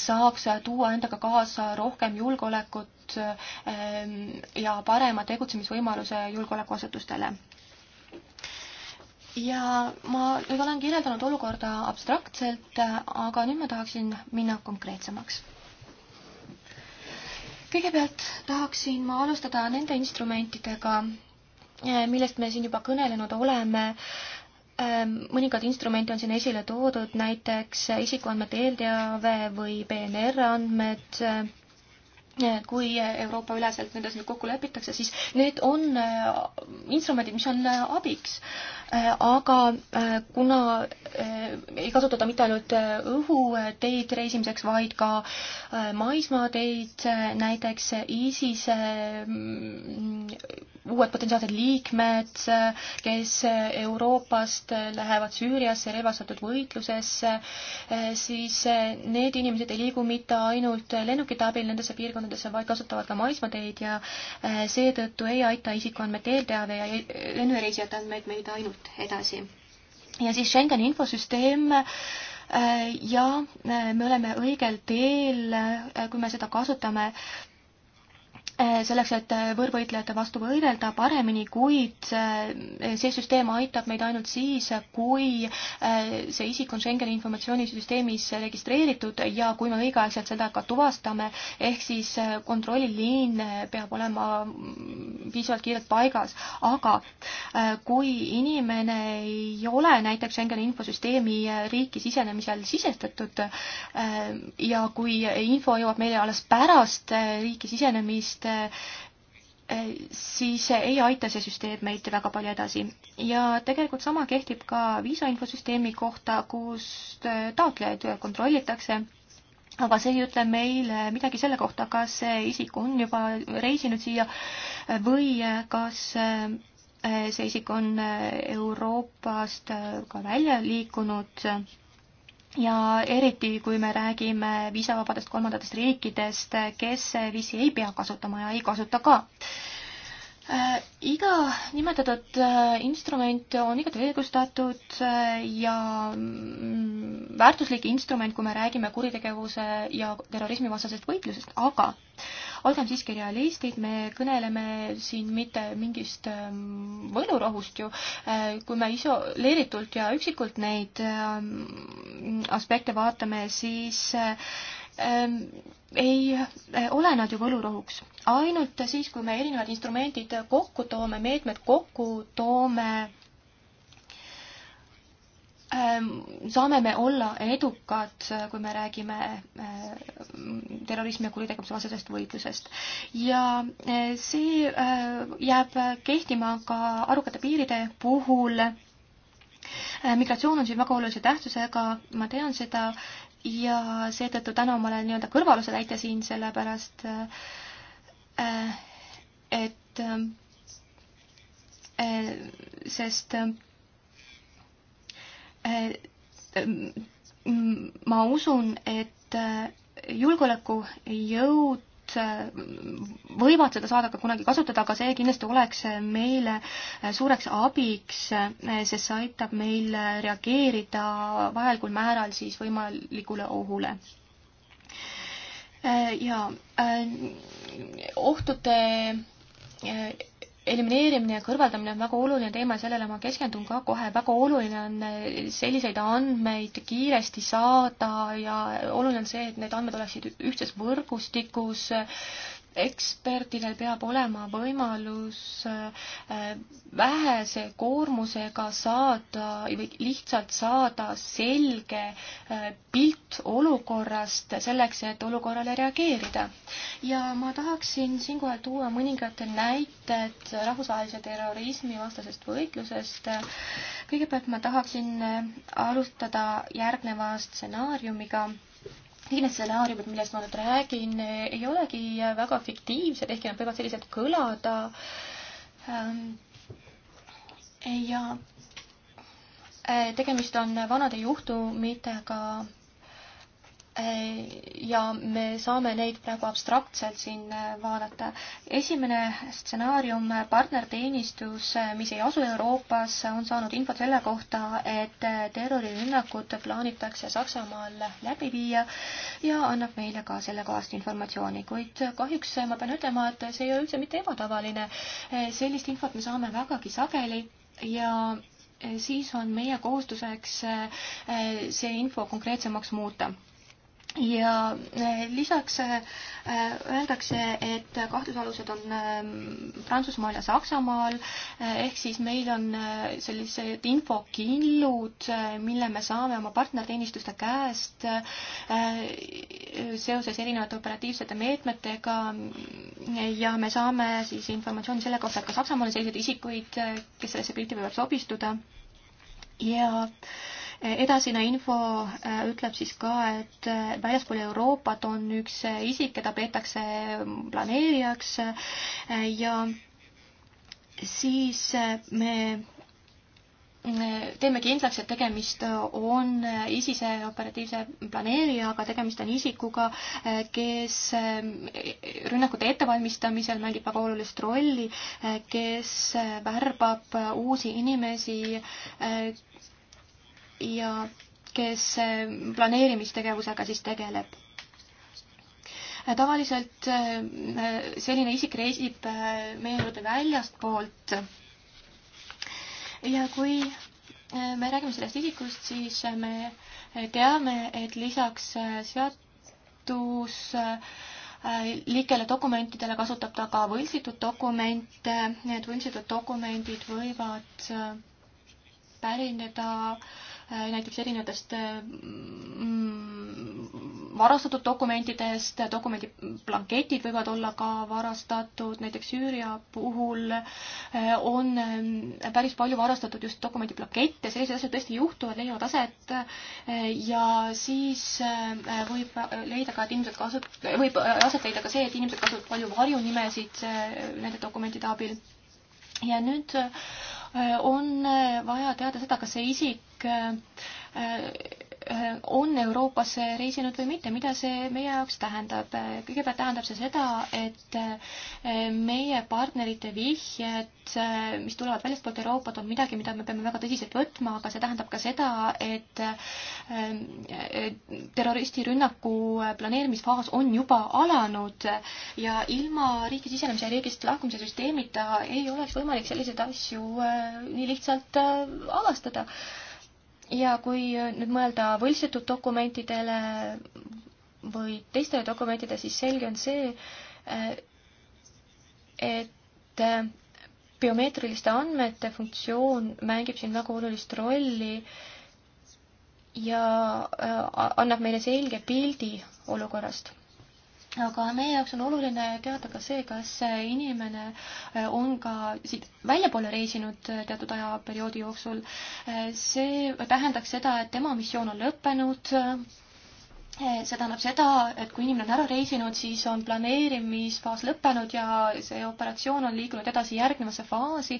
saaks tuua endaga kaasa rohkem julgeolekut koostööd ähm, ja parema tegutsemisvõimaluse julgeolekuasutustele ja ma nüüd olen kirjeldanud olukorda abstraktselt, aga nüüd ma tahaksin minna konkreetsemaks. kõigepealt tahaksin ma alustada nende instrumentidega, eh, millest me siin juba kõnelenud oleme. Ähm, mõningaid instrumente on siin esile toodud, näiteks isikuandmete eelteave või PNR andmed kui Euroopa üleselt nendes nüüd kokku lepitakse, siis need on äh, instrumendid, mis on äh, abiks. Äh, aga kuna ei kasutata mitte ainult õhuteid reisimiseks, vaid ka maismaateid, näiteks ISISe mm, uued potentsiaalsed liikmed, kes Euroopast lähevad Süüriasse relvastatud võitlusesse, siis need inimesed ei liigu mitte ainult lennukite abil nendesse piirkondadesse, piirkondadesse, vaid kasutavad ka maismaateid ja eh, seetõttu ei aita isikuandmete eelteave ja lennureisijate andmeid meid ainult edasi. ja siis Schengeni infosüsteem eh, ja eh, me oleme õigel teel, kui me seda kasutame Eh, selleks, et eh, võõrvõitlejate vastu võidelda paremini, kuid eh, see süsteem aitab meid ainult siis, kui see isik on Schengeni informatsioonisüsteemis registreeritud ja kui me õigeaegselt seda ka tuvastame, ehk siis kontrolliliin peab olema mm, piisavalt kiirelt paigas, aga kui inimene ei ole näiteks Schengeni infosüsteemi riiki sisenemisel sisestatud ja kui info jõuab meile alles pärast riiki sisenemist, et e, siis ei aita see süsteem meid väga palju edasi. ja tegelikult sama kehtib ka viisainfosüsteemi kohta, kus e, taotlejaid kontrollitakse, aga see ei ütle meile midagi selle kohta, kas see isik on juba reisinud siia või kas e, see isik on Euroopast ka välja liikunud ja eriti, kui me räägime viisavabadest kolmandatest riikidest, kes viisi ei pea kasutama ja ei kasuta ka. Äh, iga nimetatud äh, instrument on igati õigustatud äh, ja mm, väärtuslik instrument, kui me räägime kuritegevuse ja terrorismivastasest võitlusest, aga olgem siiski realistid, me kõneleme siin mitte mingist ähm, võlurohust ju, kui me isoleeritult ja üksikult neid ähm, aspekte vaatame, siis Ehm, ei eh, ole nad juba õlurohuks. ainult siis, kui me erinevad instrumendid kokku toome, meetmed kokku toome, ehm, saame me olla edukad, kui me räägime eh, terrorismi ja kuritegevuse vastasest võitlusest. ja eh, see jääb kehtima ka arukate piiride puhul. migratsioon on siin väga olulise tähtsusega, ma tean seda ja seetõttu täna ma olen nii-öelda kõrvaluse täitja siin, sellepärast äh, et äh, sest äh, ma usun, et julgeolekujõud Äh, võivad seda saada ka kunagi kasutada, aga see kindlasti oleks meile äh, suureks abiks, äh, sest see aitab meil reageerida vajalikul määral siis võimalikule ohule ja ohtude elimineerimine ja kõrvaldamine on väga oluline teema ja sellele ma keskendun ka kohe. väga oluline on eh, selliseid andmeid kiiresti saada ja oluline on see, et need andmed oleksid ühtses võrgustikus eksperdidel peab olema võimalus äh, vähese koormusega saada või lihtsalt saada selge äh, pilt olukorrast selleks, et olukorrale reageerida. ja ma tahaksin siinkohal tuua mõningad näited rahvusvahelise terrorismi vastasest võitlusest. kõigepealt ma tahaksin alustada järgneva stsenaariumiga nii need stsenaariumid, millest ma nüüd räägin, ei olegi väga fiktiivsed, ehkki nad võivad selliselt kõlada. Ähm, ja äh, tegemist on vanade juhtumitega ja me saame neid praegu abstraktselt siin äh, vaadata. esimene stsenaarium, partnerteenistus, äh, mis ei asu Euroopas, on saanud infot selle kohta, et äh, terrorirünnakut plaanitakse Saksamaal läbi viia ja annab meile ka sellekohast informatsiooni, kuid kahjuks ma pean ütlema, et see ei ole üldse mitte ebatavaline. sellist infot me saame vägagi sageli ja siis on meie kohustuseks see info konkreetsemaks muuta ja eh, lisaks eh, öeldakse, et kahtlusalused on eh, Prantsusmaal ja Saksamaal, ehk siis meil on sellised infokillud, mille me saame oma partnerteenistuste käest seoses erinevate operatiivsete meetmetega ja me saame siis informatsiooni selle kohta, et ka Saksamaal on selliseid isikuid, kes sellesse pilti võivad sobistuda ja äh, edasine info äh, ütleb siis ka, et äh, väljaspool Euroopat on üks äh, isik, keda peetakse mm, planeerijaks ja siis me teeme kindlaks, et tegemist on ISISe operatiivse planeerijaga, tegemist on isikuga, kes rünnakute ettevalmistamisel mängib väga olulist rolli, kes värbab uusi inimesi, ja kes äh, planeerimistegevusega siis tegeleb äh, tavaliselt äh, selline isik reisib meie juurde väljastpoolt. ja kui me räägime sellest isikust, siis me teame, et lisaks seadus liikele dokumentidele kasutab ta ka võltsitud dokumente, need võltsitud dokumendid võivad pärineda äh, Äh, näiteks erinevatest äh, mm, varastatud dokumentidest, dokumendi blanketid võivad olla ka varastatud, näiteks Süüria puhul äh, on päris palju varastatud just dokumendi blankette, sellised asjad tõesti juhtuvad, leiavad aset ja siis võib leida ka, et inimesed kasut-, võib aset leida ka see, et inimesed kasutavad palju varjunimesid nende dokumentide abil ja nüüd äh, on äh, vaja teada seda, kas see isik äh, Äh, on Euroopasse reisinud või mitte, mida see meie jaoks tähendab? kõigepealt tähendab see seda, et äh, meie partnerite vihjed, äh, mis tulevad väljastpoolt Euroopat, on midagi, mida me peame väga tõsiselt võtma, aga see tähendab ka seda, et terroristirünnaku planeerimisfaas on juba alanud ja ilma riigi sisenemise ja riigist lahkumise süsteemita ei oleks võimalik selliseid asju nii lihtsalt avastada ja kui äh, nüüd mõelda võltsitud dokumentidele või teistele dokumentidele, siis selge on see, äh, et äh, biomeetriliste andmete funktsioon mängib siin väga olulist rolli ja annab meile selge pildi olukorrast aga meie jaoks on oluline teada ka see, kas inimene äh, on ka siit väljapoole reisinud äh, teatud ajaperioodi jooksul. Äh, see tähendaks seda, et tema missioon on lõppenud. see tähendab seda, et kui inimene on ära reisinud, siis on planeerimisfaas lõppenud ja see operatsioon on liikunud edasi järgnevasse faasi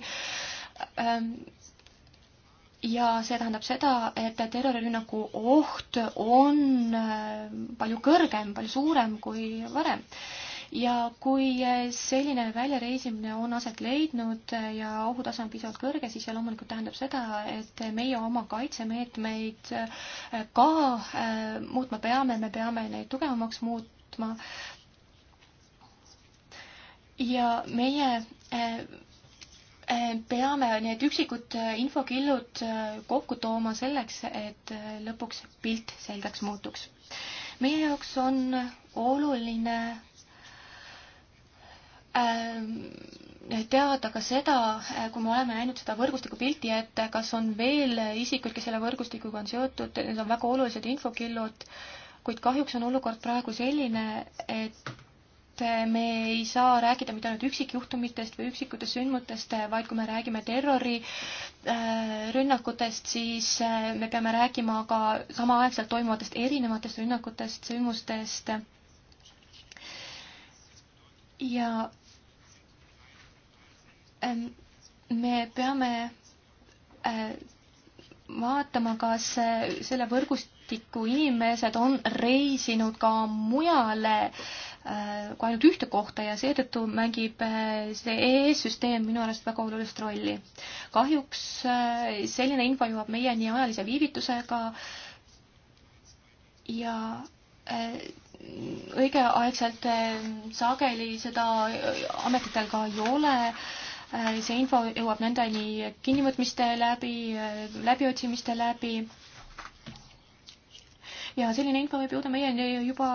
ja see tähendab seda, et terrorirünnaku oht on äh, palju kõrgem, palju suurem kui varem ja kui äh, selline väljareisimine on aset leidnud äh, ja ohutase on piisavalt kõrge, siis see loomulikult tähendab seda, et meie oma kaitsemeetmeid ka muutma peame, me peame neid tugevamaks muutma. ja meie peame need üksikud äh, infokillud äh, kokku tooma selleks, et äh, lõpuks pilt selgeks muutuks. meie jaoks on oluline ähm, teada ka seda, kui me oleme näinud seda võrgustikupilti, et kas on veel isikuid, kes selle võrgustikuga on seotud, need on väga olulised infokillud, kuid kahjuks on olukord praegu selline, et me ei saa rääkida mitte ainult üksikjuhtumitest või üksikutest sündmutest, vaid kui me räägime terrorirünnakutest, äh, siis äh, me peame rääkima ka samaaegselt toimuvatest erinevatest rünnakutest, sündmustest. ja ähm, me peame äh, vaatama, kas selle võrgustiku inimesed on reisinud ka mujale äh, Äh, kui ainult ühte kohta ja seetõttu mängib äh, see EES-süsteem minu arust väga olulist rolli. kahjuks äh, selline info jõuab meieni ajalise viivitusega ja õigeaegselt sageli seda ametitel ka ei ole. see info jõuab nendeni kinnivõtmiste läbi, läbiotsimiste läbi, läbi ja selline info võib jõuda meieni juba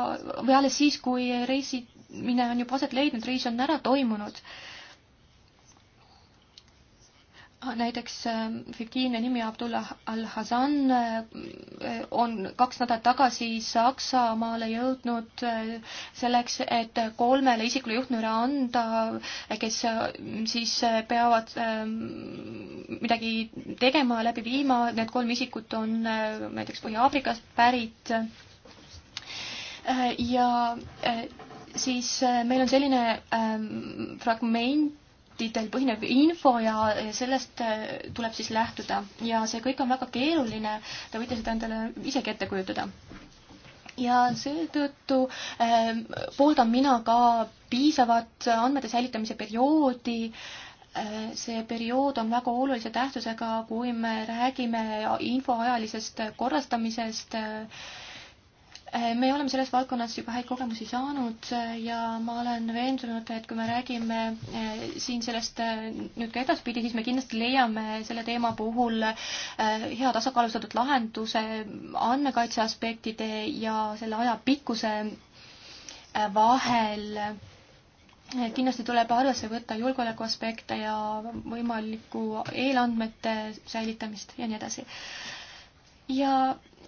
või alles siis, kui reisimine on juba aset leidnud, reis on ära toimunud näiteks ähm, fiktiivne nimi Abdullah Al-Hazan äh, on kaks nädalat tagasi Saksamaale jõudnud äh, selleks, et kolmele isikule juhtnööre anda, kes äh, siis peavad ähm, midagi tegema, läbi viima, need kolm isikut on näiteks Põhja-Aafrikast pärit ja siis meil on selline ähm, fragment, andmetel põhinev info ja sellest äh, tuleb siis lähtuda ja see kõik on väga keeruline, te võite seda endale isegi ette kujutada. ja seetõttu eh, pooldan mina ka piisavat andmete säilitamise perioodi eh,, see periood on väga olulise tähtsusega, kui me räägime info ajalisest korrastamisest eh, Äh, me oleme selles valdkonnas juba häid kogemusi saanud äh, ja ma olen veendunud, et kui me räägime äh, siin sellest nüüd ka edaspidi, siis me kindlasti leiame selle teema puhul hea tasakaalustatud lahenduse andmekaitse aspektide ja selle aja pikkuse vahel. kindlasti tuleb arvesse võtta julgeolekuaspekte ja võimalikku eelandmete säilitamist ja nii edasi. ja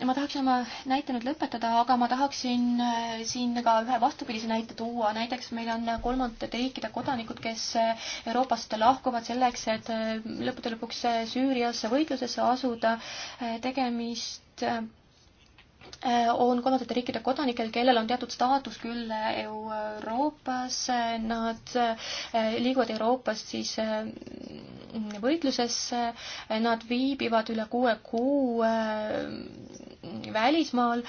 ma tahaksin oma näite nüüd lõpetada, aga ma tahaksin äh, siin ka ühe vastupidise näite tuua. näiteks meil on kolmandate riikide kodanikud, kes äh, Euroopast lahkuvad selleks, et äh, lõppude lõpuks Süüriasse võitlusesse asuda. tegemist Äh, on kolmandate riikide kodanikel, kellel on teatud staatus küll Euroopas, nad äh, liiguvad Euroopas siis äh, võitluses, nad viibivad üle kuue kuu välismaal.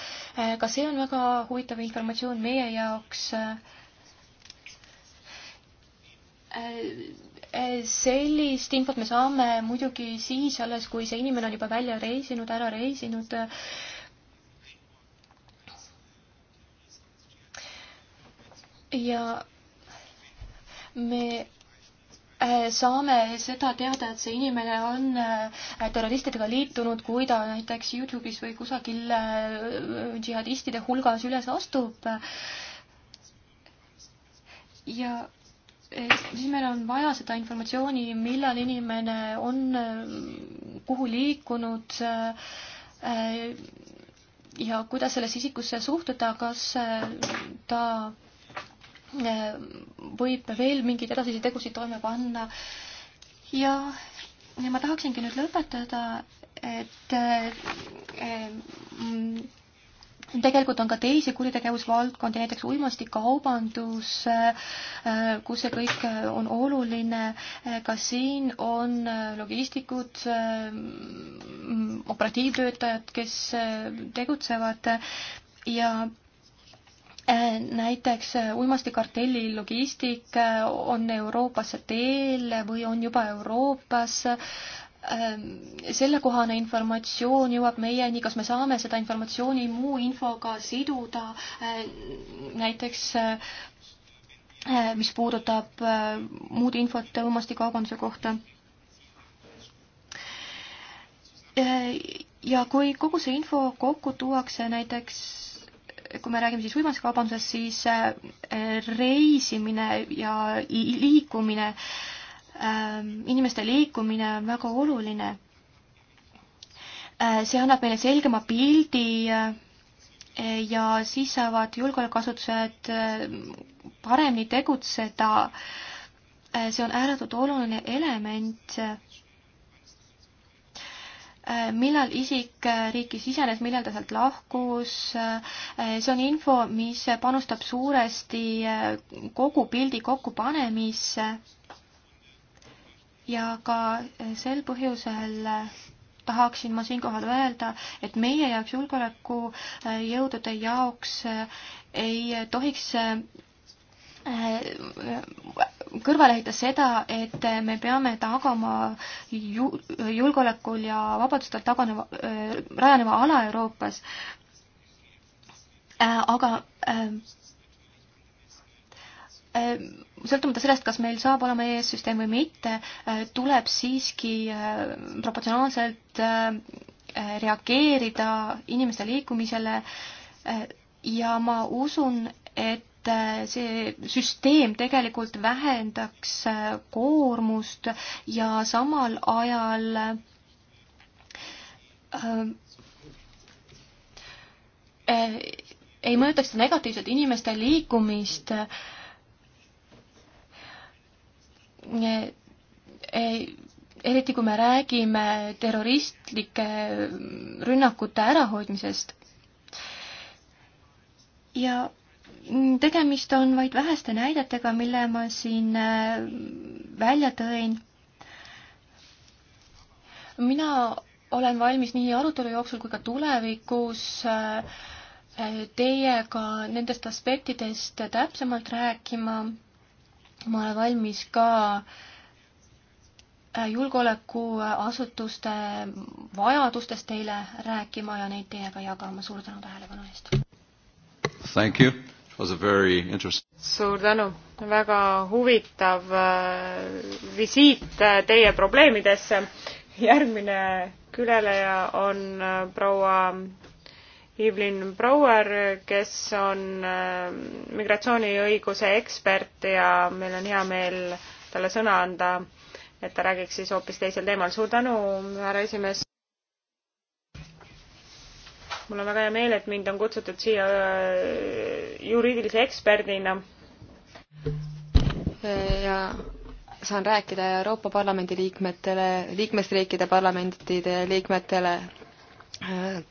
ka see on väga huvitav informatsioon meie jaoks sellist infot me saame muidugi siis alles, kui see inimene on juba välja reisinud, ära reisinud äh, ja me äh, saame seda teada, et see inimene on äh, terroristidega liitunud, kui ta näiteks Youtube'is või kusagil äh, džihadistide hulgas üles astub. ja siis meil on vaja seda informatsiooni, millal inimene on kuhu liikunud ja kuidas sellesse isikusse suhtuda, kas ta Äh, võib veel mingeid edasisi tegusid toime panna. ja ma tahaksingi nüüd lõpetada, et äh, mm, tegelikult on ka teisi kuritegevusvaldkondi, näiteks uimastikaubandus, äh, kus see kõik on oluline. ka siin on logistikud, mm, operatiivtöötajad, kes tegutsevad ja näiteks eh, uimastikartelli logistik eh, on Euroopasse teel või on juba Euroopas ehm, sellekohane informatsioon jõuab meieni, kas me saame seda informatsiooni muu infoga siduda, ehm, näiteks eh, mis puudutab muud infot uimastikaubanduse kohta. Ehm, ja kui kogu see info kokku tuuakse näiteks kui me räägime siis uimastikaubandusest, siis äh, reisimine ja liikumine, ähm, inimeste liikumine on väga oluline. Äh, see annab meile selgema pildi äh, ja siis saavad julgeolekuasutused paremini tegutseda. see on ääretult oluline element millal isik riiki sisenes, millal ta sealt lahkus. see on info, mis panustab suuresti kogu pildi kokkupanemisse. ja ka sel põhjusel tahaksin ma siinkohal öelda, et meie jaoks julgeolekujõudude jaoks ei tohiks Äh, kõrvale heita seda, et me peame tagama ju, julgeolekul ja vabadustel taganeva, äh, rajaneva ala Euroopas. Äh, aga sõltumata sellest, kas meil saab olema EES-süsteem või mitte, tuleb siiski proportsionaalselt reageerida inimeste liikumisele ja ma usun, et et äh, see süsteem tegelikult vähendaks äh, koormust ja samal ajal äh, äh ei mõjutaks seda negatiivset inimeste liikumist äh, eriti kui me räägime terroristlike rünnakute ärahoidmisest. ja tegemist on vaid väheste näidetega, mille ma siin äh, välja tõin. mina olen valmis nii arutelu jooksul kui ka tulevikus äh, teiega nendest aspektidest täpsemalt rääkima. ma olen valmis ka äh, julgeolekuasutuste vajadustest teile rääkima ja neid teiega jagama. suur tänu tähelepanu eest! Thank you was a very interesting suur tänu, väga huvitav äh, visiit äh, teie probleemidesse. järgmine küleleja on äh, proua Evelyn Brouer, kes on migratsiooniõiguse ekspert ja meil on hea meel talle sõna anda, et ta räägiks siis hoopis teisel teemal. suur tänu, härra esimees mul on väga hea meel, et mind on kutsutud siia äh, juriidilise eksperdina. ja saan rääkida Euroopa Parlamendi liikmetele, liikmesriikide parlamentide liikmetele,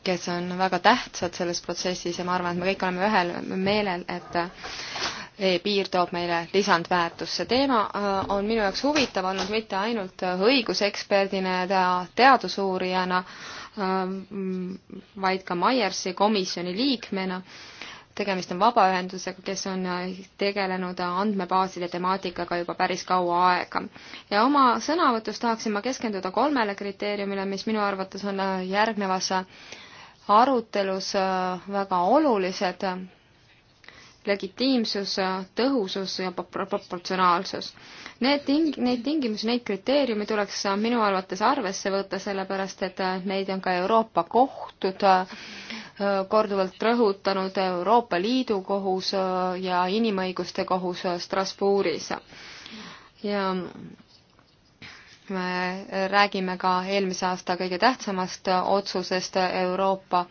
kes on väga tähtsad selles protsessis ja ma arvan, et me kõik oleme ühel meelel, et e-piir toob meile lisandväärtust. see teema äh, on minu jaoks huvitav olnud mitte ainult õiguseksperdina ja teadusuurijana, Ähm, vaid ka Myersi komisjoni liikmena. tegemist on vabaühendusega, kes on äh, tegelenud äh, andmebaaside temaatikaga juba päris kaua aega. ja oma sõnavõtus tahaksin ma keskenduda kolmele kriteeriumile, mis minu arvates on äh, järgnevas arutelus väga olulised legitiimsus, tõhusus ja proportsionaalsus. Need ting-, neid tingimusi, neid kriteeriume tuleks minu arvates arvesse võtta, sellepärast et neid on ka Euroopa kohtud äh, korduvalt rõhutanud, Euroopa Liidu kohus äh, ja Inimõiguste kohus äh, Strasbourgis. ja me räägime ka eelmise aasta kõige tähtsamast otsusest Euroopa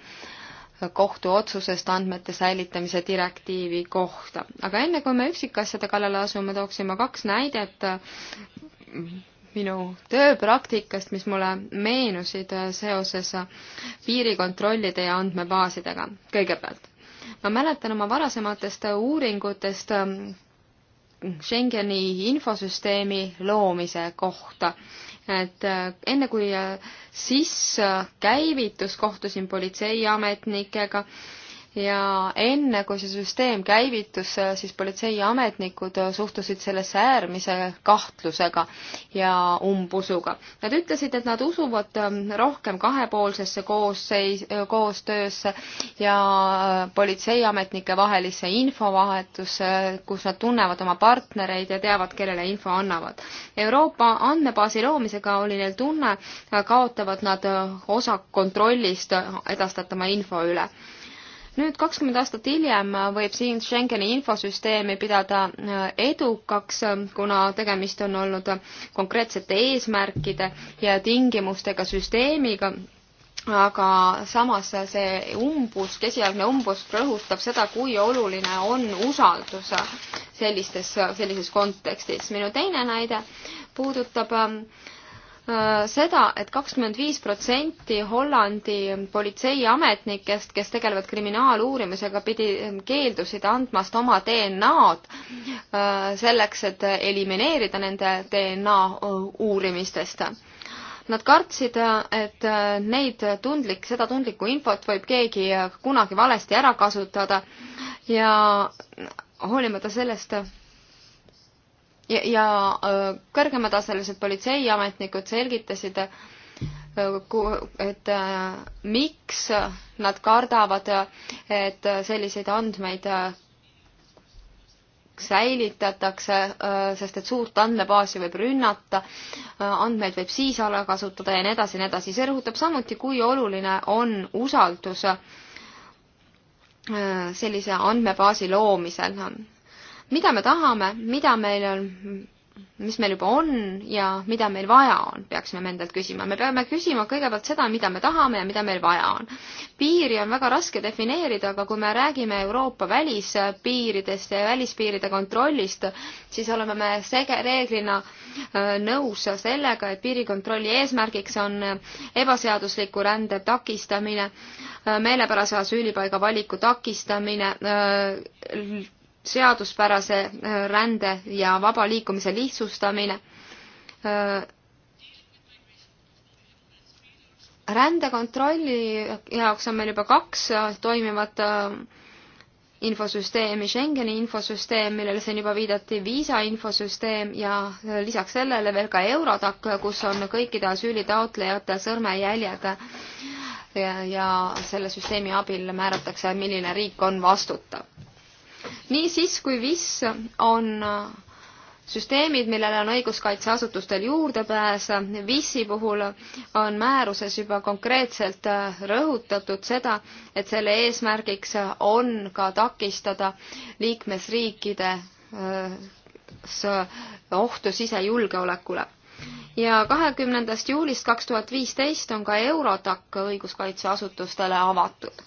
kohtuotsusest andmete säilitamise direktiivi kohta. aga enne, kui me üksikasjade kallale asume, tooksin ma kaks näidet minu tööpraktikast, mis mulle meenusid seoses piirikontrollide ja andmebaasidega. kõigepealt, ma mäletan oma varasematest uuringutest Schengeni infosüsteemi loomise kohta et äh, enne kui äh, SIS käivitus, kohtusin politseiametnikega, ja enne, kui see süsteem käivitus, siis politseiametnikud suhtusid sellesse äärmise kahtlusega ja umbusuga. Nad ütlesid, et nad usuvad ähm, rohkem kahepoolsesse koosseis, koostöösse ja äh, politseiametnike vahelisse infovahetusse, kus nad tunnevad oma partnereid ja teavad, kellele info annavad. Euroopa andmebaasi loomisega oli neil tunne, kaotavad nad äh, osa kontrollist edastatama info üle nüüd kakskümmend aastat hiljem võib siin Schengeni infosüsteemi pidada äh, edukaks, äh, kuna tegemist on olnud äh, konkreetsete eesmärkide ja tingimustega süsteemiga, aga samas see umbusk, esialgne umbusk rõhutab seda, kui oluline on usaldus sellistes, sellises kontekstis. minu teine näide puudutab äh, Äh, seda et, et kakskümmend viis protsenti Hollandi politseiametnikest, kes tegelevad kriminaaluurimisega, pidi, ähm, keeldusid andmast oma DNA-d äh, selleks, et elimineerida nende DNA äh, uurimistest. Nad kartsid, et neid tundlik, seda tundlikku infot võib keegi kunagi valesti ära kasutada ja hoolimata sellest, ja, ja äh, kõrgematasemelised politseiametnikud selgitasid, äh, et äh, miks nad kardavad, et selliseid andmeid säilitatakse, sest et suurt andmebaasi võib rünnata, andmeid võib siis ala kasutada ja nii edasi ja nii edasi. see rõhutab samuti, kui oluline on usaldus sellise andmebaasi loomisel mida me tahame, mida meil on, mis meil juba on ja mida meil vaja on, peaksime me endalt küsima. me peame küsima kõigepealt seda, mida me tahame ja mida meil vaja on. piiri on väga raske defineerida, aga kui me räägime Euroopa välispiiridest ja välispiiride kontrollist, siis oleme me sege-, reeglina äh, nõus sellega, et piirikontrolli eesmärgiks on äh, ebaseadusliku rände takistamine, äh, meelepärase asüülipaiga valiku takistamine, seaduspärase äh, rände ja vaba liikumise lihtsustamine. Äh, rändekontrolli jaoks on meil juba kaks äh, toimivat infosüsteemi, Schengeni infosüsteem, millele siin juba viidati, viisa infosüsteem ja lisaks sellele veel ka Eurodac, kus on kõikide asüülitaotlejate sõrmejäljed ja, ja selle süsteemi abil määratakse, milline riik on vastutav nii siis, kui VIS on äh, süsteemid, millele on õiguskaitseasutustel juurdepääs, VIS-i puhul on määruses juba konkreetselt äh, rõhutatud seda, et selle eesmärgiks on ka takistada liikmesriikide äh, ohtu sisejulgeolekule. ja kahekümnendast juulist kaks tuhat viisteist on ka Eurotac õiguskaitseasutustele avatud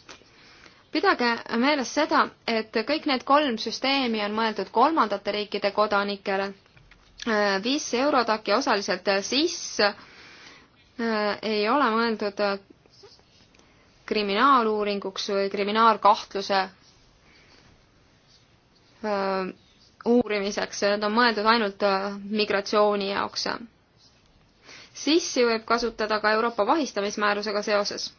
pidage meeles seda, et kõik need kolm süsteemi on mõeldud kolmandate riikide kodanikele. viis eurotaki osaliselt sisse äh, ei ole mõeldud äh, kriminaaluuringuks või kriminaalkahtluse äh, uurimiseks, need on mõeldud ainult migratsiooni jaoks. sissi võib kasutada ka Euroopa vahistamismäärusega seoses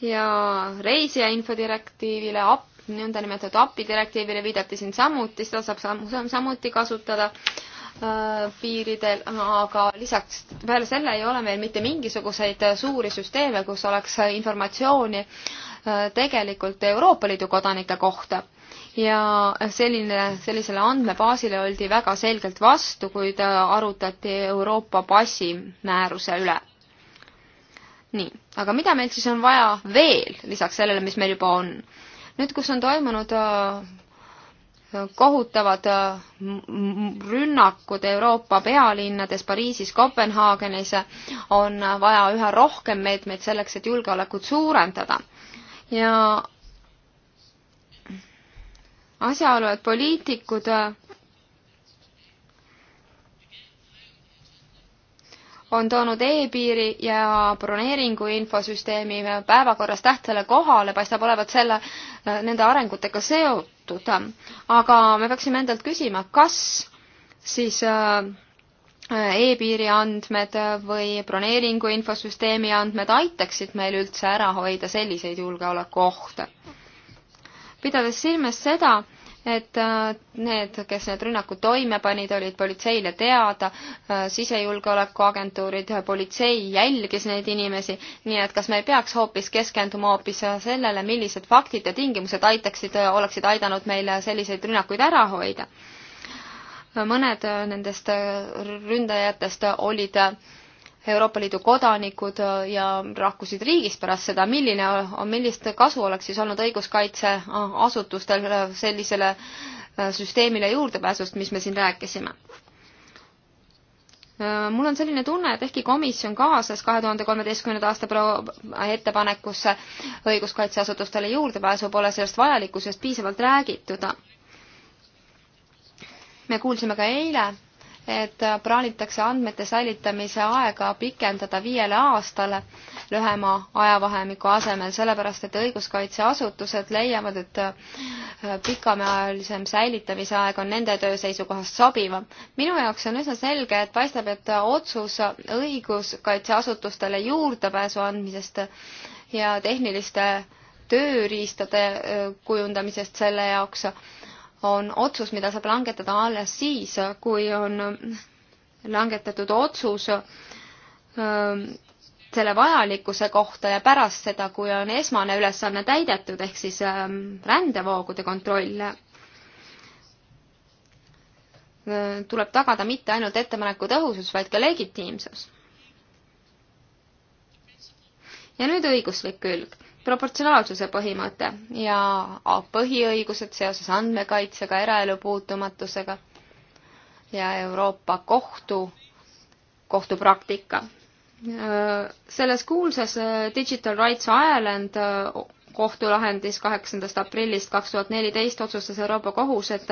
ja reisija infodirektiivile, nõndanimetatud API direktiivile viidati siin samuti, seda saab sam samuti kasutada äh, piiridel, aga lisaks peale selle ei ole meil mitte mingisuguseid suuri süsteeme, kus oleks informatsiooni äh, tegelikult Euroopa Liidu kodanike kohta. ja selline, sellisele andmebaasile oldi väga selgelt vastu, kui ta äh, arutati Euroopa passi määruse üle nii, aga mida meil siis on vaja veel lisaks sellele, mis meil juba on? nüüd, kus on toimunud äh, kohutavad äh, rünnakud Euroopa pealinnades, Pariisis, Kopenhaagenis, on vaja üha rohkem meetmeid selleks, et julgeolekut suurendada. ja asjaolu, et poliitikud äh, on toonud e-piiri ja broneeringu infosüsteemi päevakorras tähtsale kohale, paistab olevat selle, nende arengutega seotud. aga me peaksime endalt küsima, kas siis äh, e-piiri andmed või broneeringu infosüsteemi andmed aitaksid meil üldse ära hoida selliseid julgeolekuohte. pidades silmas seda, et äh, need, kes need rünnakud toime panid, olid politseile teada, äh, sisejulgeolekuagentuurid, politsei jälgis neid inimesi, nii et kas me ei peaks hoopis keskenduma hoopis sellele, millised faktid ja tingimused aitaksid, äh, oleksid aidanud meil selliseid rünnakuid ära hoida? mõned nendest ründajatest olid äh, Euroopa Liidu kodanikud äh, ja lahkusid riigist pärast seda, milline on, millist kasu oleks siis olnud õiguskaitseasutustel äh, sellisele äh, süsteemile juurdepääsust, mis me siin rääkisime? mul on selline tunne, et ehkki komisjon kaasas kahe tuhande kolmeteistkümnenda aasta pro-, ettepanekusse õiguskaitseasutustele juurdepääsu, pole sellest vajalikkusest piisavalt räägitud. me kuulsime ka eile et plaanitakse andmete säilitamise aega pikendada viiele aastale lühema ajavahemiku asemel, sellepärast et õiguskaitseasutused leiavad, et äh, pikemaajalisem säilitamise aeg on nende töö seisukohast sobivam. minu jaoks on üsna selge, et paistab, et otsus õiguskaitseasutustele juurdepääsu andmisest ja tehniliste tööriistade äh, kujundamisest selle jaoks on otsus, mida saab langetada alles siis, kui on langetatud otsus ähm, selle vajalikkuse kohta ja pärast seda, kui on esmane ülesanne täidetud, ehk siis ähm, rändevoogude kontroll, äh, tuleb tagada mitte ainult ettepaneku tõhusus, vaid ka legitiimsus. ja nüüd õiguslik külg proportsionaalsuse põhimõte ja põhiõigused seoses andmekaitsega, eraelu puutumatusega ja Euroopa Kohtu, kohtupraktika. selles kuulsas Digital Rights Ireland kohtulahendis kaheksandast aprillist kaks tuhat neliteist otsustas Euroopa Kohus, et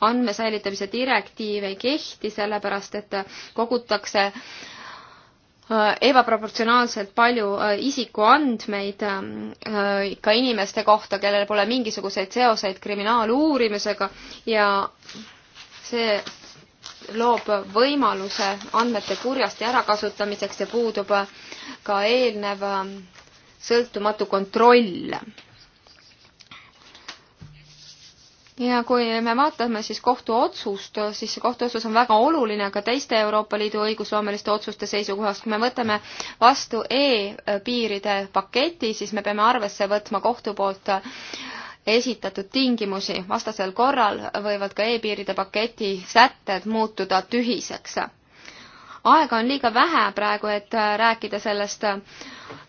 andmesäilitamise direktiiv ei kehti, sellepärast et kogutakse äh, Äh, ebaproportsionaalselt palju äh, isikuandmeid äh, ka inimeste kohta, kellel pole mingisuguseid seoseid kriminaaluurimisega ja see loob võimaluse andmete kurjasti ärakasutamiseks ja puudub ka eelnev sõltumatu kontroll ja kui me vaatame siis kohtuotsust, siis see kohtuotsus on väga oluline ka teiste Euroopa Liidu õigusloomeliste otsuste seisukohast. kui me võtame vastu e-piiride paketi, siis me peame arvesse võtma kohtu poolt esitatud tingimusi, vastasel korral võivad ka e-piiride paketi sätted muutuda tühiseks. aega on liiga vähe praegu, et rääkida sellest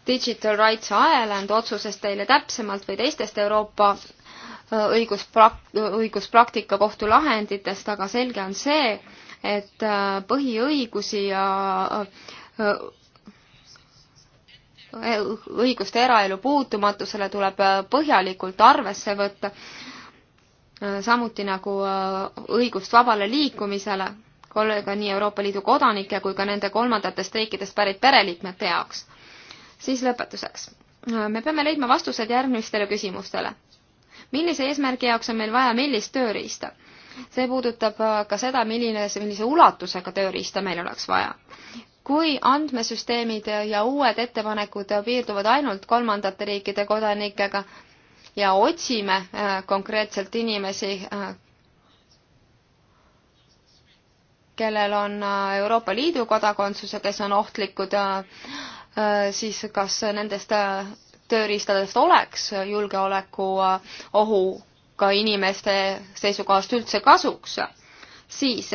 Digital Rights Ireland otsusest teile täpsemalt või teistest Euroopa õigusprak-, õiguspraktika kohtulahenditest, aga selge on see, et äh, põhiõigusi ja äh, õiguste eraelu puutumatusele tuleb äh, põhjalikult arvesse võtta, samuti nagu õigust vabale liikumisele, kolleega nii Euroopa Liidu kodanike kui ka nende kolmandatest riikidest pärit pereliikmete jaoks. siis lõpetuseks. me peame leidma vastused järgmistele küsimustele millise eesmärgi jaoks on meil vaja millist tööriista? see puudutab äh, ka seda, milline, millise ulatusega tööriista meil oleks vaja kui andmesüsteemid ja uued ettepanekud piirduvad ainult kolmandate riikide kodanikega ja otsime äh, konkreetselt inimesi, äh, kellel on Euroopa Liidu kodakondsus ja kes on ohtlikud, siis kas nendest tööriistadest oleks julgeolekuohuga inimeste seisukohast üldse kasuks, siis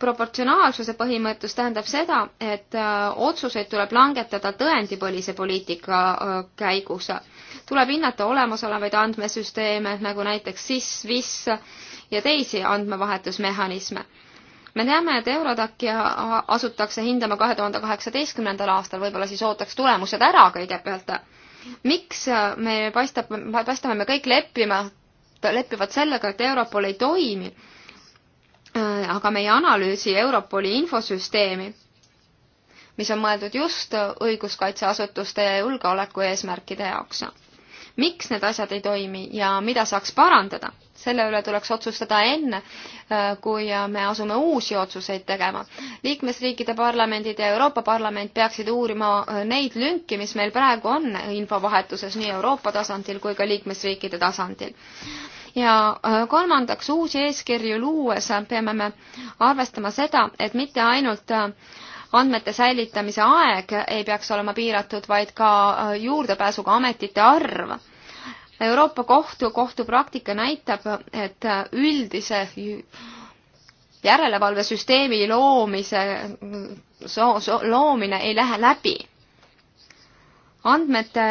proportsionaalsuse põhimõttes tähendab seda, et äh, otsuseid tuleb langetada tõendipõlise poliitika äh, käigus. tuleb hinnata olemasolevaid andmesüsteeme, nagu näiteks SIS, VIS ja teisi andmevahetusmehhanisme me teame, et Eurodaki äh, asutakse hindama kahe tuhande kaheksateistkümnendal aastal, võib-olla siis ootaks tulemused ära kõigepealt miks äh, me paistab, paistame me kõik leppima, leppivad sellega, et Europol ei toimi, äh, aga me ei analüüsi Europoli infosüsteemi, mis on mõeldud just õiguskaitseasutuste ja julgeoleku eesmärkide jaoks miks need asjad ei toimi ja mida saaks parandada. selle üle tuleks otsustada enne, äh, kui äh, me asume uusi otsuseid tegema. liikmesriikide parlamendid ja Euroopa Parlament peaksid uurima äh, neid lünki, mis meil praegu on infovahetuses nii Euroopa tasandil kui ka liikmesriikide tasandil ja kolmandaks, uusi eeskirju luues peame me arvestama seda, et mitte ainult andmete säilitamise aeg ei peaks olema piiratud, vaid ka juurdepääsuga ametite arv. Euroopa Kohtu kohtupraktika näitab, et üldise järelevalvesüsteemi loomise so,, so, loomine ei lähe läbi. andmete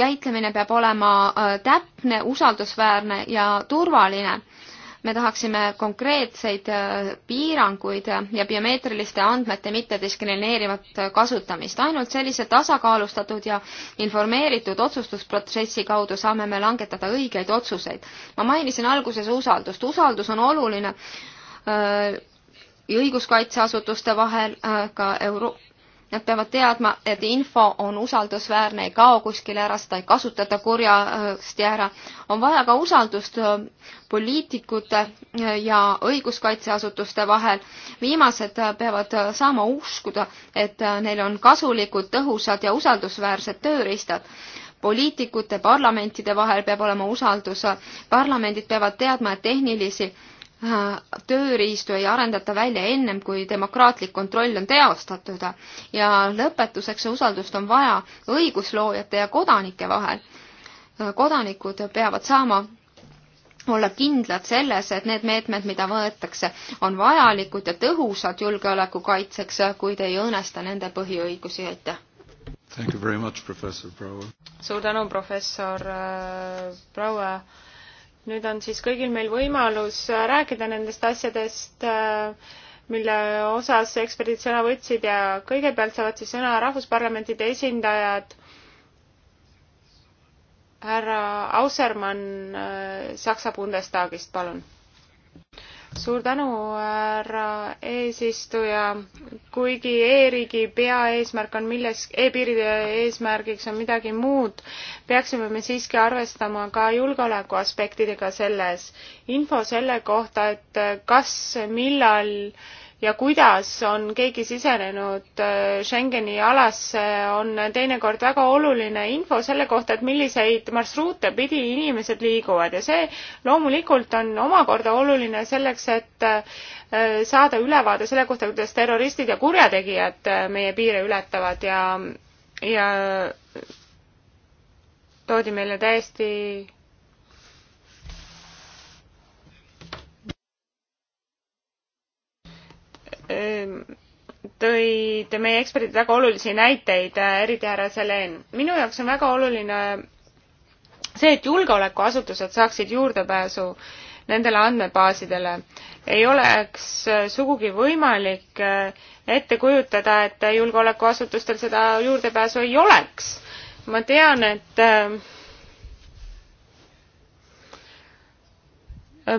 käitlemine peab olema äh, täpne, usaldusväärne ja turvaline me tahaksime konkreetseid äh, piiranguid ja biomeetriliste andmete mittediskrimineerivat kasutamist. ainult sellise tasakaalustatud ja informeeritud otsustusprotsessi kaudu saame me langetada õigeid otsuseid. ma mainisin alguses usaldust. usaldus on oluline äh, õiguskaitseasutuste vahel, äh, ka Euro-, Nad peavad teadma, et info on usaldusväärne, ei kao kuskile ära, seda ei kasutata kurjasti ära. on vaja ka usaldust äh, poliitikute äh, ja õiguskaitseasutuste vahel. viimased äh, peavad saama uskuda, et neil on kasulikud, tõhusad ja usaldusväärsed tööriistad poliitikute, parlamentide vahel peab olema usaldus, parlamendid peavad teadma, et tehnilisi Äh, tööriistu ei arendata välja ennem, kui demokraatlik kontroll on teostatud ja lõpetuseks usaldust on vaja õigusloojate ja kodanike vahel. Äh, kodanikud peavad saama olla kindlad selles, et need meetmed, mida võetakse, on vajalikud ja tõhusad julgeoleku kaitseks, kuid ei õõnesta nende põhiõigusi, aitäh! suur tänu, professor äh, Braue! nüüd on siis kõigil meil võimalus äh, rääkida nendest asjadest, äh, mille osas eksperdid sõna võtsid ja kõigepealt saavad siis sõna rahvusparlamentide esindajad. härra Ausermann äh, Saksa Bundestagist, palun suur tänu, härra eesistuja. kuigi e-riigi peaeesmärk on milles e, e-piiride eesmärgiks on midagi muud, peaksime me siiski arvestama ka julgeoleku aspektidega selles. info selle kohta, et kas, millal äh, ja kuidas on keegi sisenenud äh, Schengeni alasse, on teinekord väga oluline info selle kohta, et milliseid marsruute pidi inimesed liiguvad ja see loomulikult on omakorda oluline selleks, et äh, saada ülevaade selle kohta, kuidas terroristid ja kurjategijad äh, meie piire ületavad ja, ja toodi meile täiesti tõid meie eksperdid väga olulisi näiteid, äh, eriti härra Selen. minu jaoks on väga oluline see, et julgeolekuasutused saaksid juurdepääsu nendele andmebaasidele. ei oleks äh, sugugi võimalik äh, ette kujutada, et julgeolekuasutustel seda juurdepääsu ei oleks. ma tean, et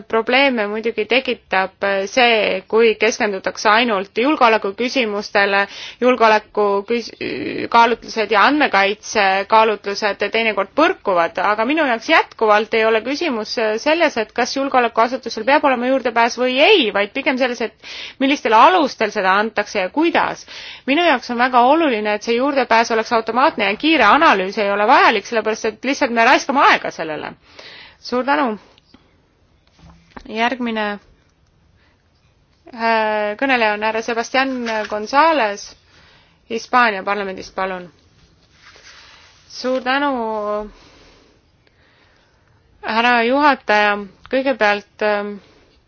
probleeme muidugi tekitab see, kui keskendutakse ainult julgeoleku küsimustele, julgeoleku küs-, kaalutlused ja andmekaitse kaalutlused teinekord põrkuvad, aga minu jaoks jätkuvalt ei ole küsimus selles, et kas julgeolekuasutusel peab olema juurdepääs või ei, vaid pigem selles, et millistel alustel seda antakse ja kuidas. minu jaoks on väga oluline, et see juurdepääs oleks automaatne ja kiire, analüüs ei ole vajalik, sellepärast et lihtsalt me raiskame aega sellele. suur tänu! järgmine äh, kõneleja on härra Sebastian Gonzalez Hispaania parlamendist, palun. suur tänu, härra juhataja, kõigepealt ähm,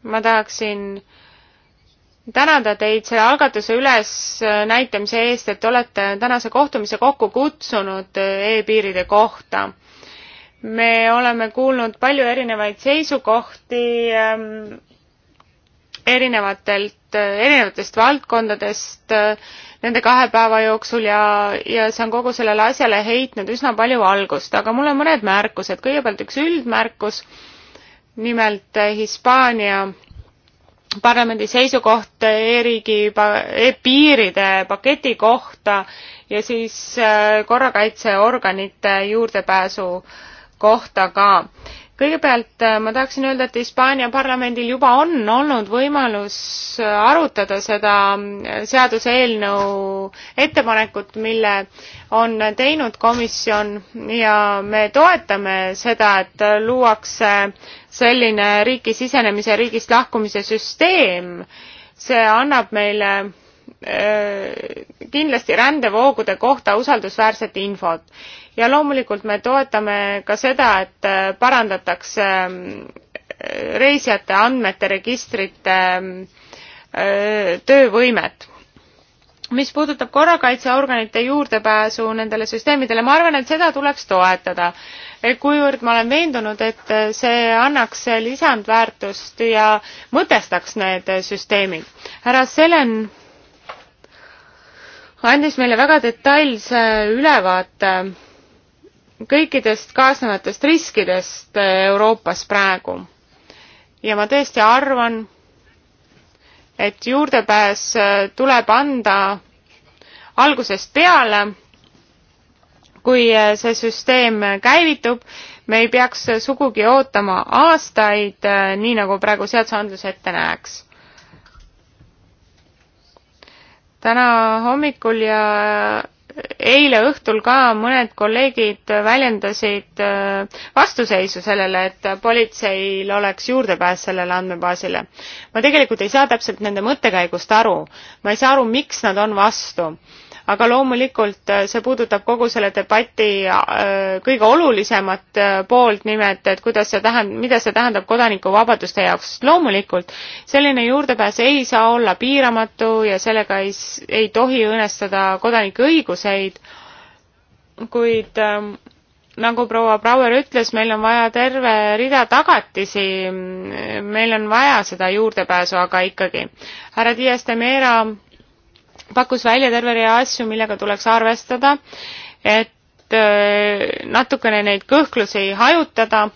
ma tahaksin tänada teid selle algatuse ülesnäitamise äh, eest, et olete tänase kohtumise kokku kutsunud äh, e-piiride kohta me oleme kuulnud palju erinevaid seisukohti ähm, erinevatelt, äh, erinevatest valdkondadest äh, nende kahe päeva jooksul ja, ja see on kogu sellele asjale heitnud üsna palju valgust, aga mul on mõned märkused. kõigepealt üks üldmärkus, nimelt äh, Hispaania parlamendi seisukoht e-riigi e piiride paketi kohta ja siis korrakaitseorganite juurdepääsu äh, kohta ka. kõigepealt äh, ma tahaksin öelda, et Hispaania parlamendil juba on olnud võimalus äh, arutada seda äh, seaduseelnõu ettepanekut, mille on teinud komisjon ja me toetame seda, et luuakse selline riiki sisenemise ja riigist lahkumise süsteem. see annab meile kindlasti rändevoogude kohta usaldusväärset infot ja loomulikult me toetame ka seda, et äh, parandatakse ähm, reisijate andmete registrite ähm, äh, töövõimet mis puudutab korrakaitseorganite juurdepääsu nendele süsteemidele, ma arvan, et seda tuleks toetada. kuivõrd ma olen veendunud, et äh, see annaks lisandväärtust ja mõtestaks need süsteemid. härra Selen andis meile väga detailse ülevaate kõikidest kaasnevatest riskidest äh, Euroopas praegu. ja ma tõesti arvan, et juurdepääs äh, tuleb anda algusest peale, kui äh, see süsteem käivitub, me ei peaks sugugi ootama aastaid, nii nagu praegu seadusandlus ette näeks. täna hommikul ja eile õhtul ka mõned kolleegid väljendasid äh, vastuseisu sellele, et politseil oleks juurdepääs sellele andmebaasile. ma tegelikult ei saa täpselt nende mõttekäigust aru. ma ei saa aru, miks nad on vastu aga loomulikult äh, see puudutab kogu selle debati äh, kõige olulisemat äh, poolt, nimelt et kuidas see tähendab, mida see tähendab kodanikuvabaduste jaoks. loomulikult selline juurdepääs ei saa olla piiramatu ja sellega ei, ei tohi õõnestada kodanike õiguseid, kuid ähm, nagu proua Brouer ütles, meil on vaja terve rida tagatisi, mm, meil on vaja seda juurdepääsu, aga ikkagi. härra Dias de Mera pakkus välja terve rea asju, millega tuleks arvestada, et äh, natukene neid kõhklusi hajutada.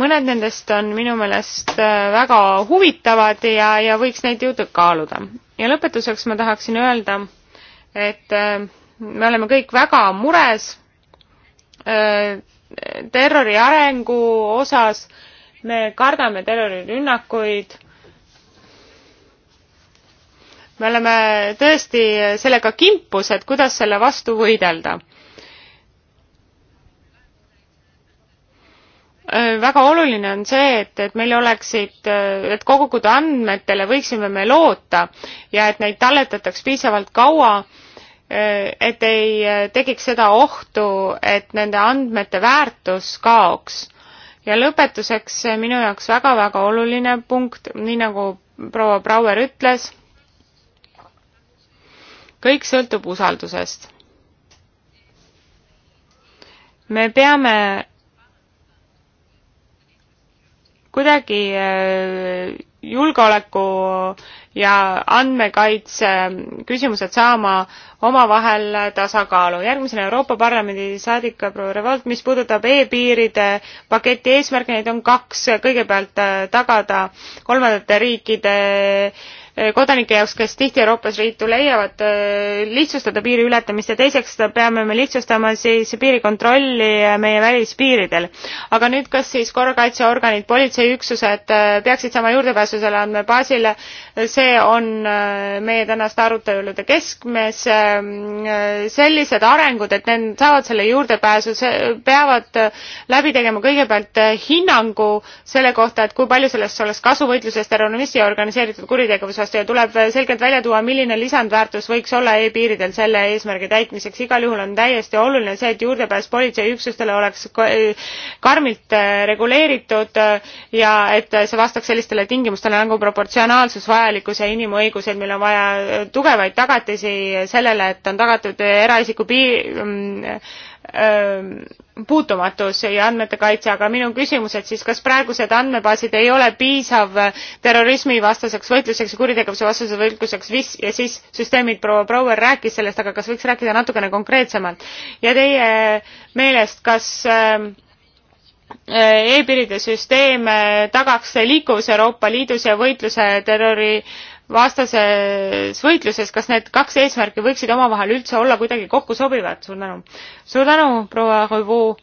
mõned nendest on minu meelest äh, väga huvitavad ja, ja võiks neid ju kaaluda. ja lõpetuseks ma tahaksin öelda, et äh, me oleme kõik väga mures terrori arengu osas, me kardame terrorirünnakuid me oleme tõesti sellega kimpus, et kuidas selle vastu võidelda. väga oluline on see, et, et meil oleksid, et kogutud andmetele võiksime me loota ja et neid talletataks piisavalt kaua, et ei tekiks seda ohtu, et nende andmete väärtus kaoks. ja lõpetuseks minu jaoks väga-väga oluline punkt, nii nagu proua Brouer ütles kõik sõltub usaldusest. me peame kuidagi äh, julgeoleku ja andmekaitse küsimused saama omavahel tasakaalu. järgmisena Euroopa Parlamendi saadik proua Revolt, mis puudutab e-piiride paketi eesmärke, neid on kaks, kõigepealt äh, tagada kolmandate riikide Eh, kodanike jaoks, kes tihti Euroopas Liitu leiavad, eh, lihtsustada piiri ületamist ja teiseks peame me lihtsustama siis piirikontrolli eh, meie välispiiridel. aga nüüd, kas siis korrakaitseorganid, politseiüksused peaksid sama juurdepääsu selle andmebaasile, see on meie tänaste arutelude keskmes. sellised arengud, et need saavad selle juurdepääsu, peavad läbi tegema kõigepealt hinnangu selle kohta, et kui palju sellest oleks kasu võitluses terrorismi ja organiseeritud kuritegevuse vastu ja tuleb selgelt välja tuua milline lisandväärtus võiks olla e piiridel selle eesmärgi täitmiseks igal juhul on täiesti oluline see et juurdepääs politseiüksustele oleks eh, karmilt eh, reguleeritud eh, ja et see vastaks sellistele tingimustele nagu proportsionaalsus vajalikkus ja inimõigused meil on vaja tugevaid tagatisi sellele et on tagatud eraisiku pii- mm, puutumatus ja andmete kaitse, aga minu küsimus, et siis kas praegused andmebaasid ei ole piisav terrorismivastaseks võitluseks ja kuritegevuse vastaseks võitluseks vis- ja siis süsteemid, proua Brouer rääkis sellest, aga kas võiks rääkida natukene konkreetsemalt? ja teie meelest, kas äh, e-piiride süsteem tagaks liikuvuse Euroopa Liidus ja võitluse terrori äh, vastases võitluses, kas need kaks eesmärki võiksid omavahel üldse olla kuidagi kokku sobivad, suur tänu. suur tänu, proua Koivu.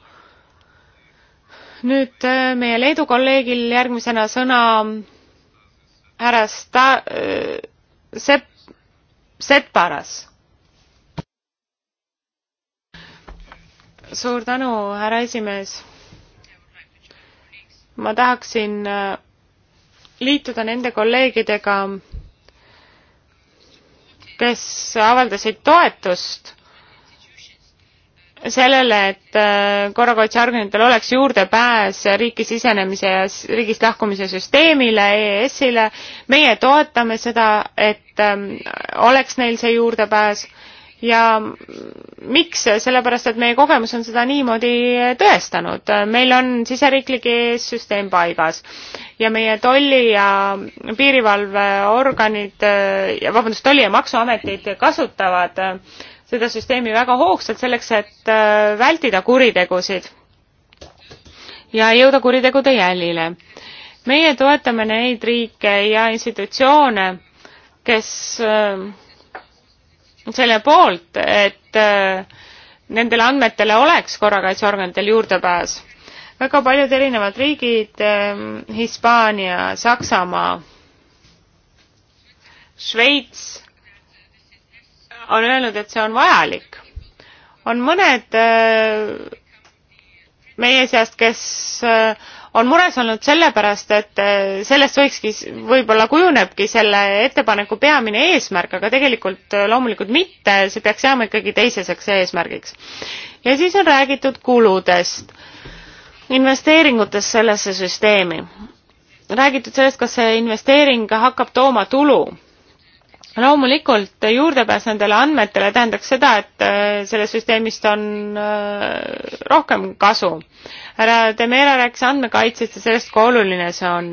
nüüd äh, meie Leedu kolleegil järgmisena sõna härra Sta- äh,, Sepp, Separas. suur tänu, härra esimees. ma tahaksin äh, liituda nende kolleegidega, kes avaldasid toetust sellele, et äh, korrakaitseorganitel oleks juurdepääs riiki sisenemise ja riigist lahkumise süsteemile, EES-ile. meie toetame seda, et ähm, oleks neil see juurdepääs ja miks, sellepärast et meie kogemus on seda niimoodi tõestanud, meil on siseriiklik süsteem paigas ja meie tolli ja piirivalveorganid, vabandust, tolli- ja maksuametid kasutavad seda süsteemi väga hoogsalt selleks, et äh, vältida kuritegusid ja jõuda kuritegude jälile. meie toetame neid riike ja institutsioone, kes äh, selle poolt, et äh, nendele andmetele oleks korrakaitseorganitel juurdepääs. väga paljud erinevad riigid, ähm, Hispaania, Saksamaa, Šveits on öelnud, et see on vajalik. on mõned äh, meie seast, kes äh, on mures olnud sellepärast, et äh, sellest võikski, võib-olla kujunebki selle ettepaneku peamine eesmärk, aga tegelikult äh, loomulikult mitte, see peaks jääma ikkagi teiseseks eesmärgiks. ja siis on räägitud kuludest, investeeringutest sellesse süsteemi. räägitud sellest, kas see investeering hakkab tooma tulu loomulikult juurdepääs nendele andmetele tähendaks seda, et äh, sellest süsteemist on äh, rohkem kasu. härra Demera rääkis andmekaitsest ja sellest, kui oluline see on.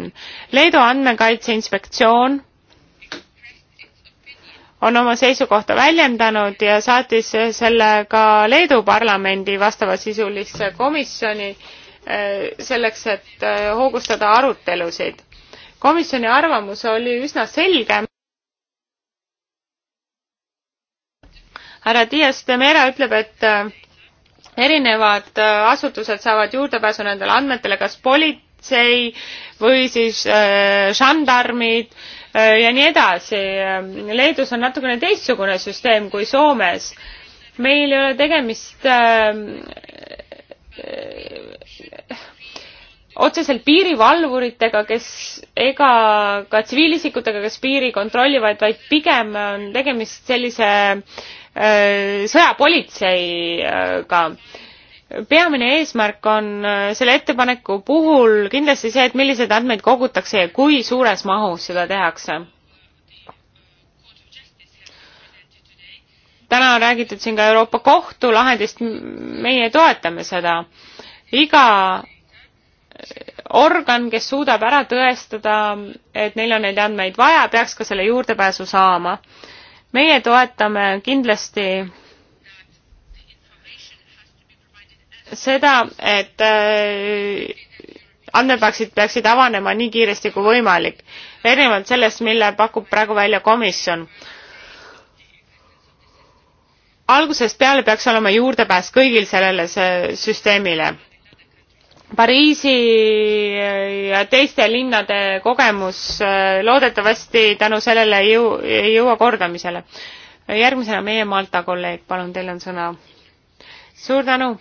Leedu andmekaitse inspektsioon on oma seisukohta väljendanud ja saatis selle ka Leedu parlamendi vastavasisulisse komisjoni äh, selleks, et hoogustada arutelusid. komisjoni arvamus oli üsna selge härra Dias de Mera ütleb, et äh, erinevad äh, asutused saavad juurdepääsu nendele andmetele, kas politsei või siis äh, žandarmid äh, ja nii edasi. Leedus on natukene teistsugune süsteem kui Soomes. meil ei ole tegemist äh, äh, otseselt piirivalvuritega, kes ega ka tsiviilisikutega, kes piiri kontrollivad, vaid pigem on tegemist sellise Äh, sõjapolitseiga. peamine eesmärk on äh, selle ettepaneku puhul kindlasti see, et milliseid andmeid kogutakse ja kui suures mahus seda tehakse. täna on räägitud siin ka Euroopa Kohtu lahendist, meie toetame seda. iga äh, organ, kes suudab ära tõestada, et neil on neid andmeid vaja, peaks ka selle juurdepääsu saama meie toetame kindlasti seda, et äh, andmepaksid peaksid avanema nii kiiresti kui võimalik, erinevalt sellest, mille pakub praegu välja komisjon. algusest peale peaks olema juurdepääs kõigil sellele süsteemile Pariisi ja teiste linnade kogemus äh, loodetavasti tänu sellele ei jõu, ei jõua kordamisele. järgmisena meie Malta kolleeg, palun, teil on sõna. suur tänu!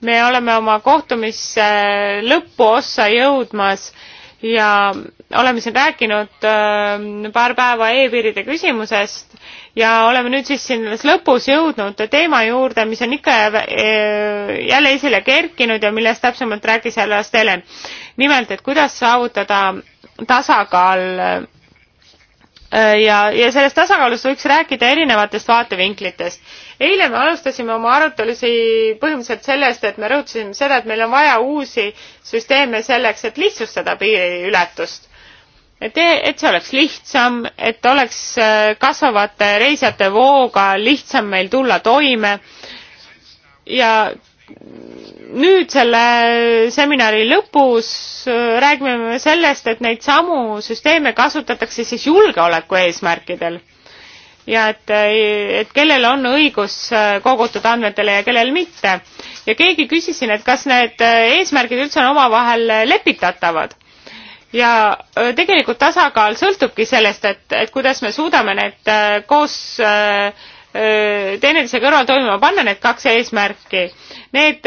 me oleme oma kohtumise äh, lõpuossa jõudmas ja oleme siin rääkinud äh, paar päeva e-piiride küsimusest ja oleme nüüd siis selles lõpus jõudnud teema juurde, mis on ikka e, jälle esile kerkinud ja millest täpsemalt rääkis härra Stelen. nimelt, et kuidas saavutada tasakaal e, ja, ja sellest tasakaalust võiks rääkida erinevatest vaatevinklitest. eile me alustasime oma arutelusi põhimõtteliselt sellest, et me rõhutasime seda, et meil on vaja uusi süsteeme selleks, et lihtsustada piiriületust et, et see oleks lihtsam, et oleks äh, kasvavate reisijate vooga lihtsam meil tulla toime. ja nüüd selle seminari lõpus äh, räägime me sellest, et neid samu süsteeme kasutatakse siis julgeoleku eesmärkidel ja et, äh, et kellel on õigus kogutud andmetele ja kellel mitte. ja keegi küsisin, et kas need eesmärgid üldse on omavahel lepitatavad ja tegelikult tasakaal sõltubki sellest, et, et kuidas me suudame need koos teineteise kõrval toimima panna, need kaks eesmärki. Need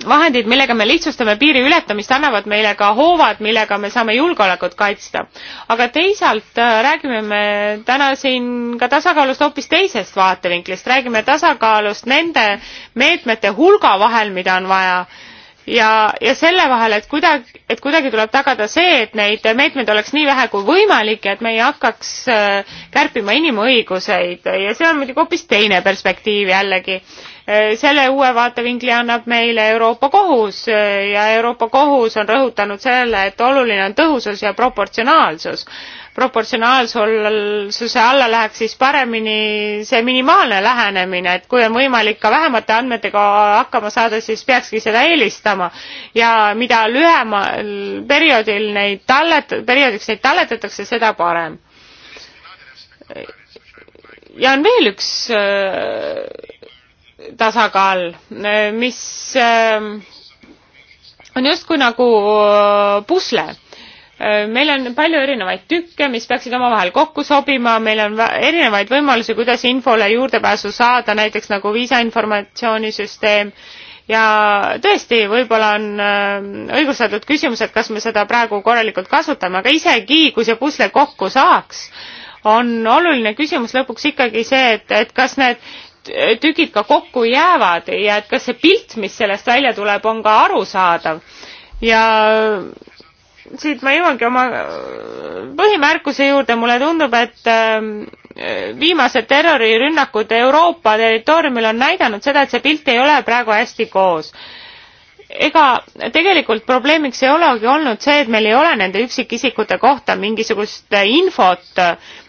vahendid, millega me lihtsustame piiri ületamist, annavad meile ka hoovad, millega me saame julgeolekut kaitsta. aga teisalt räägime me täna siin ka tasakaalust hoopis teisest vaatevinklist, räägime tasakaalust nende meetmete hulga vahel, mida on vaja ja, ja selle vahel, et kuidagi, et kuidagi tuleb tagada see, et neid meetmeid oleks nii vähe kui võimalik ja et me ei hakkaks äh, kärpima inimõiguseid ja see on muidugi hoopis teine perspektiiv jällegi. Äh, selle uue vaatevinkli annab meile Euroopa Kohus äh, ja Euroopa Kohus on rõhutanud sellele, et oluline on tõhusus ja proportsionaalsus proportsionaalsuse alla läheks, siis paremini see minimaalne lähenemine, et kui on võimalik ka vähemate andmetega hakkama saada, siis peakski seda eelistama. ja mida lühemal perioodil neid tallet-, perioodiks neid talletatakse, seda parem. ja on veel üks äh, tasakaal, äh, mis äh, on justkui nagu pusle Äh, meil on palju erinevaid tükke, mis peaksid omavahel kokku sobima, meil on erinevaid võimalusi, kuidas infole juurdepääsu saada, näiteks nagu viisainformatsioonisüsteem ja tõesti, võib-olla on äh, õigustatud küsimus, et kas me seda praegu korralikult kasutame, aga isegi kui see pusle kokku saaks, on oluline küsimus lõpuks ikkagi see, et, et kas need tükid ka kokku jäävad ja et kas see pilt, mis sellest välja tuleb, on ka arusaadav ja siit ma jõuangi oma äh, põhimärkuse juurde, mulle tundub, et ähm, viimased terrorirünnakud Euroopa territooriumil on näidanud seda, et see pilt ei ole praegu hästi koos. ega tegelikult probleemiks ei olegi olnud see, et meil ei ole nende üksikisikute kohta mingisugust äh, infot,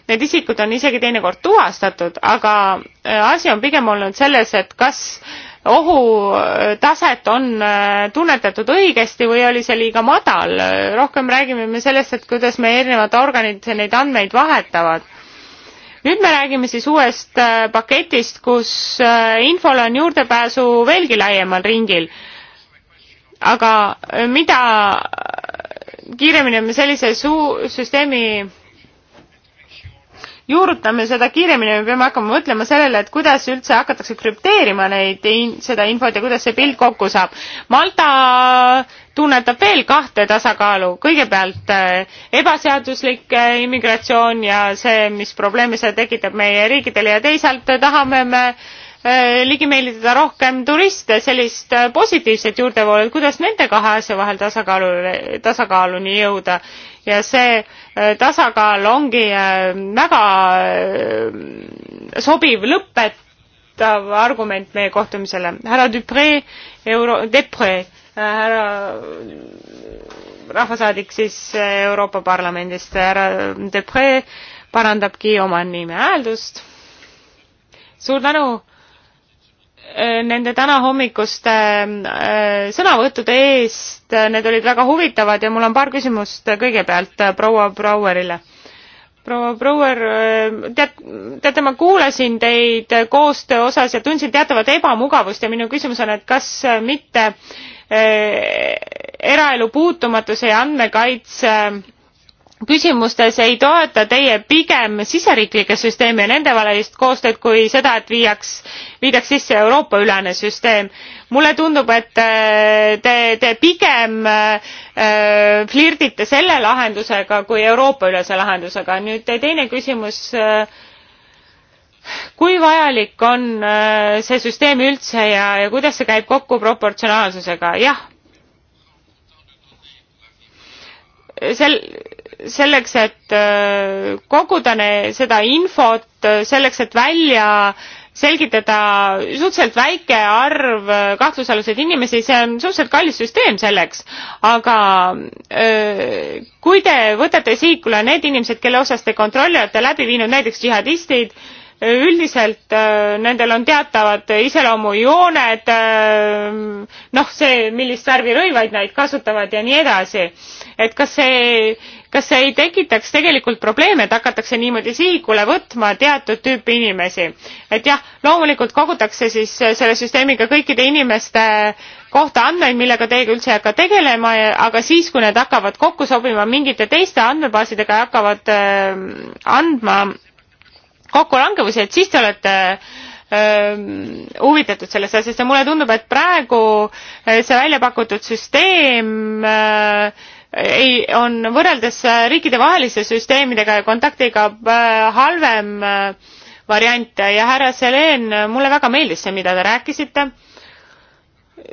need isikud on isegi teinekord tuvastatud, aga äh, asi on pigem olnud selles, et kas äh, ohutaset on äh, tunnetatud õigesti või oli see liiga madal. rohkem räägime me sellest, et kuidas meie erinevad organid neid andmeid vahetavad. nüüd me räägime siis uuest äh, paketist, kus äh, infole on juurdepääsu veelgi laiemal ringil. aga mida kiiremini me sellise suu-, süsteemi juurutame, seda kiiremini me peame hakkama mõtlema sellele, et kuidas üldse hakatakse krüpteerima neid in,, seda infot ja kuidas see pilt kokku saab. Malta tunnetab veel kahte tasakaalu, kõigepealt äh, ebaseaduslik äh, immigratsioon ja see, mis probleeme see tekitab meie riikidele ja teisalt tahame me äh, ligi meelitada rohkem turiste, sellist positiivset juurdevoolu, et kuidas nende kahe asja vahel tasakaalule, tasakaaluni jõuda ja see äh, tasakaal ongi äh, väga äh, sobiv lõpetav argument meie kohtumisele. härra Dupre, euro, Depre, härra rahvasaadik siis Euroopa Parlamendist, härra Depre parandabki oma nime hääldust. suur tänu Äh, nende tänahommikuste äh, sõnavõttude eest, need olid väga huvitavad ja mul on paar küsimust kõigepealt äh, proua Brouwerile. proua Brouwer, tead, teate, ma kuulasin teid koostöö osas ja tundsin teatavat ebamugavust ja minu küsimus on, et kas mitte eraelu puutumatuse ja andmekaitse äh, küsimustes ei toeta teie pigem siseriiklikke süsteeme ja nendevahelist koostööd kui seda, et viiaks, viidaks sisse Euroopa ülene süsteem. mulle tundub, et äh, te, te pigem äh, flirdite selle lahendusega kui Euroopa ülese lahendusega. nüüd teine küsimus äh, kui vajalik on äh, see süsteem üldse ja, ja kuidas see käib kokku proportsionaalsusega? jah, sel selleks, et äh, koguda ne, seda infot, äh, selleks, et välja selgitada suhteliselt väike arv äh, kahtlusaluseid inimesi, see on suhteliselt kallis süsteem selleks, aga öö, kui te võtate sihikule need inimesed, kelle osas te kontrolli olete läbi viinud, näiteks džihadistid, üldiselt öö, nendel on teatavad iseloomujooned, noh, see, millist värvi rõivaid nad kasutavad ja nii edasi. et kas see kas see ei tekitaks tegelikult probleeme, et hakatakse niimoodi sihikule võtma teatud tüüpi inimesi? et jah, loomulikult kogutakse siis selle süsteemiga kõikide inimeste kohta andmeid, millega teiega üldse ei hakka tegelema, aga siis, kui need hakkavad kokku sobima mingite teiste andmebaasidega ja hakkavad äh, andma kokkulangevusi, et siis te olete äh, huvitatud sellest asjast ja mulle tundub, et praegu äh, see välja pakutud süsteem äh, ei, on võrreldes äh, riikidevaheliste süsteemidega ja kontaktiga äh, halvem äh, variant ja härra Selen, mulle väga meeldis see, mida te rääkisite.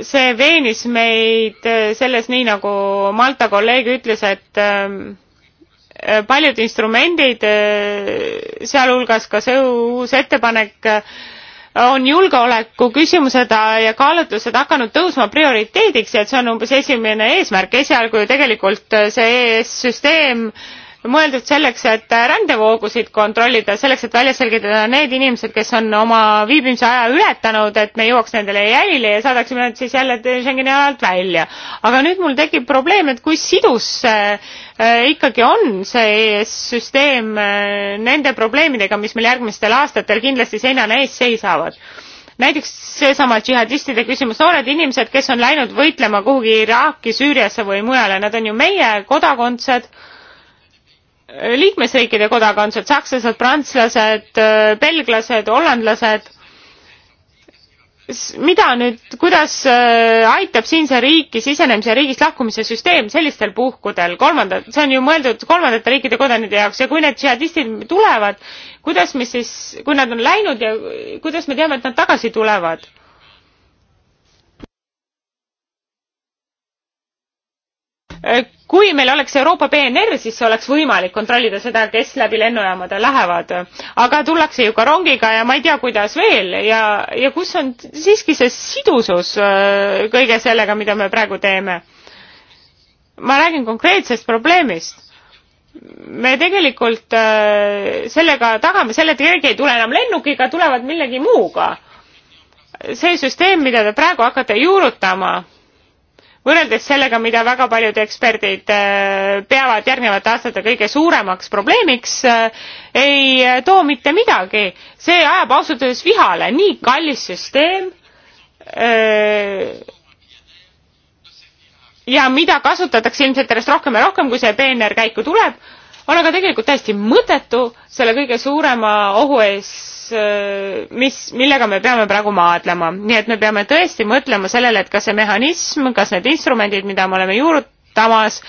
see veenis meid selles, nii nagu Malta kolleeg ütles, et ähm, paljud instrumendid, sealhulgas ka see uus ettepanek, on julgeoleku küsimused äh, ja kaalutlused hakanud tõusma prioriteediks ja et see on umbes esimene eesmärk esialgu ju tegelikult äh, see es süsteem äh, mõeldud selleks, et rändevoogusid kontrollida, selleks, et välja selgitada need inimesed, kes on oma viibimise aja ületanud, et me jõuaks nendele jälile ja saadaksime nad siis jälle Schengeni alalt välja. aga nüüd mul tekib probleem, et kui sidus see äh, ikkagi on see süsteem äh, nende probleemidega, mis meil järgmistel aastatel kindlasti seinana ees seisavad näiteks seesama džihadistide küsimus, noored inimesed, kes on läinud võitlema kuhugi Iraaki, Süüriasse või mujale, nad on ju meie kodakondsed äh, liikmesriikide kodakondsed, sakslased, prantslased, belglased, hollandlased. mida nüüd, kuidas äh, aitab siin see riiki sisenemise ja riigist lahkumise süsteem sellistel puhkudel, kolmandad, see on ju mõeldud kolmandate riikide kodanike jaoks ja kui need džihadistid tulevad, kuidas me siis, kui nad on läinud ja kuidas me teame, et nad tagasi tulevad? Äh, kui meil oleks Euroopa PNR, siis oleks võimalik kontrollida seda, kes läbi lennujaamade lähevad. aga tullakse ju ka rongiga ja ma ei tea, kuidas veel ja, ja kus on siiski see sidusus äh, kõige sellega, mida me praegu teeme. ma räägin konkreetsest probleemist me tegelikult äh, sellega tagame selle, et keegi ei tule enam lennukiga, tulevad millegi muuga. see süsteem, mida te praegu hakkate juurutama võrreldes sellega, mida väga paljud eksperdid äh, peavad järgnevate aastate kõige suuremaks probleemiks, äh, ei too mitte midagi. see ajab ausalt öeldes vihale, nii kallis süsteem. Äh, ja mida kasutatakse ilmselt järjest rohkem ja rohkem, kui see PNR käiku tuleb, on aga tegelikult täiesti mõttetu selle kõige suurema ohu ees Äh, mis, millega me peame praegu maadlema, nii et me peame tõesti mõtlema sellele, et kas see mehhanism, kas need instrumendid, mida me oleme juurutamas,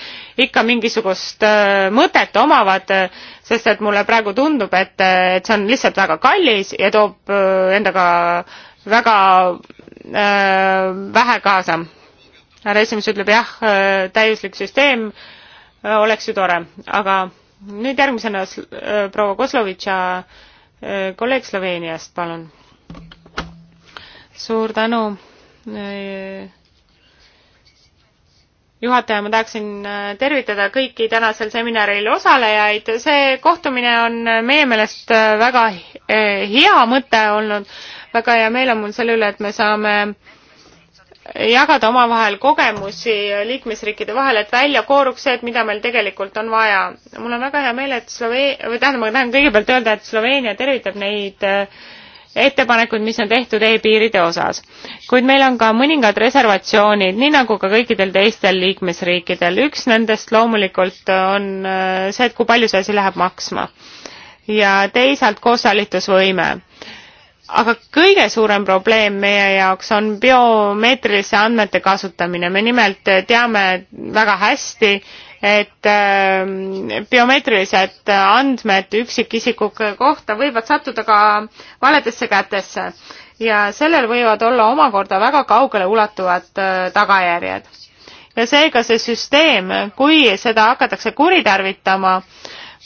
ikka mingisugust äh, mõtet omavad, äh, sest et mulle praegu tundub, et, et see on lihtsalt väga kallis ja toob endaga väga äh, vähe kaasa. härra esimees ütleb jah, täiuslik süsteem oleks ju tore, aga nüüd järgmisena äh, proua Kozlovitša äh, Äh, kolleeg Sloveeniast, palun. suur tänu. Äh, juhataja, ma tahaksin äh, tervitada kõiki tänasel seminaril osalejaid. see kohtumine on meie meelest väga hea mõte olnud. väga hea meel on mul selle üle, et me saame jagada omavahel kogemusi liikmesriikide vahel, et välja kooruks see, et mida meil tegelikult on vaja. mul on väga hea meel, et Slovee-, või tähendab, ma tahan kõigepealt öelda, et Sloveenia tervitab neid äh, ettepanekuid, mis on tehtud e-piiride osas. kuid meil on ka mõningad reservatsioonid, nii nagu ka kõikidel teistel liikmesriikidel. üks nendest loomulikult on äh, see, et kui palju see asi läheb maksma. ja teisalt koostalitusvõime aga kõige suurem probleem meie jaoks on biomeetriliste andmete kasutamine. me nimelt teame väga hästi, et ähm, biomeetrilised andmed üksikisiku kohta võivad sattuda ka valedesse kätesse ja sellel võivad olla omakorda väga kaugele ulatuvad äh, tagajärjed. ja seega see süsteem, kui seda hakatakse kuritarvitama,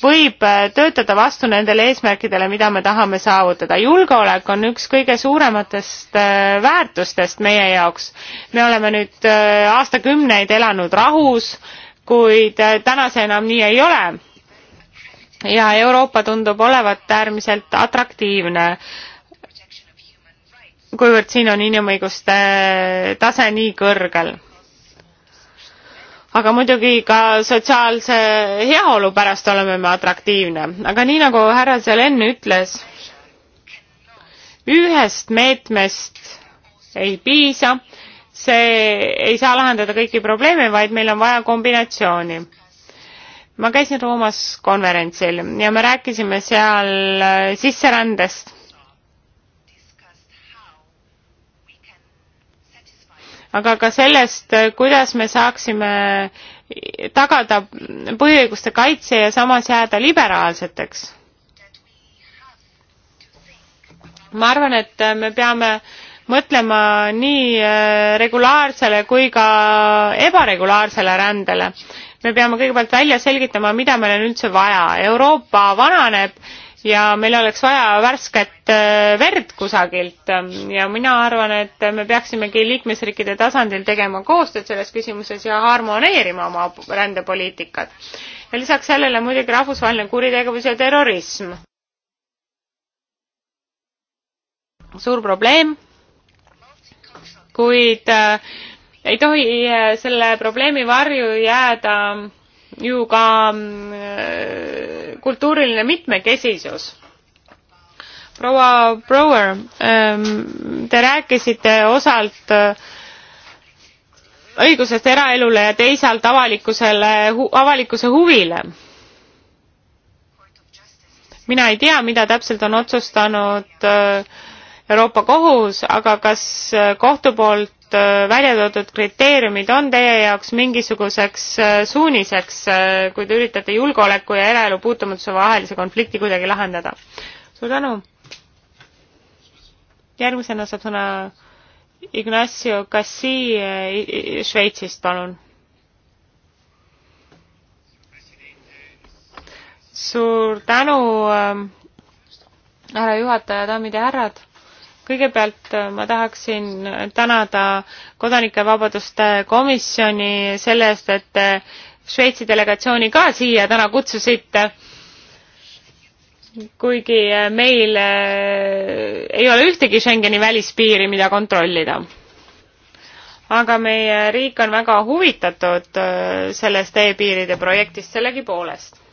võib äh, töötada vastu nendele eesmärkidele, mida me tahame saavutada. julgeolek on üks kõige suurematest äh, väärtustest meie jaoks. me oleme nüüd äh, aastakümneid elanud rahus, kuid täna see enam nii ei ole. ja Euroopa tundub olevat äärmiselt atraktiivne, kuivõrd siin on inimõiguste tase nii kõrgel aga muidugi ka sotsiaalse heaolu pärast oleme me atraktiivne. aga nii nagu härra Zelen ütles, ühest meetmest ei piisa, see ei saa lahendada kõiki probleeme, vaid meil on vaja kombinatsiooni. ma käisin Roomas konverentsil ja me rääkisime seal sisserändest aga ka sellest, kuidas me saaksime tagada põhiõiguste kaitse ja samas jääda liberaalseteks. ma arvan, et me peame mõtlema nii äh, regulaarsele kui ka ebaregulaarsele rändele. me peame kõigepealt välja selgitama, mida meil on üldse vaja. Euroopa vananeb ja meil oleks vaja värsket äh, verd kusagilt ja mina arvan, et me peaksimegi liikmesriikide tasandil tegema koostööd selles küsimuses ja harmoneerima oma rändepoliitikat. ja lisaks sellele muidugi rahvusvaheline kuritegevus ja terrorism. suur probleem, kuid äh, ei tohi äh, selle probleemi varju jääda ju ka äh, kultuuriline mitmekesisus. proua Brouwer, ähm, te rääkisite osalt äh, õigusest eraelule ja teisalt avalikkusele, avalikkuse huvile. mina ei tea, mida täpselt on otsustanud äh, Euroopa Kohus, aga kas äh, kohtu poolt äh, välja toodud kriteeriumid on teie jaoks mingisuguseks äh, suuniseks, kui te üritate julgeoleku ja eraelu puutumatuse vahelise konflikti kuidagi lahendada? suur tänu! järgmisena saab sõna Ignacio Cassi Šveitsist, palun. suur tänu, ähm, härra juhataja, daamid ja härrad kõigepealt äh, ma tahaksin tänada kodanike vabaduste komisjoni selle eest, et te Šveitsi delegatsiooni ka siia täna kutsusite. kuigi äh, meil äh, ei ole ühtegi Schengeni välispiiri, mida kontrollida. aga meie riik on väga huvitatud sellest e-piiride projektist sellegipoolest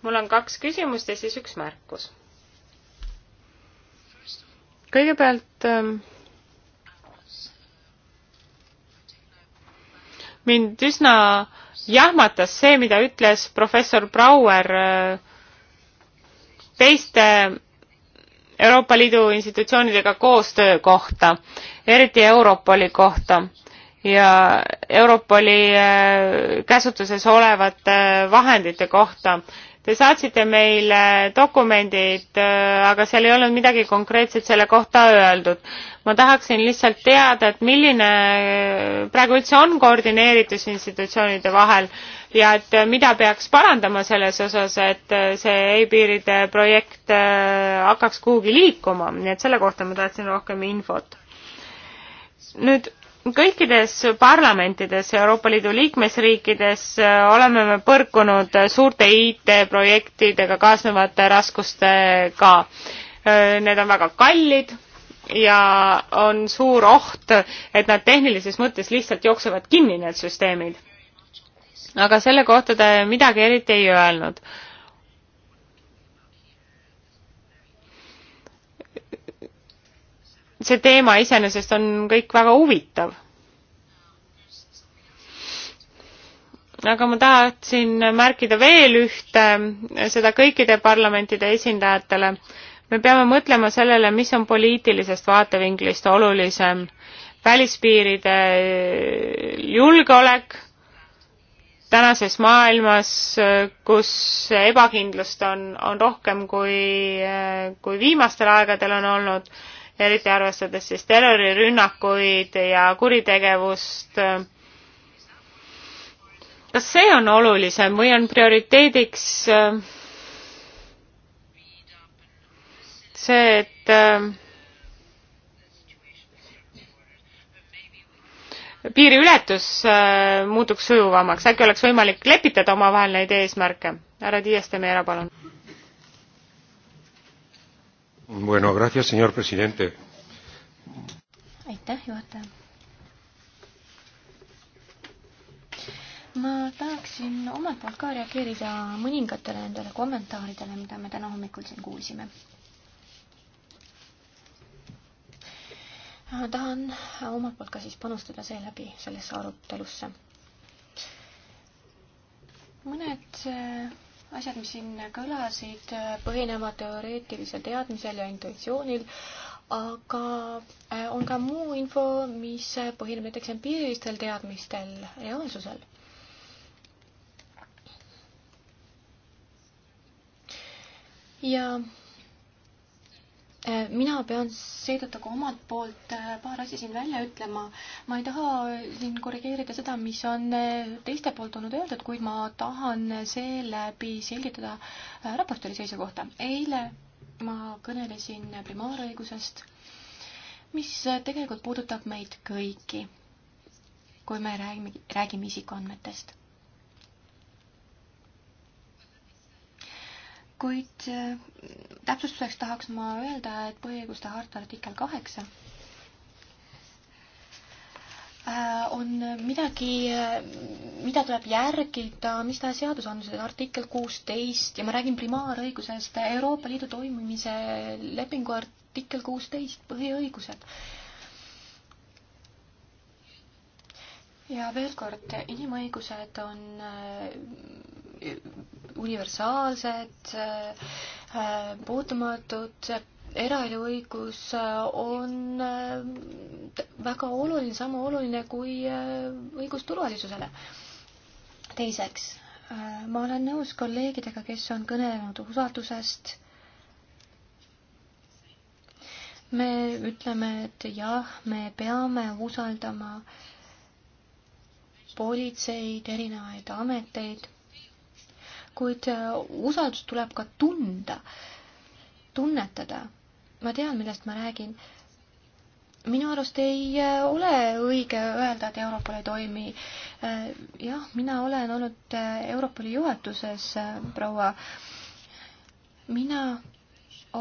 mul on kaks küsimust ja siis üks märkus. kõigepealt ähm, mind üsna jahmatas see, mida ütles professor Brouer äh, teiste Euroopa Liidu institutsioonidega koostöö kohta, eriti Europoli kohta ja Europoli äh, käsutuses olevate vahendite kohta. Te saatsite meile dokumendid, äh, aga seal ei olnud midagi konkreetset selle kohta öeldud. ma tahaksin lihtsalt teada, et milline äh, praegu üldse on koordineeritus institutsioonide vahel ja et äh, mida peaks parandama selles osas, et see e-piiride projekt hakkaks kuhugi liikuma, nii et selle kohta ma tahtsin rohkem infot. nüüd kõikides parlamentides, Euroopa Liidu liikmesriikides äh, oleme me põrkunud suurte IT-projektidega kaasnevate raskustega. Äh, need on väga kallid ja on suur oht, et nad tehnilises mõttes lihtsalt jooksevad kinni, need süsteemid. aga selle kohta te midagi eriti ei öelnud see teema iseenesest on kõik väga huvitav. aga ma tahtsin märkida veel ühte, seda kõikide parlamentide esindajatele. me peame mõtlema sellele, mis on poliitilisest vaatevinklist olulisem. välispiiride julgeolek tänases maailmas, kus ebakindlust on, on rohkem kui, kui viimastel aegadel on olnud eriti arvestades siis terrorirünnakuid ja kuritegevust. kas see on olulisem või on prioriteediks see, et äh, piiriületus äh, muutuks sujuvamaks, äkki oleks võimalik lepitada omavahel neid eesmärke? härra Dias, teeme ära, palun Bueno, gracias, señor presidente. aitäh, juhataja. ma tahaksin omalt poolt ka reageerida mõningatele nendele kommentaaridele, mida me täna hommikul siin kuulsime. tahan omalt poolt ka siis panustada seeläbi sellesse arutelusse. mõned asjad, mis siin kõlasid, põhinevad teoreetilisel teadmisel ja intuitsioonil, aga äh, on ka muu info, mis põhineb näiteks empiirilistel teadmistel, reaalsusel. ja Äh, mina pean seetõttu ka omalt poolt äh, paar asja siin välja ütlema. ma ei taha äh, siin korrigeerida seda, mis on teiste poolt olnud öeldud, kuid ma tahan seeläbi selgitada raportööri seisukohta. eile ma kõnelesin primaarõigusest, mis tegelikult puudutab meid kõiki, kui me räägime, räägime isikuandmetest kuid äh, täpsustuseks tahaks ma öelda, et põhiõiguste harta artikkel kaheksa äh, on midagi, äh, mida tuleb järgida mis tahes seadusandluses, artikkel kuusteist ja ma räägin primaarõigusest, Euroopa Liidu toimimise lepingu artikkel kuusteist, põhiõigused. ja veel kord, inimõigused on universaalsed, äh, äh, puutumatud, eraeluõigus äh, on väga oluline, sama oluline kui õigus turvalisusele. teiseks, ma olen nõus kolleegidega, kes on kõnelenud usaldusest. me ütleme, et jah, me peame usaldama politseid, erinevaid ameteid kuid äh, usaldust tuleb ka tunda, tunnetada. ma tean, millest ma räägin. minu arust ei äh, ole õige öelda, et Europol ei toimi. Äh, jah, mina olen olnud Europoli juhatuses, proua. mina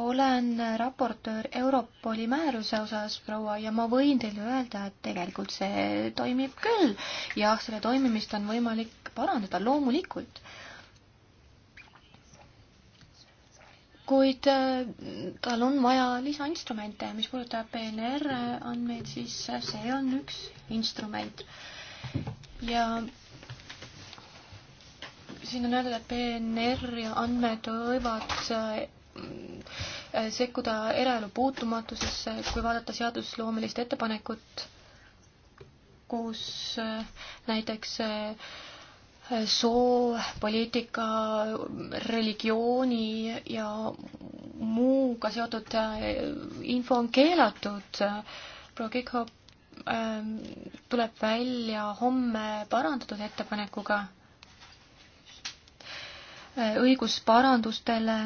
olen raportöör Europoli määruse osas, proua, ja ma võin teile öelda, et tegelikult see toimib küll. jah, selle toimimist on võimalik parandada, loomulikult. kuid äh, tal on vaja lisainstrumente, mis puudutab PNR äh, andmeid, siis äh, see on üks instrument. ja siin on öeldud, et PNR andmed võivad sekkuda eraelu puutumatusesse, kui vaadata seadusloomelist ettepanekut, kus näiteks äh, soo, poliitika, religiooni ja muuga seotud äh, info on keelatud. proua Kikhop ähm, tuleb välja homme parandatud ettepanekuga äh, õigusparandustele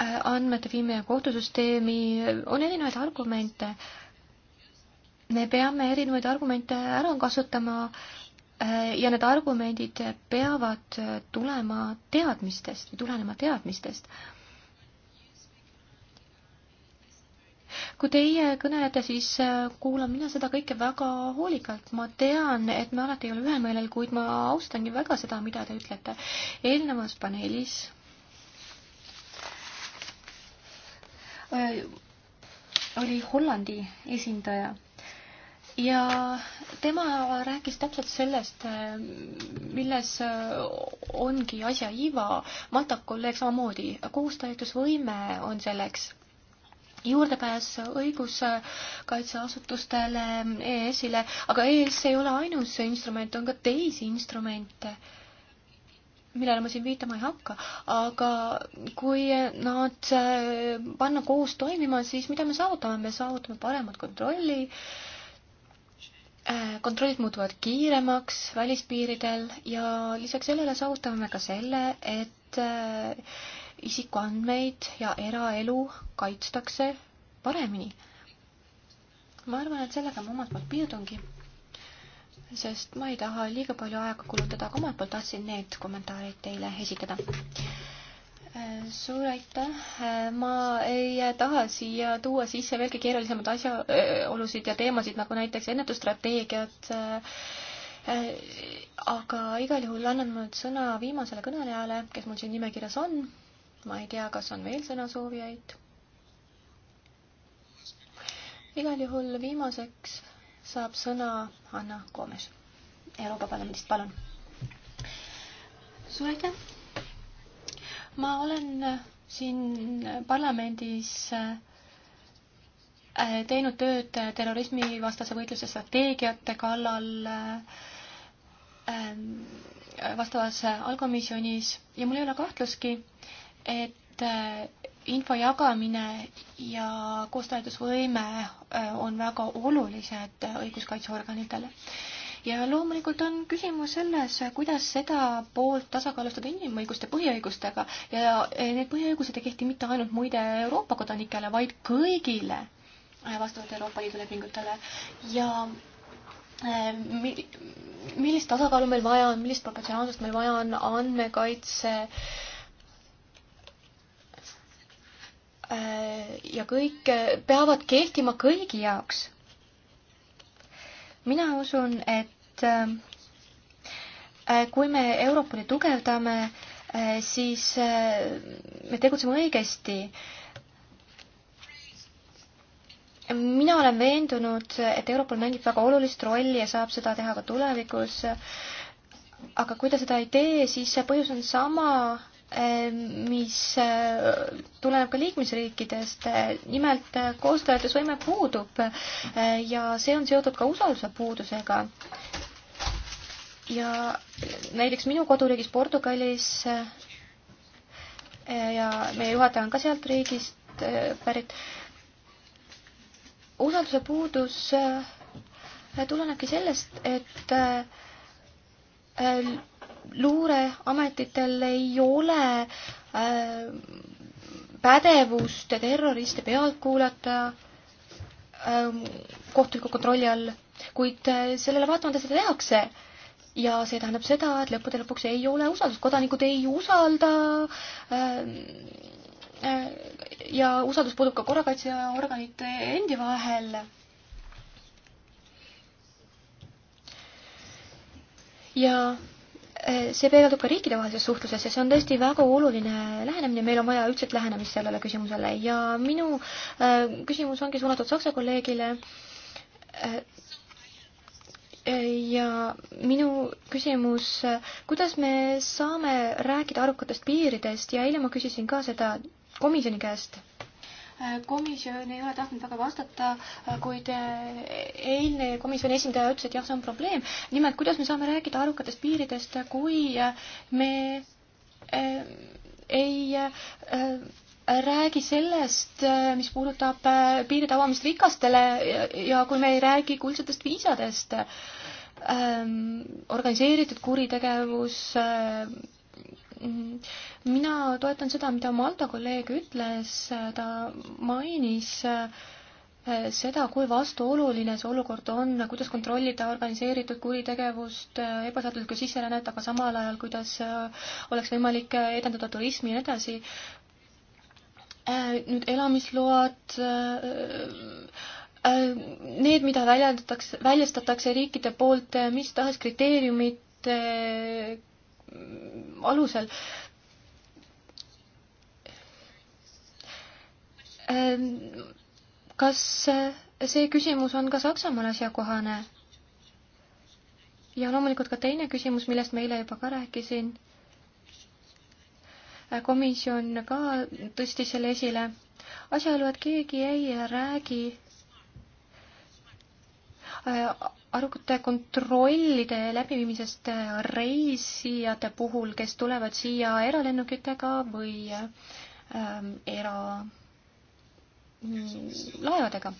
äh, andmete viimine kohtusüsteemi, on erinevaid argumente me peame erinevaid argumente ära kasutama äh, ja need argumendid peavad tulema teadmistest või tulenema teadmistest. kui teie kõnelete, siis äh, kuulan mina seda kõike väga hoolikalt. ma tean, et me alati ei ole ühel meelel, kuid ma austan ju väga seda, mida te ütlete. eelnevas paneelis äh, oli Hollandi esindaja ja tema rääkis täpselt sellest, milles ongi asja iva. Malta kolleeg samamoodi, koostööõigusvõime on selleks juurdepääs õiguskaitseasutustele, EAS-ile, aga EAS ei ole ainus instrument, on ka teisi instrumente millele ma siin viitama ei hakka, aga kui nad eh, panna koos toimima, siis mida me saavutame, me saavutame paremat kontrolli äh, Äh, kontrollid muutuvad kiiremaks välispiiridel ja lisaks sellele saavutame me ka selle, et äh, isikuandmeid ja eraelu kaitstakse paremini. ma arvan, et sellega ma omalt poolt piirdungi, sest ma ei taha liiga palju aega kulutada, aga omalt poolt tahtsin need kommentaarid teile esitada suur aitäh, ma ei taha siia tuua sisse veelgi keerulisemaid asjaolusid ja teemasid, nagu näiteks ennetusstrateegiad, aga igal juhul annan ma nüüd sõna viimasele kõnelejale, kes mul siin nimekirjas on. ma ei tea, kas on veel sõnasoovijaid. igal juhul viimaseks saab sõna Anna Koomes Euroopa Parlamendist, palun. suur aitäh ma olen äh, siin äh, parlamendis äh, teinud tööd terrorismivastase võitluse strateegiate kallal vastavas allkomisjonis ja mul ei ole kahtluski, et info jagamine ja koostöötusvõime on väga olulised õiguskaitseorganitele ja loomulikult on küsimus selles, kuidas seda poolt tasakaalustada inimõiguste põhiõigustega ja e, need põhiõigused ei kehti mitte ainult muide Euroopa kodanikele, vaid kõigile äh, vastavalt Euroopa Liidu lepingutele ja e, millist tasakaalu meil vaja on, millist proportsionaalsust meil vaja on, andmekaitse äh, ja kõik peavad kehtima kõigi jaoks mina usun, et äh, kui me Europoli tugevdame, äh, siis äh, me tegutseme õigesti. mina olen veendunud, et Europol mängib väga olulist rolli ja saab seda teha ka tulevikus. aga kui ta seda ei tee, siis see põhjus on sama Eh, mis eh, tuleneb ka liikmesriikidest. nimelt eh, koostöötusvõime puudub ja see on seotud ka usalduse puudusega. ja näiteks minu koduriigis Portugalis ja meie juhataja on ka sealt riigist pärit. usalduse puudus tulenebki sellest, et luureametitel ei ole äh, pädevust terroriste pealt kuulata ähm, kohtuliku kontrolli all, kuid äh, sellele vaatamata seda tehakse ja see tähendab seda, et lõppude lõpuks ei ole usaldust, kodanikud ei usalda ähm, äh, ja usaldus puudub ka korrakaitseorganite endi vahel. ja Eh, see peegeldub ka riikidevahelises suhtluses ja see on tõesti väga oluline lähenemine, meil on vaja ühtset lähenemist sellele küsimusele ja minu eh, küsimus ongi suunatud Saksa kolleegile. Eh, ja minu küsimus, kuidas me saame rääkida arukatest piiridest ja eile ma küsisin ka seda komisjoni käest komisjon ei ole tahtnud väga vastata, äh, kuid äh, eilne komisjoni esindaja ütles, et jah, see on probleem. nimelt, kuidas me saame rääkida arukatest piiridest, kui äh, me ei räägi sellest, mis puudutab piiride avamist rikastele ja kui me ei räägi kuldsetest viisadest, ähm, organiseeritud kuritegevus, Mhm. mina toetan seda, mida Malta kolleeg ütles, ta mainis äh, seda, kui vastuoluline see olukord on, kuidas kontrollida organiseeritud kuritegevust, äh, ebaseaduslikku sisserännet, aga samal ajal, kuidas äh, oleks võimalik edendada turismi ja nii edasi. nüüd elamisload need, mida väljendatakse, väljastatakse riikide poolt mis tahes kriteeriumite alusel. Ähm, kas see küsimus on ka Saksamaal asjakohane? ja loomulikult ka teine küsimus, millest ma eile juba ka rääkisin. komisjon ka tõstis selle esile. asjaolu, et keegi ei räägi Äh, arukate kontrollide läbiviimisest äh, reisijate puhul, kes tulevad siia eralennukitega või ähm, eralaevadega. Mm,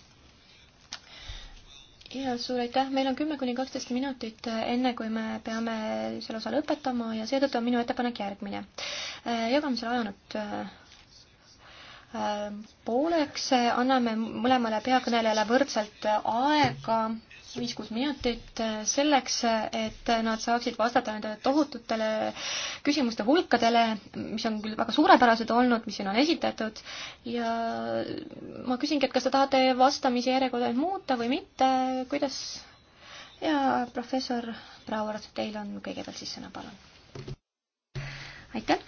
ja suur aitäh, meil on kümme kuni kaksteist minutit, äh, enne kui me peame selle osa lõpetama ja seetõttu on minu ettepanek järgmine äh,. jagame selle aja nüüd äh, pooleks, anname mõlemale peakõnelejale võrdselt aega viis-kuus minutit äh, selleks, äh, et nad saaksid vastata nendele tohututele küsimuste hulkadele, mis on küll väga suurepärased olnud, mis siin on esitatud, ja ma küsingi, et kas te tahate vastamise järjekorda muuta või mitte, kuidas ja professor Brauer, teil on kõigepealt siis sõna, palun. aitäh!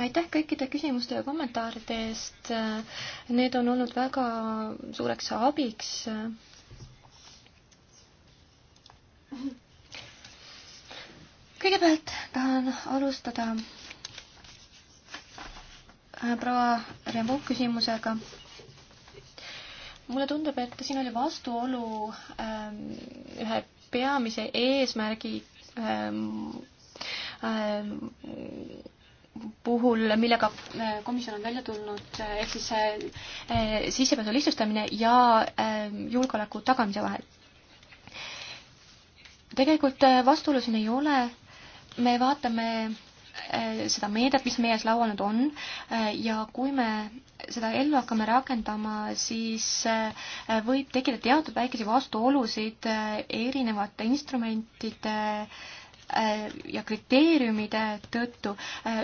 aitäh kõikide küsimuste ja kommentaaride eest, need on olnud väga suureks abiks kõigepealt tahan alustada äh, proua Remo küsimusega. mulle tundub, et siin oli vastuolu ähm, ühe peamise eesmärgi ähm, ähm, puhul, millega äh, komisjon on välja tulnud, äh, ehk siis sissepääsu lihtsustamine ja julgeoleku tagamise vahel tegelikult äh, vastuolu siin ei ole, me vaatame äh, seda meedet, mis meie ees laual nüüd on äh, ja kui me seda ellu hakkame rakendama, siis võib tekkida teatud väikesi vastuolusid erinevate instrumentide ja kriteeriumide tõttu.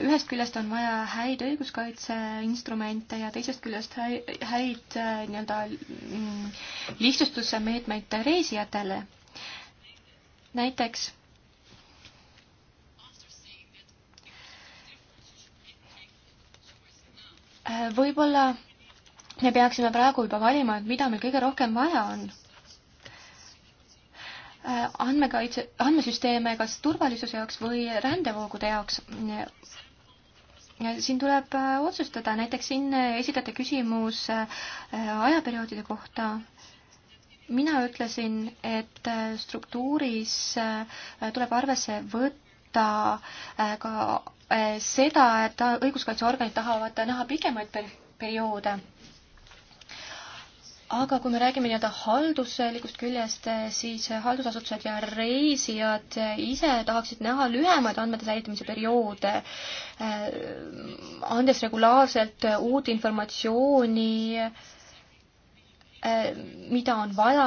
ühest küljest on vaja häid õiguskaitseinstrumente ja teisest küljest häid, häid nii-öelda mm, lihtsustusmeetmeid reisijatele näiteks äh, võib-olla me peaksime praegu juba valima, et mida meil kõige rohkem vaja on. Äh, andmekaitse, andmesüsteeme kas turvalisuse jaoks või rändevoogude jaoks. siin tuleb äh, otsustada, näiteks siin esitati küsimus ajaperioodide kohta mina ütlesin, et äh, struktuuris äh, tuleb arvesse võtta äh, ka seda, et õiguskaitseorganid tahavad näha pikemaid perioode. aga kui me räägime nii-öelda halduslikust küljest, siis haldusasutused ja reisijad ise tahaksid näha lühemaid andmete säilitamise perioode, andes regulaarselt uut informatsiooni äh, Äh, mida on vaja,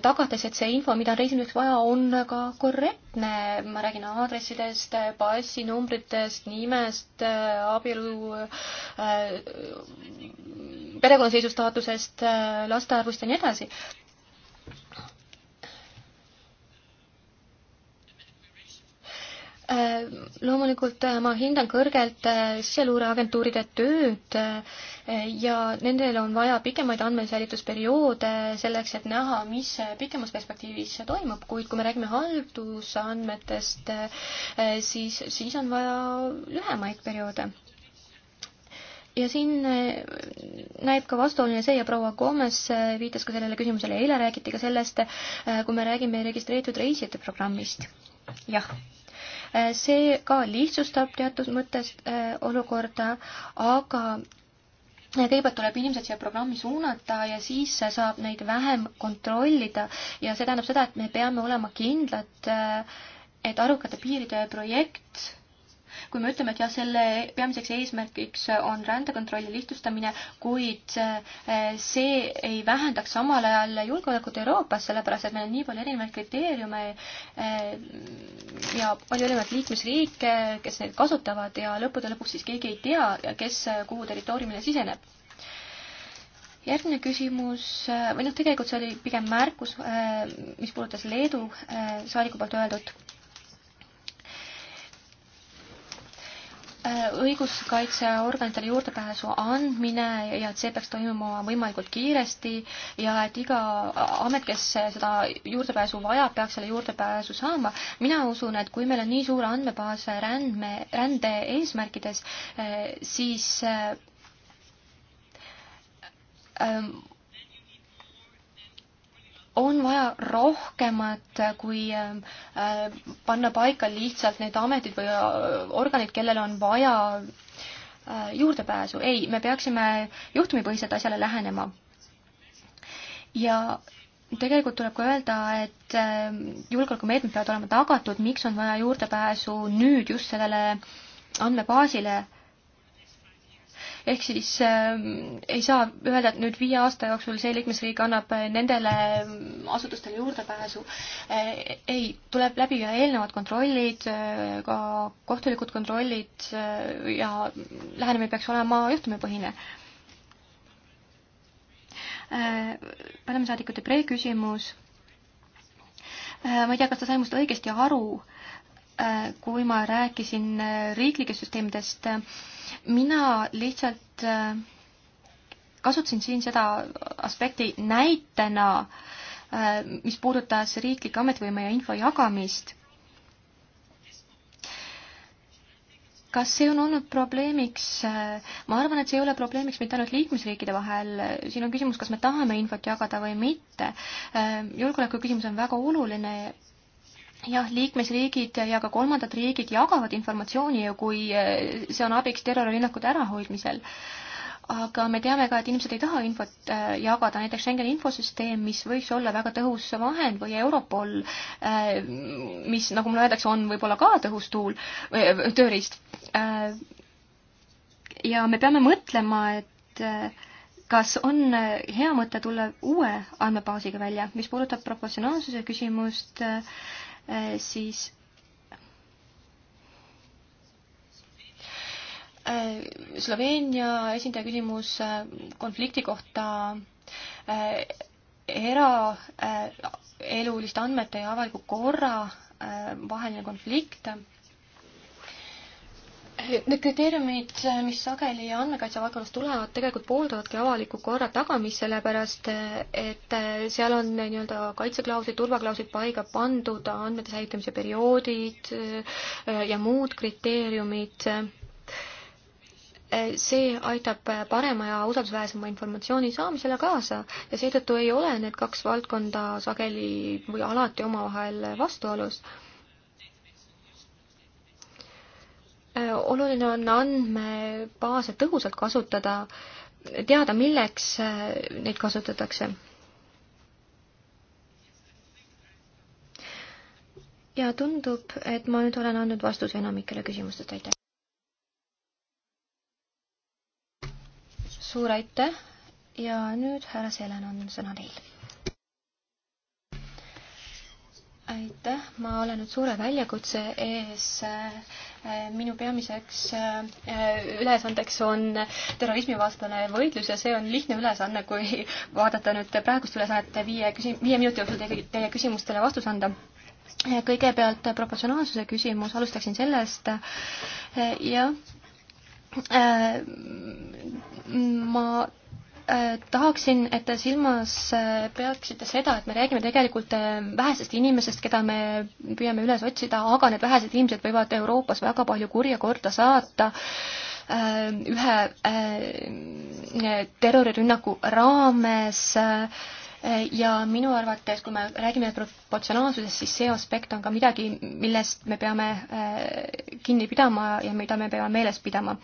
tagades, et see info, mida on reisimiseks vaja, on ka korrektne. ma räägin aadressidest, passinumbritest, nimest, äh, abielu, äh, perekonnaseisu staatusest, laste arvust ja nii edasi. loomulikult ma hindan kõrgelt siseluureagentuuride tööd ja nendel on vaja pikemaid andmesäilitusperioode selleks, et näha, mis pikemas perspektiivis toimub, kuid kui me räägime haldusandmetest, eh, siis, siis on vaja lühemaid perioode ja siin eh, näib ka vastuoluline see ja proua Gomes eh, viitas ka sellele küsimusele, eile räägiti ka sellest, kui me räägime registreeritud reisijate programmist. jah, see ka lihtsustab teatud mõttes olukorda, aga kõigepealt tuleb inimesed siia programmi suunata ja siis saab neid vähem kontrollida ja see tähendab seda, et me peame olema kindlad, et arukate piiride projekt kui me ütleme, et jah, selle peamiseks eesmärgiks on rändekontrolli lihtsustamine, kuid eh, see ei vähendaks samal ajal julgeolekut Euroopas, sellepärast et meil on nii palju erinevaid kriteeriume eh, ja palju erinevaid liikmesriike, kes neid kasutavad ja lõppude lõpuks siis keegi ei tea, kes kuhu territooriumile siseneb järgmine küsimus eh, või noh, tegelikult see oli pigem märkus, mis puudutas Leedu saadiku poolt öeldut Äh, õiguskaitseorganitele juurdepääsu andmine ja et see peaks toimuma võimalikult kiiresti ja et iga amet, kes seda juurdepääsu vajab, peaks selle juurdepääsu saama. mina usun, et kui meil on nii suur andmebaas rändme, rände eesmärkides, äh, siis äh, on vaja rohkemat, kui äh, panna paika lihtsalt need ametid või äh, organid, kellel on vaja äh, juurdepääsu. ei, me peaksime juhtumipõhiselt asjale lähenema. ja tegelikult tuleb ka öelda, et julgeolekumeetmed peavad olema tagatud, miks on vaja juurdepääsu nüüd just sellele andmebaasile ehk siis äh, ei saa öelda, et nüüd viie aasta jooksul see liikmesriik annab äh, nendele ähm, asutustele juurdepääsu äh,. ei, tuleb läbi ühe eelnevad kontrollid äh,, ka kohtulikud kontrollid äh, ja lähenemine peaks olema juhtumipõhine äh,. parlamendisaadikute preeküsimus äh,. ma ei tea, kas ta sai must õigesti aru äh,, kui ma rääkisin äh, riiklikest süsteemidest äh, mina lihtsalt äh, kasutasin siin seda aspekti näitena, äh, mis puudutas riiklike ametivõime ja info jagamist. kas see on olnud probleemiks? ma arvan, et see ei ole probleemiks mitte ainult liikmesriikide vahel, siin on küsimus, kas me tahame infot jagada või mitte. Äh, julgeoleku küsimus on väga oluline jah, liikmesriigid ja ka kolmandad riigid jagavad informatsiooni ja kui eh, see on abiks terrorirünnakute ärahoidmisel, aga me teame ka, et inimesed ei taha infot eh, jagada, näiteks Schengeni infosüsteem, mis võiks olla väga tõhus vahend või Europol, eh, mis, nagu mulle öeldakse, on võib-olla ka tõhus tuul, tööriist. ja me peame mõtlema, et kas on hea mõte tulla uue andmebaasiga välja, mis puudutab proportsionaalsuse küsimust äh,, Eh, siis eh, Sloveenia esindaja küsimus eh, konflikti kohta eraeluliste andmete ja avaliku korra vaheline konflikt Need kriteeriumid, mis sageli andmekaitse valdkonnas tulevad, tegelikult pooldavadki avaliku korra tagamist, sellepärast et seal on nii-öelda kaitseklauslid, turvaklauslid paika pandud, andmete säilitamise perioodid äh, ja muud kriteeriumid. Äh, see aitab parema ja usaldusväärsema informatsiooni saamisele kaasa ja seetõttu ei ole need kaks valdkonda sageli või alati omavahel vastuolus Äh, oluline on andmebaase tõhusalt kasutada, teada, milleks äh, neid kasutatakse. ja tundub, et ma nüüd olen andnud vastuse enamikele küsimustest, aitäh. suur aitäh ja nüüd härra Selen on sõna teil. aitäh, ma olen nüüd suure väljakutse ees äh, minu peamiseks äh, ülesandeks on terrorismivastane võitlus ja see on lihtne ülesanne, kui [LAUGHS] vaadata nüüd praegust ülesannet viie küsi-, viie minuti jooksul teie, teie küsimustele vastus anda äh, kõigepealt proportsionaalsuse küsimus, alustaksin sellest. Äh, jah, ma Äh, tahaksin, et te silmas äh, peaksite seda, et me räägime tegelikult äh, vähesest inimesest, keda me püüame üles otsida, aga need vähesed inimesed võivad Euroopas väga palju kurja korda saata ühe terrorirünnaku raames äh, ja minu arvates, kui me räägime proportsionaalsusest, siis see aspekt on ka midagi, millest me peame äh, kinni pidama ja mida me peame meeles pidama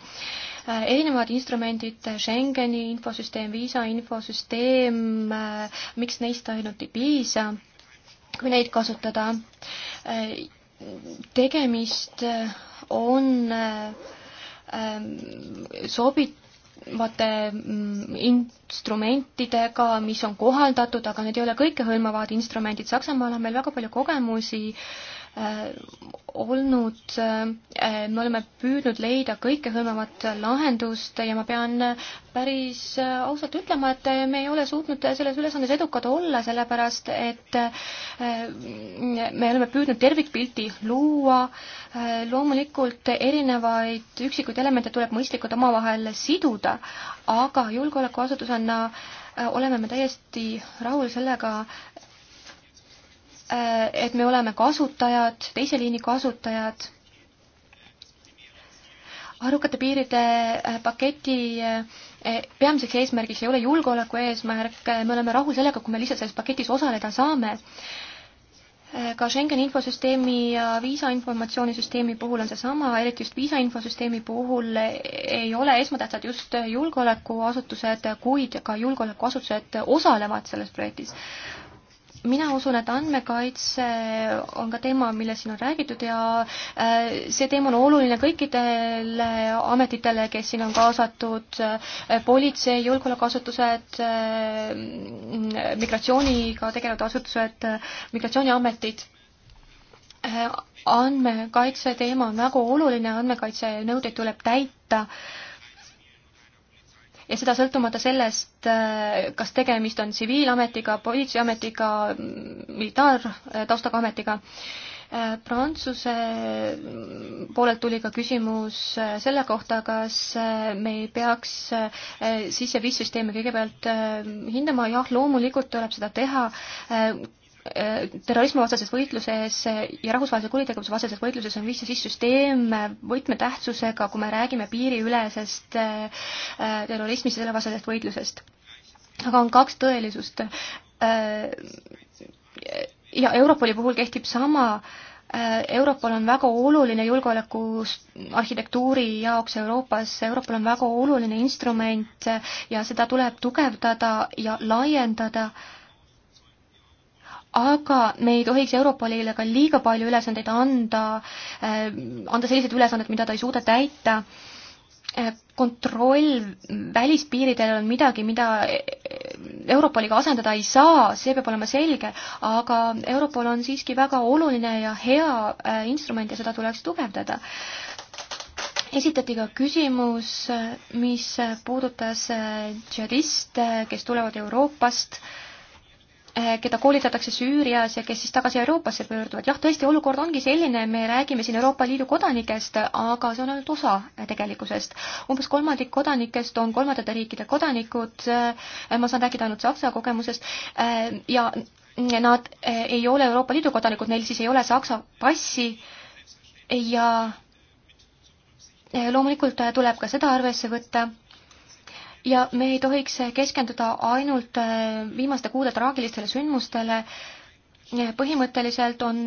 äh, erinevad instrumendid, Schengeni infosüsteem, viisa infosüsteem, äh, miks neist ainult ei piisa, kui neid kasutada. tegemist on ähm, sobit-, hõlmavate mm, instrumentidega, mis on kohaldatud, aga need ei ole kõikehõlmavad instrumendid. Saksamaal on meil väga palju kogemusi äh, Äh, olnud, äh, me oleme püüdnud leida kõikehõlmavat lahendust ja ma pean äh, päris ausalt ütlema, et me ei ole suutnud selles ülesandes edukad olla, sellepärast et me oleme püüdnud tervikpilti luua. loomulikult erinevaid üksikuid elemente tuleb mõistlikult omavahel siduda, aga julgeolekuasutusena oleme me täiesti rahul sellega, Äh, et me oleme kasutajad, teise liini kasutajad. arukate piiride äh, paketi äh, e, peamiseks eesmärgiks ei ole julgeoleku eesmärk, me oleme rahul sellega, kui me lihtsalt selles paketis osaleda saame. ka Schengeni infosüsteemi ja viisainformatsioonisüsteemi puhul on seesama, eriti just viisainfosüsteemi puhul ei ole esmatähtsad just julgeolekuasutused, kuid ka julgeolekuasutused osalevad selles projektis mina usun, et andmekaitse on ka teema, millest siin on räägitud ja äh, see teema on oluline kõikidele ametitele, kes siin on kaasatud, äh, politsei, julgeolekuasutused, äh, migratsiooniga tegelevad asutused, migratsiooniametid andmekaitse teema on väga oluline, andmekaitse nõudeid tuleb täita äh, ja seda sõltumata sellest, äh, kas tegemist on tsiviilametiga, politseiametiga, militaartaustaga ametiga. Äh, Prantsuse mm, poolelt tuli ka küsimus äh, selle kohta, kas me ei peaks sisse-viis süsteemi kõigepealt hindama, jah, loomulikult tuleb seda teha, terrorismivastases võitluses ja rahvusvahelise kuritegevuse vastases võitluses on viis siis süsteem võtmetähtsusega, kui me räägime piiriülesest äh, terrorismist ja sellevastasest võitlusest. aga on kaks tõelisust. Äh, ja Europoli puhul kehtib sama äh, Europol on väga oluline julgeoleku arhitektuuri jaoks Euroopas, Europol on väga oluline instrument ja seda tuleb tugevdada ja laiendada äh, aga me ei tohiks Europolile ka liiga palju ülesandeid anda, äh, anda sellised ülesanded, mida ta ei suuda täita. Äh, kontroll välispiiridel on midagi, mida äh, Europoliga asendada ei saa, see peab olema selge, aga Europol on siiski väga oluline ja hea instrument ja seda tuleks tugevdada esitati ka küsimus, mis puudutas džihadiste, kes tulevad Euroopast äh, Eh, keda koolitatakse Süürias ja kes siis tagasi Euroopasse pöörduvad. jah, tõesti, olukord ongi selline, me räägime siin Euroopa Liidu kodanikest, aga see on ainult osa eh, tegelikkusest. umbes kolmandik kodanikest on kolmandate riikide kodanikud, eh, ma saan rääkida ainult Saksa kogemusest, ja nad ei ole Euroopa Liidu kodanikud, neil siis ei ole Saksa passi ja loomulikult tuleb ka seda arvesse võtta ja me ei tohiks keskenduda ainult äh, viimaste kuude traagilistele sündmustele, põhimõtteliselt on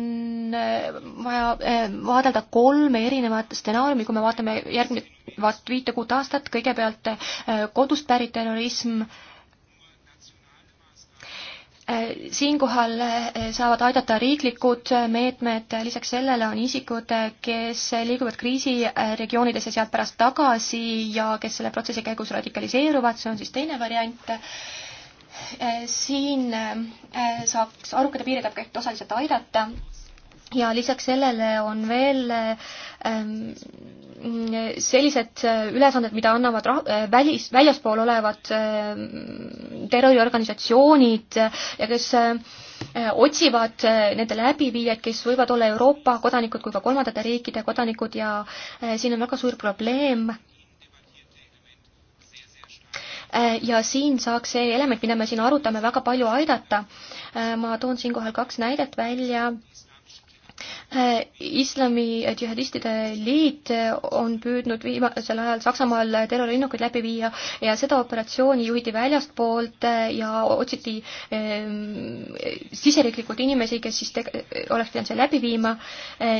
äh, vaja äh, vaadelda kolme erinevat stsenaariumi, kui me vaatame järgnevat viite-kuut aastat, kõigepealt kodust pärit terrorism, Äh, siinkohal äh, saavad aidata riiklikud äh, meetmed, lisaks sellele on isikud, kes liiguvad kriisiregioonidesse sealt pärast tagasi ja kes selle protsessi käigus radikaliseeruvad, see on siis teine variant siin saaks arukate piiridega ehk osaliselt aidata ja lisaks sellele on veel ähm, sellised äh, ülesanded, mida annavad rah-, äh, välis, väljaspool olevad ähm, terroriorganisatsioonid ja kes äh, otsivad äh, nende läbiviijad, kes võivad olla Euroopa kodanikud kui ka kolmandate riikide kodanikud ja äh, siin on väga suur probleem ja siin saaks see element, mida me siin arutame, väga palju aidata. ma toon siinkohal kaks näidet välja islami džihadistide liit on püüdnud viimasel ajal Saksamaal terrorirünnakuid läbi viia ja seda operatsiooni juhiti väljastpoolt ja otsiti ehm, siseriiklikult inimesi, kes siis oleks pidanud selle läbi viima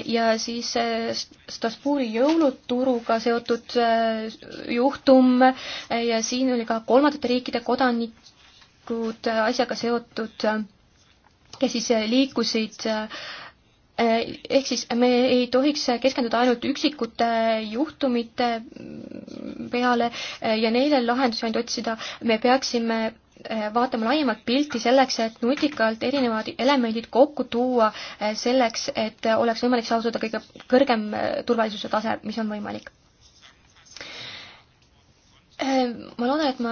ja siis eh, Strasbourgi jõuluturuga seotud eh, juhtum eh, ja siin oli ka kolmandate riikide kodanikud asjaga seotud, kes siis liikusid äh, ehk siis me ei tohiks keskenduda ainult üksikute juhtumite peale ja neile lahendusi ainult otsida, me peaksime eh, vaatama laiemat pilti selleks, et nutikalt erinevad elemendid kokku tuua eh, selleks, et oleks võimalik saavutada kõige kõrgem eh, turvalisuse tase, mis on võimalik. Äh, ma loodan, et ma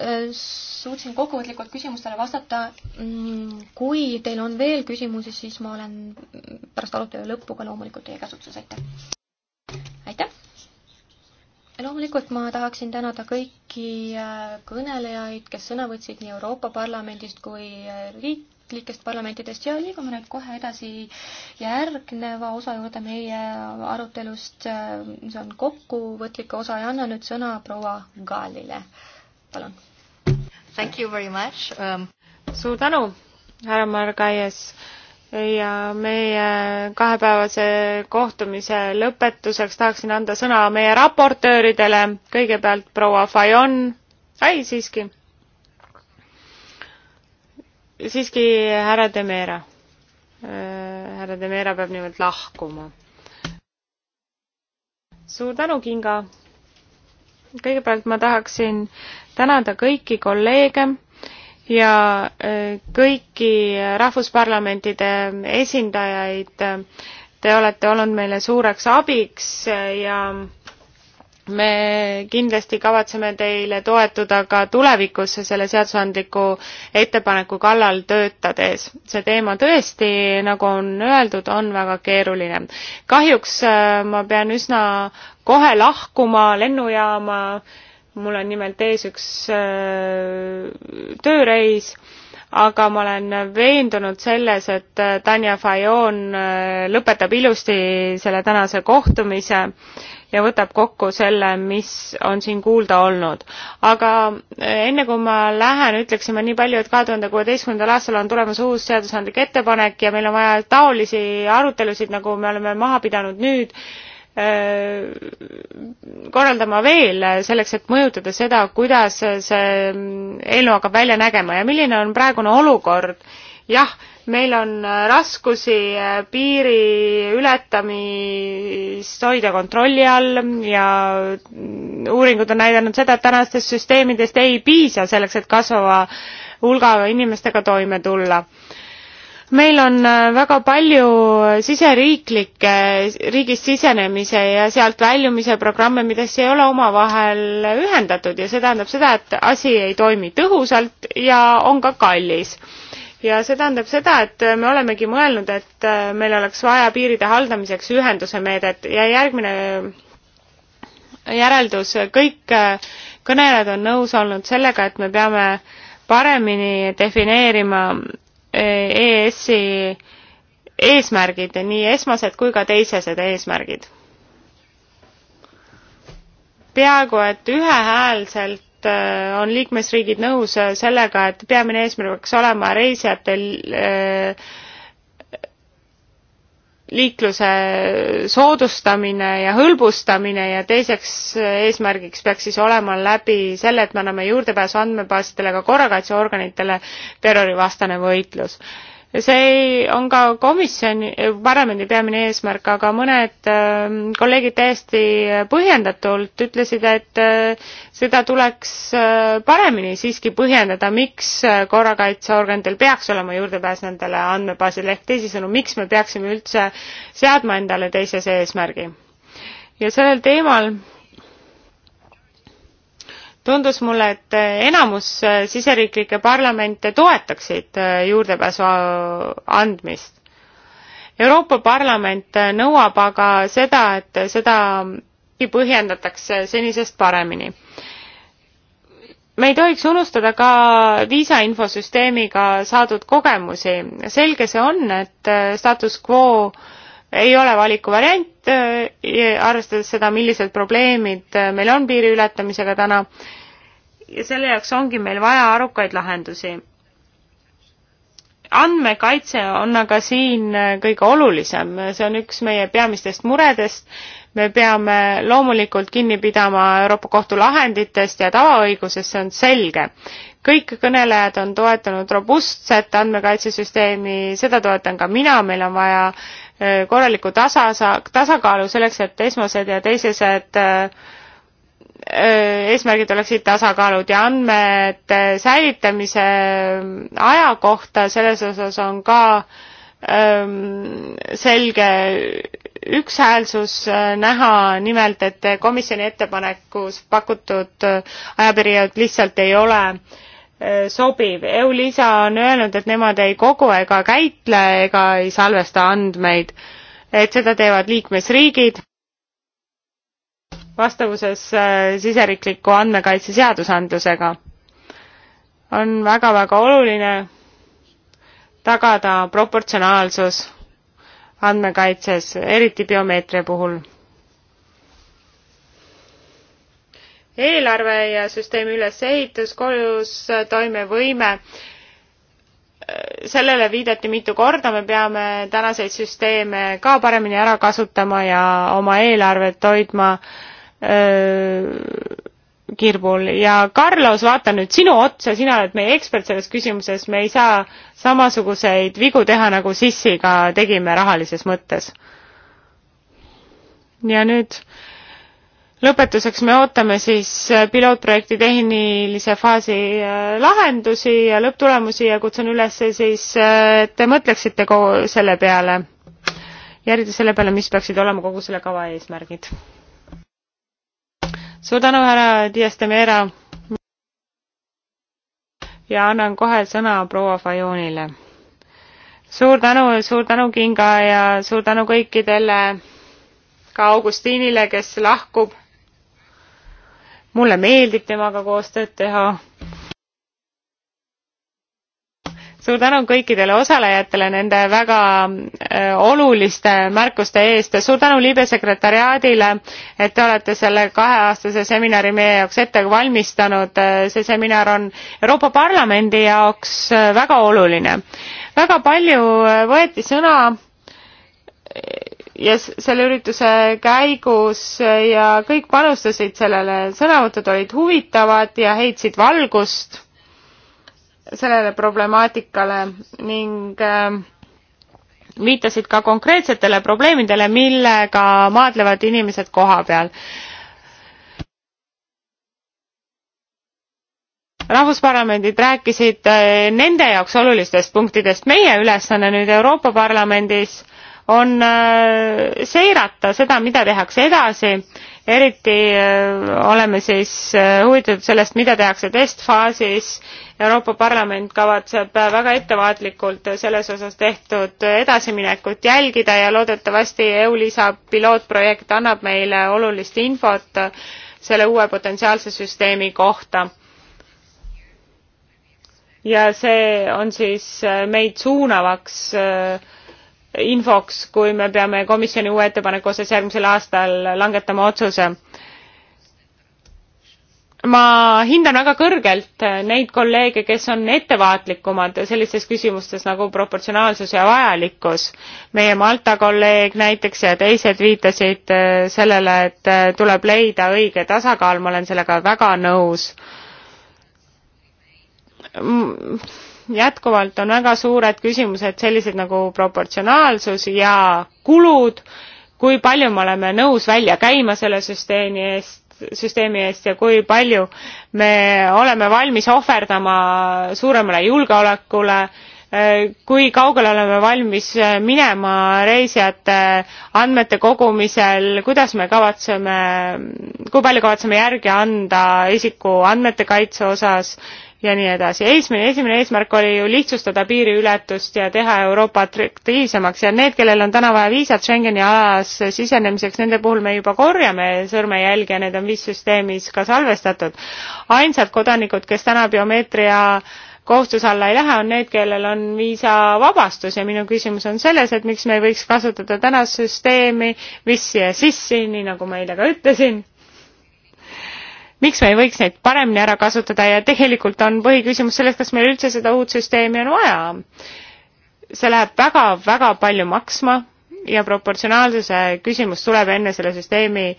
äh, suutsin kokkuvõtlikult küsimustele vastata. Mm, kui teil on veel küsimusi, siis ma olen pärast arutelu lõppu ka loomulikult teie käsutuses, aitäh. aitäh. loomulikult ma tahaksin tänada kõiki äh, kõnelejaid, kes sõna võtsid nii Euroopa Parlamendist kui riik, riiklikest parlamentidest ja liigume nüüd kohe edasi järgneva osa juurde meie arutelust. see on kokkuvõtlik osa ja annan nüüd sõna proua Gaalile. palun. Thank you very much um.... suur tänu, härra Margaies ja meie kahepäevase kohtumise lõpetuseks tahaksin anda sõna meie raportööridele, kõigepealt proua Fajon, ei siiski, siiski härra Demera. Äh, härra Demera peab nimelt lahkuma. suur tänu, Kinga. kõigepealt ma tahaksin tänada kõiki kolleege ja äh, kõiki rahvusparlamentide esindajaid. Te olete olnud meile suureks abiks ja me kindlasti kavatseme teile toetuda ka tulevikus selle seadusandliku ettepaneku kallal töötades. see teema tõesti, nagu on öeldud, on väga keeruline. kahjuks äh, ma pean üsna kohe lahkuma lennujaama, mul on nimelt ees üks äh, tööreis aga ma olen veendunud selles, et äh, Tanja Fajon äh, lõpetab ilusti selle tänase kohtumise ja võtab kokku selle, mis on siin kuulda olnud. aga äh, enne kui ma lähen, ütleksin ma nii palju, et kahe tuhande kuueteistkümnendal aastal on tulemas uus seadusandlik ettepanek ja meil on vaja taolisi arutelusid, nagu me oleme maha pidanud nüüd Äh, korraldama veel selleks, et mõjutada seda, kuidas see eelnõu hakkab välja nägema ja milline on praegune olukord. jah, meil on raskusi äh, piiri ületamist hoida kontrolli all ja uuringud on näidanud seda, et tänastest süsteemidest ei piisa selleks, et kasvava hulga inimestega toime tulla meil on äh, väga palju äh, siseriiklikke riigist sisenemise ja sealt väljumise programme mis ei ole omavahel ühendatud ja see tähendab seda et asi ei toimi tõhusalt ja on ka kallis ja see tähendab seda et äh, me olemegi mõelnud et meil oleks vaja piiride haldamiseks ühenduse meedet ja järgmine järeldus kõik kõnelejad on nõus olnud sellega et me peame paremini defineerima EAS-i eesmärgid, nii esmased kui ka teisesed eesmärgid. peaaegu et ühehäälselt äh, on liikmesriigid nõus äh, sellega, et peamine eesmärk peaks olema reisijatel äh, liikluse soodustamine ja hõlbustamine ja teiseks eesmärgiks peaks siis olema läbi selle, et me anname juurdepääsu andmebaasidele ka korrakaitseorganitele terrorivastane võitlus see on ka komisjoni, parlamendi peamine eesmärk, aga mõned ähm, kolleegid täiesti põhjendatult ütlesid, et äh, seda tuleks äh, paremini siiski põhjendada, miks äh, korrakaitseorganitel peaks olema juurdepääs nendele andmebaasidele, ehk teisisõnu, miks me peaksime üldse seadma endale teises eesmärgi. ja sellel teemal tundus mulle, et enamus äh, siseriiklikke parlamente toetaksid äh, juurdepääsu andmist. Euroopa Parlament äh, nõuab aga seda, et seda põhjendatakse senisest paremini. me ei tohiks unustada ka viisa infosüsteemiga saadud kogemusi. selge see on, et status quo äh, ei ole valikuvariant, äh, arvestades seda, millised probleemid äh, meil on piiri ületamisega täna. ja selle jaoks ongi meil vaja arukaid lahendusi. andmekaitse on aga siin äh, kõige olulisem, see on üks meie peamistest muredest. me peame loomulikult kinni pidama Euroopa Kohtu lahenditest ja tavaõigusest, see on selge kõik kõnelejad on toetanud robustset andmekaitsesüsteemi, seda toetan ka mina, meil on vaja Eh, korraliku tasasa-, tasakaalu selleks, et esmased ja teisesed eh, eh, eesmärgid oleksid tasakaalud ja andmete säilitamise aja kohta, selles osas on ka ehm, selge ükshäälsus näha, nimelt et komisjoni ettepanekus pakutud ajaperiood lihtsalt ei ole äh, Äh, sobiv. EULISA on öelnud, et nemad ei kogu ega käitle ega ei salvesta andmeid, et seda teevad liikmesriigid vastavuses äh, siseriikliku andmekaitse seadusandlusega. on väga-väga oluline tagada proportsionaalsus andmekaitses, eriti biomeetria puhul eelarve ja süsteemi ülesehitus, koos toimevõime, sellele viidati mitu korda, me peame tänaseid süsteeme ka paremini ära kasutama ja oma eelarvet hoidma öö, kirbul ja Carlos, vaatan nüüd sinu otsa, sina oled meie ekspert selles küsimuses, me ei saa samasuguseid vigu teha, nagu Sissiga tegime rahalises mõttes. ja nüüd lõpetuseks me ootame siis äh, pilootprojekti tehnilise faasi äh, lahendusi ja lõpptulemusi ja kutsun üles siis, äh, et te mõtleksite selle peale, järgi selle peale, mis peaksid olema kogu selle kava eesmärgid. suur tänu, härra Dias de Meera. ja annan kohe sõna proua Fajonile. suur tänu, suur tänu, Kinga, ja suur tänu kõikidele ka Augustiinile, kes lahkub mulle meeldib temaga koostööd teha. suur tänu kõikidele osalejatele nende väga äh, oluliste märkuste eest. suur tänu Liibe sekretariaadile, et te olete selle kaheaastase seminari meie jaoks ette valmistanud. Äh, see seminar on Euroopa Parlamendi jaoks äh, väga oluline. väga palju äh, võeti sõna ja selle ürituse käigus ja kõik panustasid sellele, sõnavõtud olid huvitavad ja heitsid valgust sellele problemaatikale ning äh, viitasid ka konkreetsetele probleemidele, millega maadlevad inimesed koha peal. rahvusparlamendid rääkisid äh, nende jaoks olulistest punktidest, meie ülesanne nüüd Euroopa Parlamendis on äh, seirata seda, mida tehakse edasi, eriti äh, oleme siis äh, huvitatud sellest, mida tehakse testfaasis, Euroopa Parlament kavatseb väga ettevaatlikult selles osas tehtud edasiminekut jälgida ja loodetavasti EU-lisa pilootprojekt annab meile olulist infot selle uue potentsiaalse süsteemi kohta ja see on siis meid suunavaks äh, infoks, kui me peame komisjoni uue ettepaneku osas järgmisel aastal langetama otsuse. ma hindan väga kõrgelt neid kolleege, kes on ettevaatlikumad sellistes küsimustes nagu proportsionaalsus ja vajalikkus. meie Malta kolleeg näiteks ja teised viitasid äh, sellele, et äh, tuleb leida õige tasakaal, ma olen sellega väga nõus jätkuvalt on väga suured küsimused sellised nagu proportsionaalsus ja kulud, kui palju me oleme nõus välja käima selle süsteemi eest, süsteemi eest ja kui palju me oleme valmis ohverdama suuremale julgeolekule, kui kaugele oleme valmis minema reisijate andmete kogumisel, kuidas me kavatseme, kui palju kavatseme järgi anda isiku andmete kaitse osas ja nii edasi. esimene, esimene eesmärk oli ju lihtsustada piiriületust ja teha Euroopa atraktiivsemaks ja need, kellel on täna vaja viisat Schengeni alas sisenemiseks, nende puhul me juba korjame sõrmejälgi ja need on viis süsteemis ka salvestatud. ainsad kodanikud, kes täna biomeetria kohustuse alla ei lähe, on need, kellel on viisavabastus ja minu küsimus on selles, et miks me ei võiks kasutada tänast süsteemi, VIS-i ja SIS-i, nii nagu ma eile ka ütlesin miks me ei võiks neid paremini ära kasutada ja tegelikult on põhiküsimus selles, kas meil üldse seda uut süsteemi on vaja. see läheb väga-väga palju maksma ja proportsionaalsuse küsimus tuleb enne selle süsteemi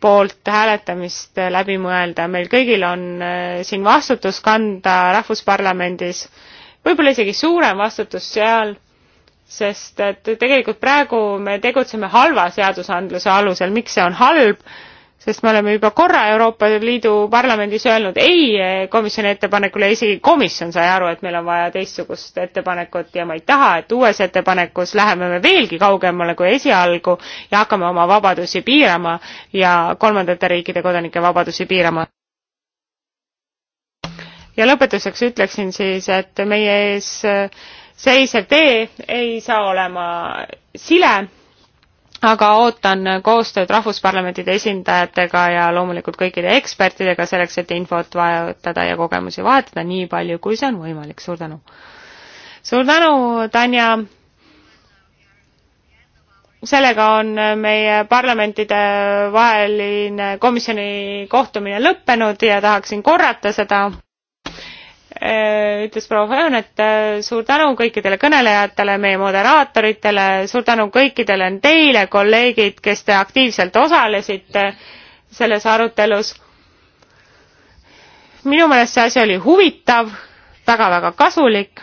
poolt hääletamist läbi mõelda. meil kõigil on äh, siin vastutus kanda Rahvusparlamendis, võib-olla isegi suurem vastutus seal sest et tegelikult praegu me tegutseme halva seadusandluse alusel, miks see on halb, sest me oleme juba korra Euroopa Liidu Parlamendis öelnud ei komisjoni ettepanekule ja isegi komisjon sai aru, et meil on vaja teistsugust ettepanekut ja ma ei taha, et uues ettepanekus läheme me veelgi kaugemale kui esialgu ja hakkame oma vabadusi piirama ja kolmandate riikide kodanike vabadusi piirama. ja lõpetuseks ütleksin siis, et meie ees seisev tee ei saa olema sile aga ootan koostööd rahvusparlamentide esindajatega ja loomulikult kõikide ekspertidega selleks, et infot vahetada ja kogemusi vahetada nii palju, kui see on võimalik. suur tänu! suur tänu, Tanja! sellega on meie parlamentide vaheline komisjoni kohtumine lõppenud ja tahaksin korrata seda. Äh, ütles proua Fajon, et äh, suur tänu kõikidele kõnelejatele, meie moderaatoritele, suur tänu kõikidele teile, kolleegid, kes te aktiivselt osalesite selles arutelus. minu meelest see asi oli huvitav väga,, väga-väga kasulik.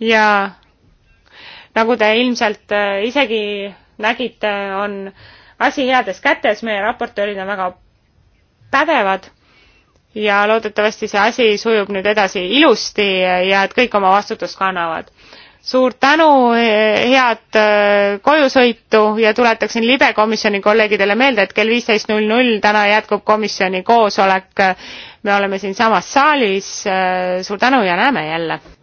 ja nagu te ilmselt äh, isegi nägite, on asi heades kätes, meie raportöörid on väga pädevad ja loodetavasti see asi sujub nüüd edasi ilusti ja et kõik oma vastutust kannavad. suur tänu, head äh, kojusõitu ja tuletaksin libe komisjoni kolleegidele meelde, et kell viisteist null null täna jätkub komisjoni koosolek. me oleme siinsamas saalis, äh, suur tänu ja näeme jälle!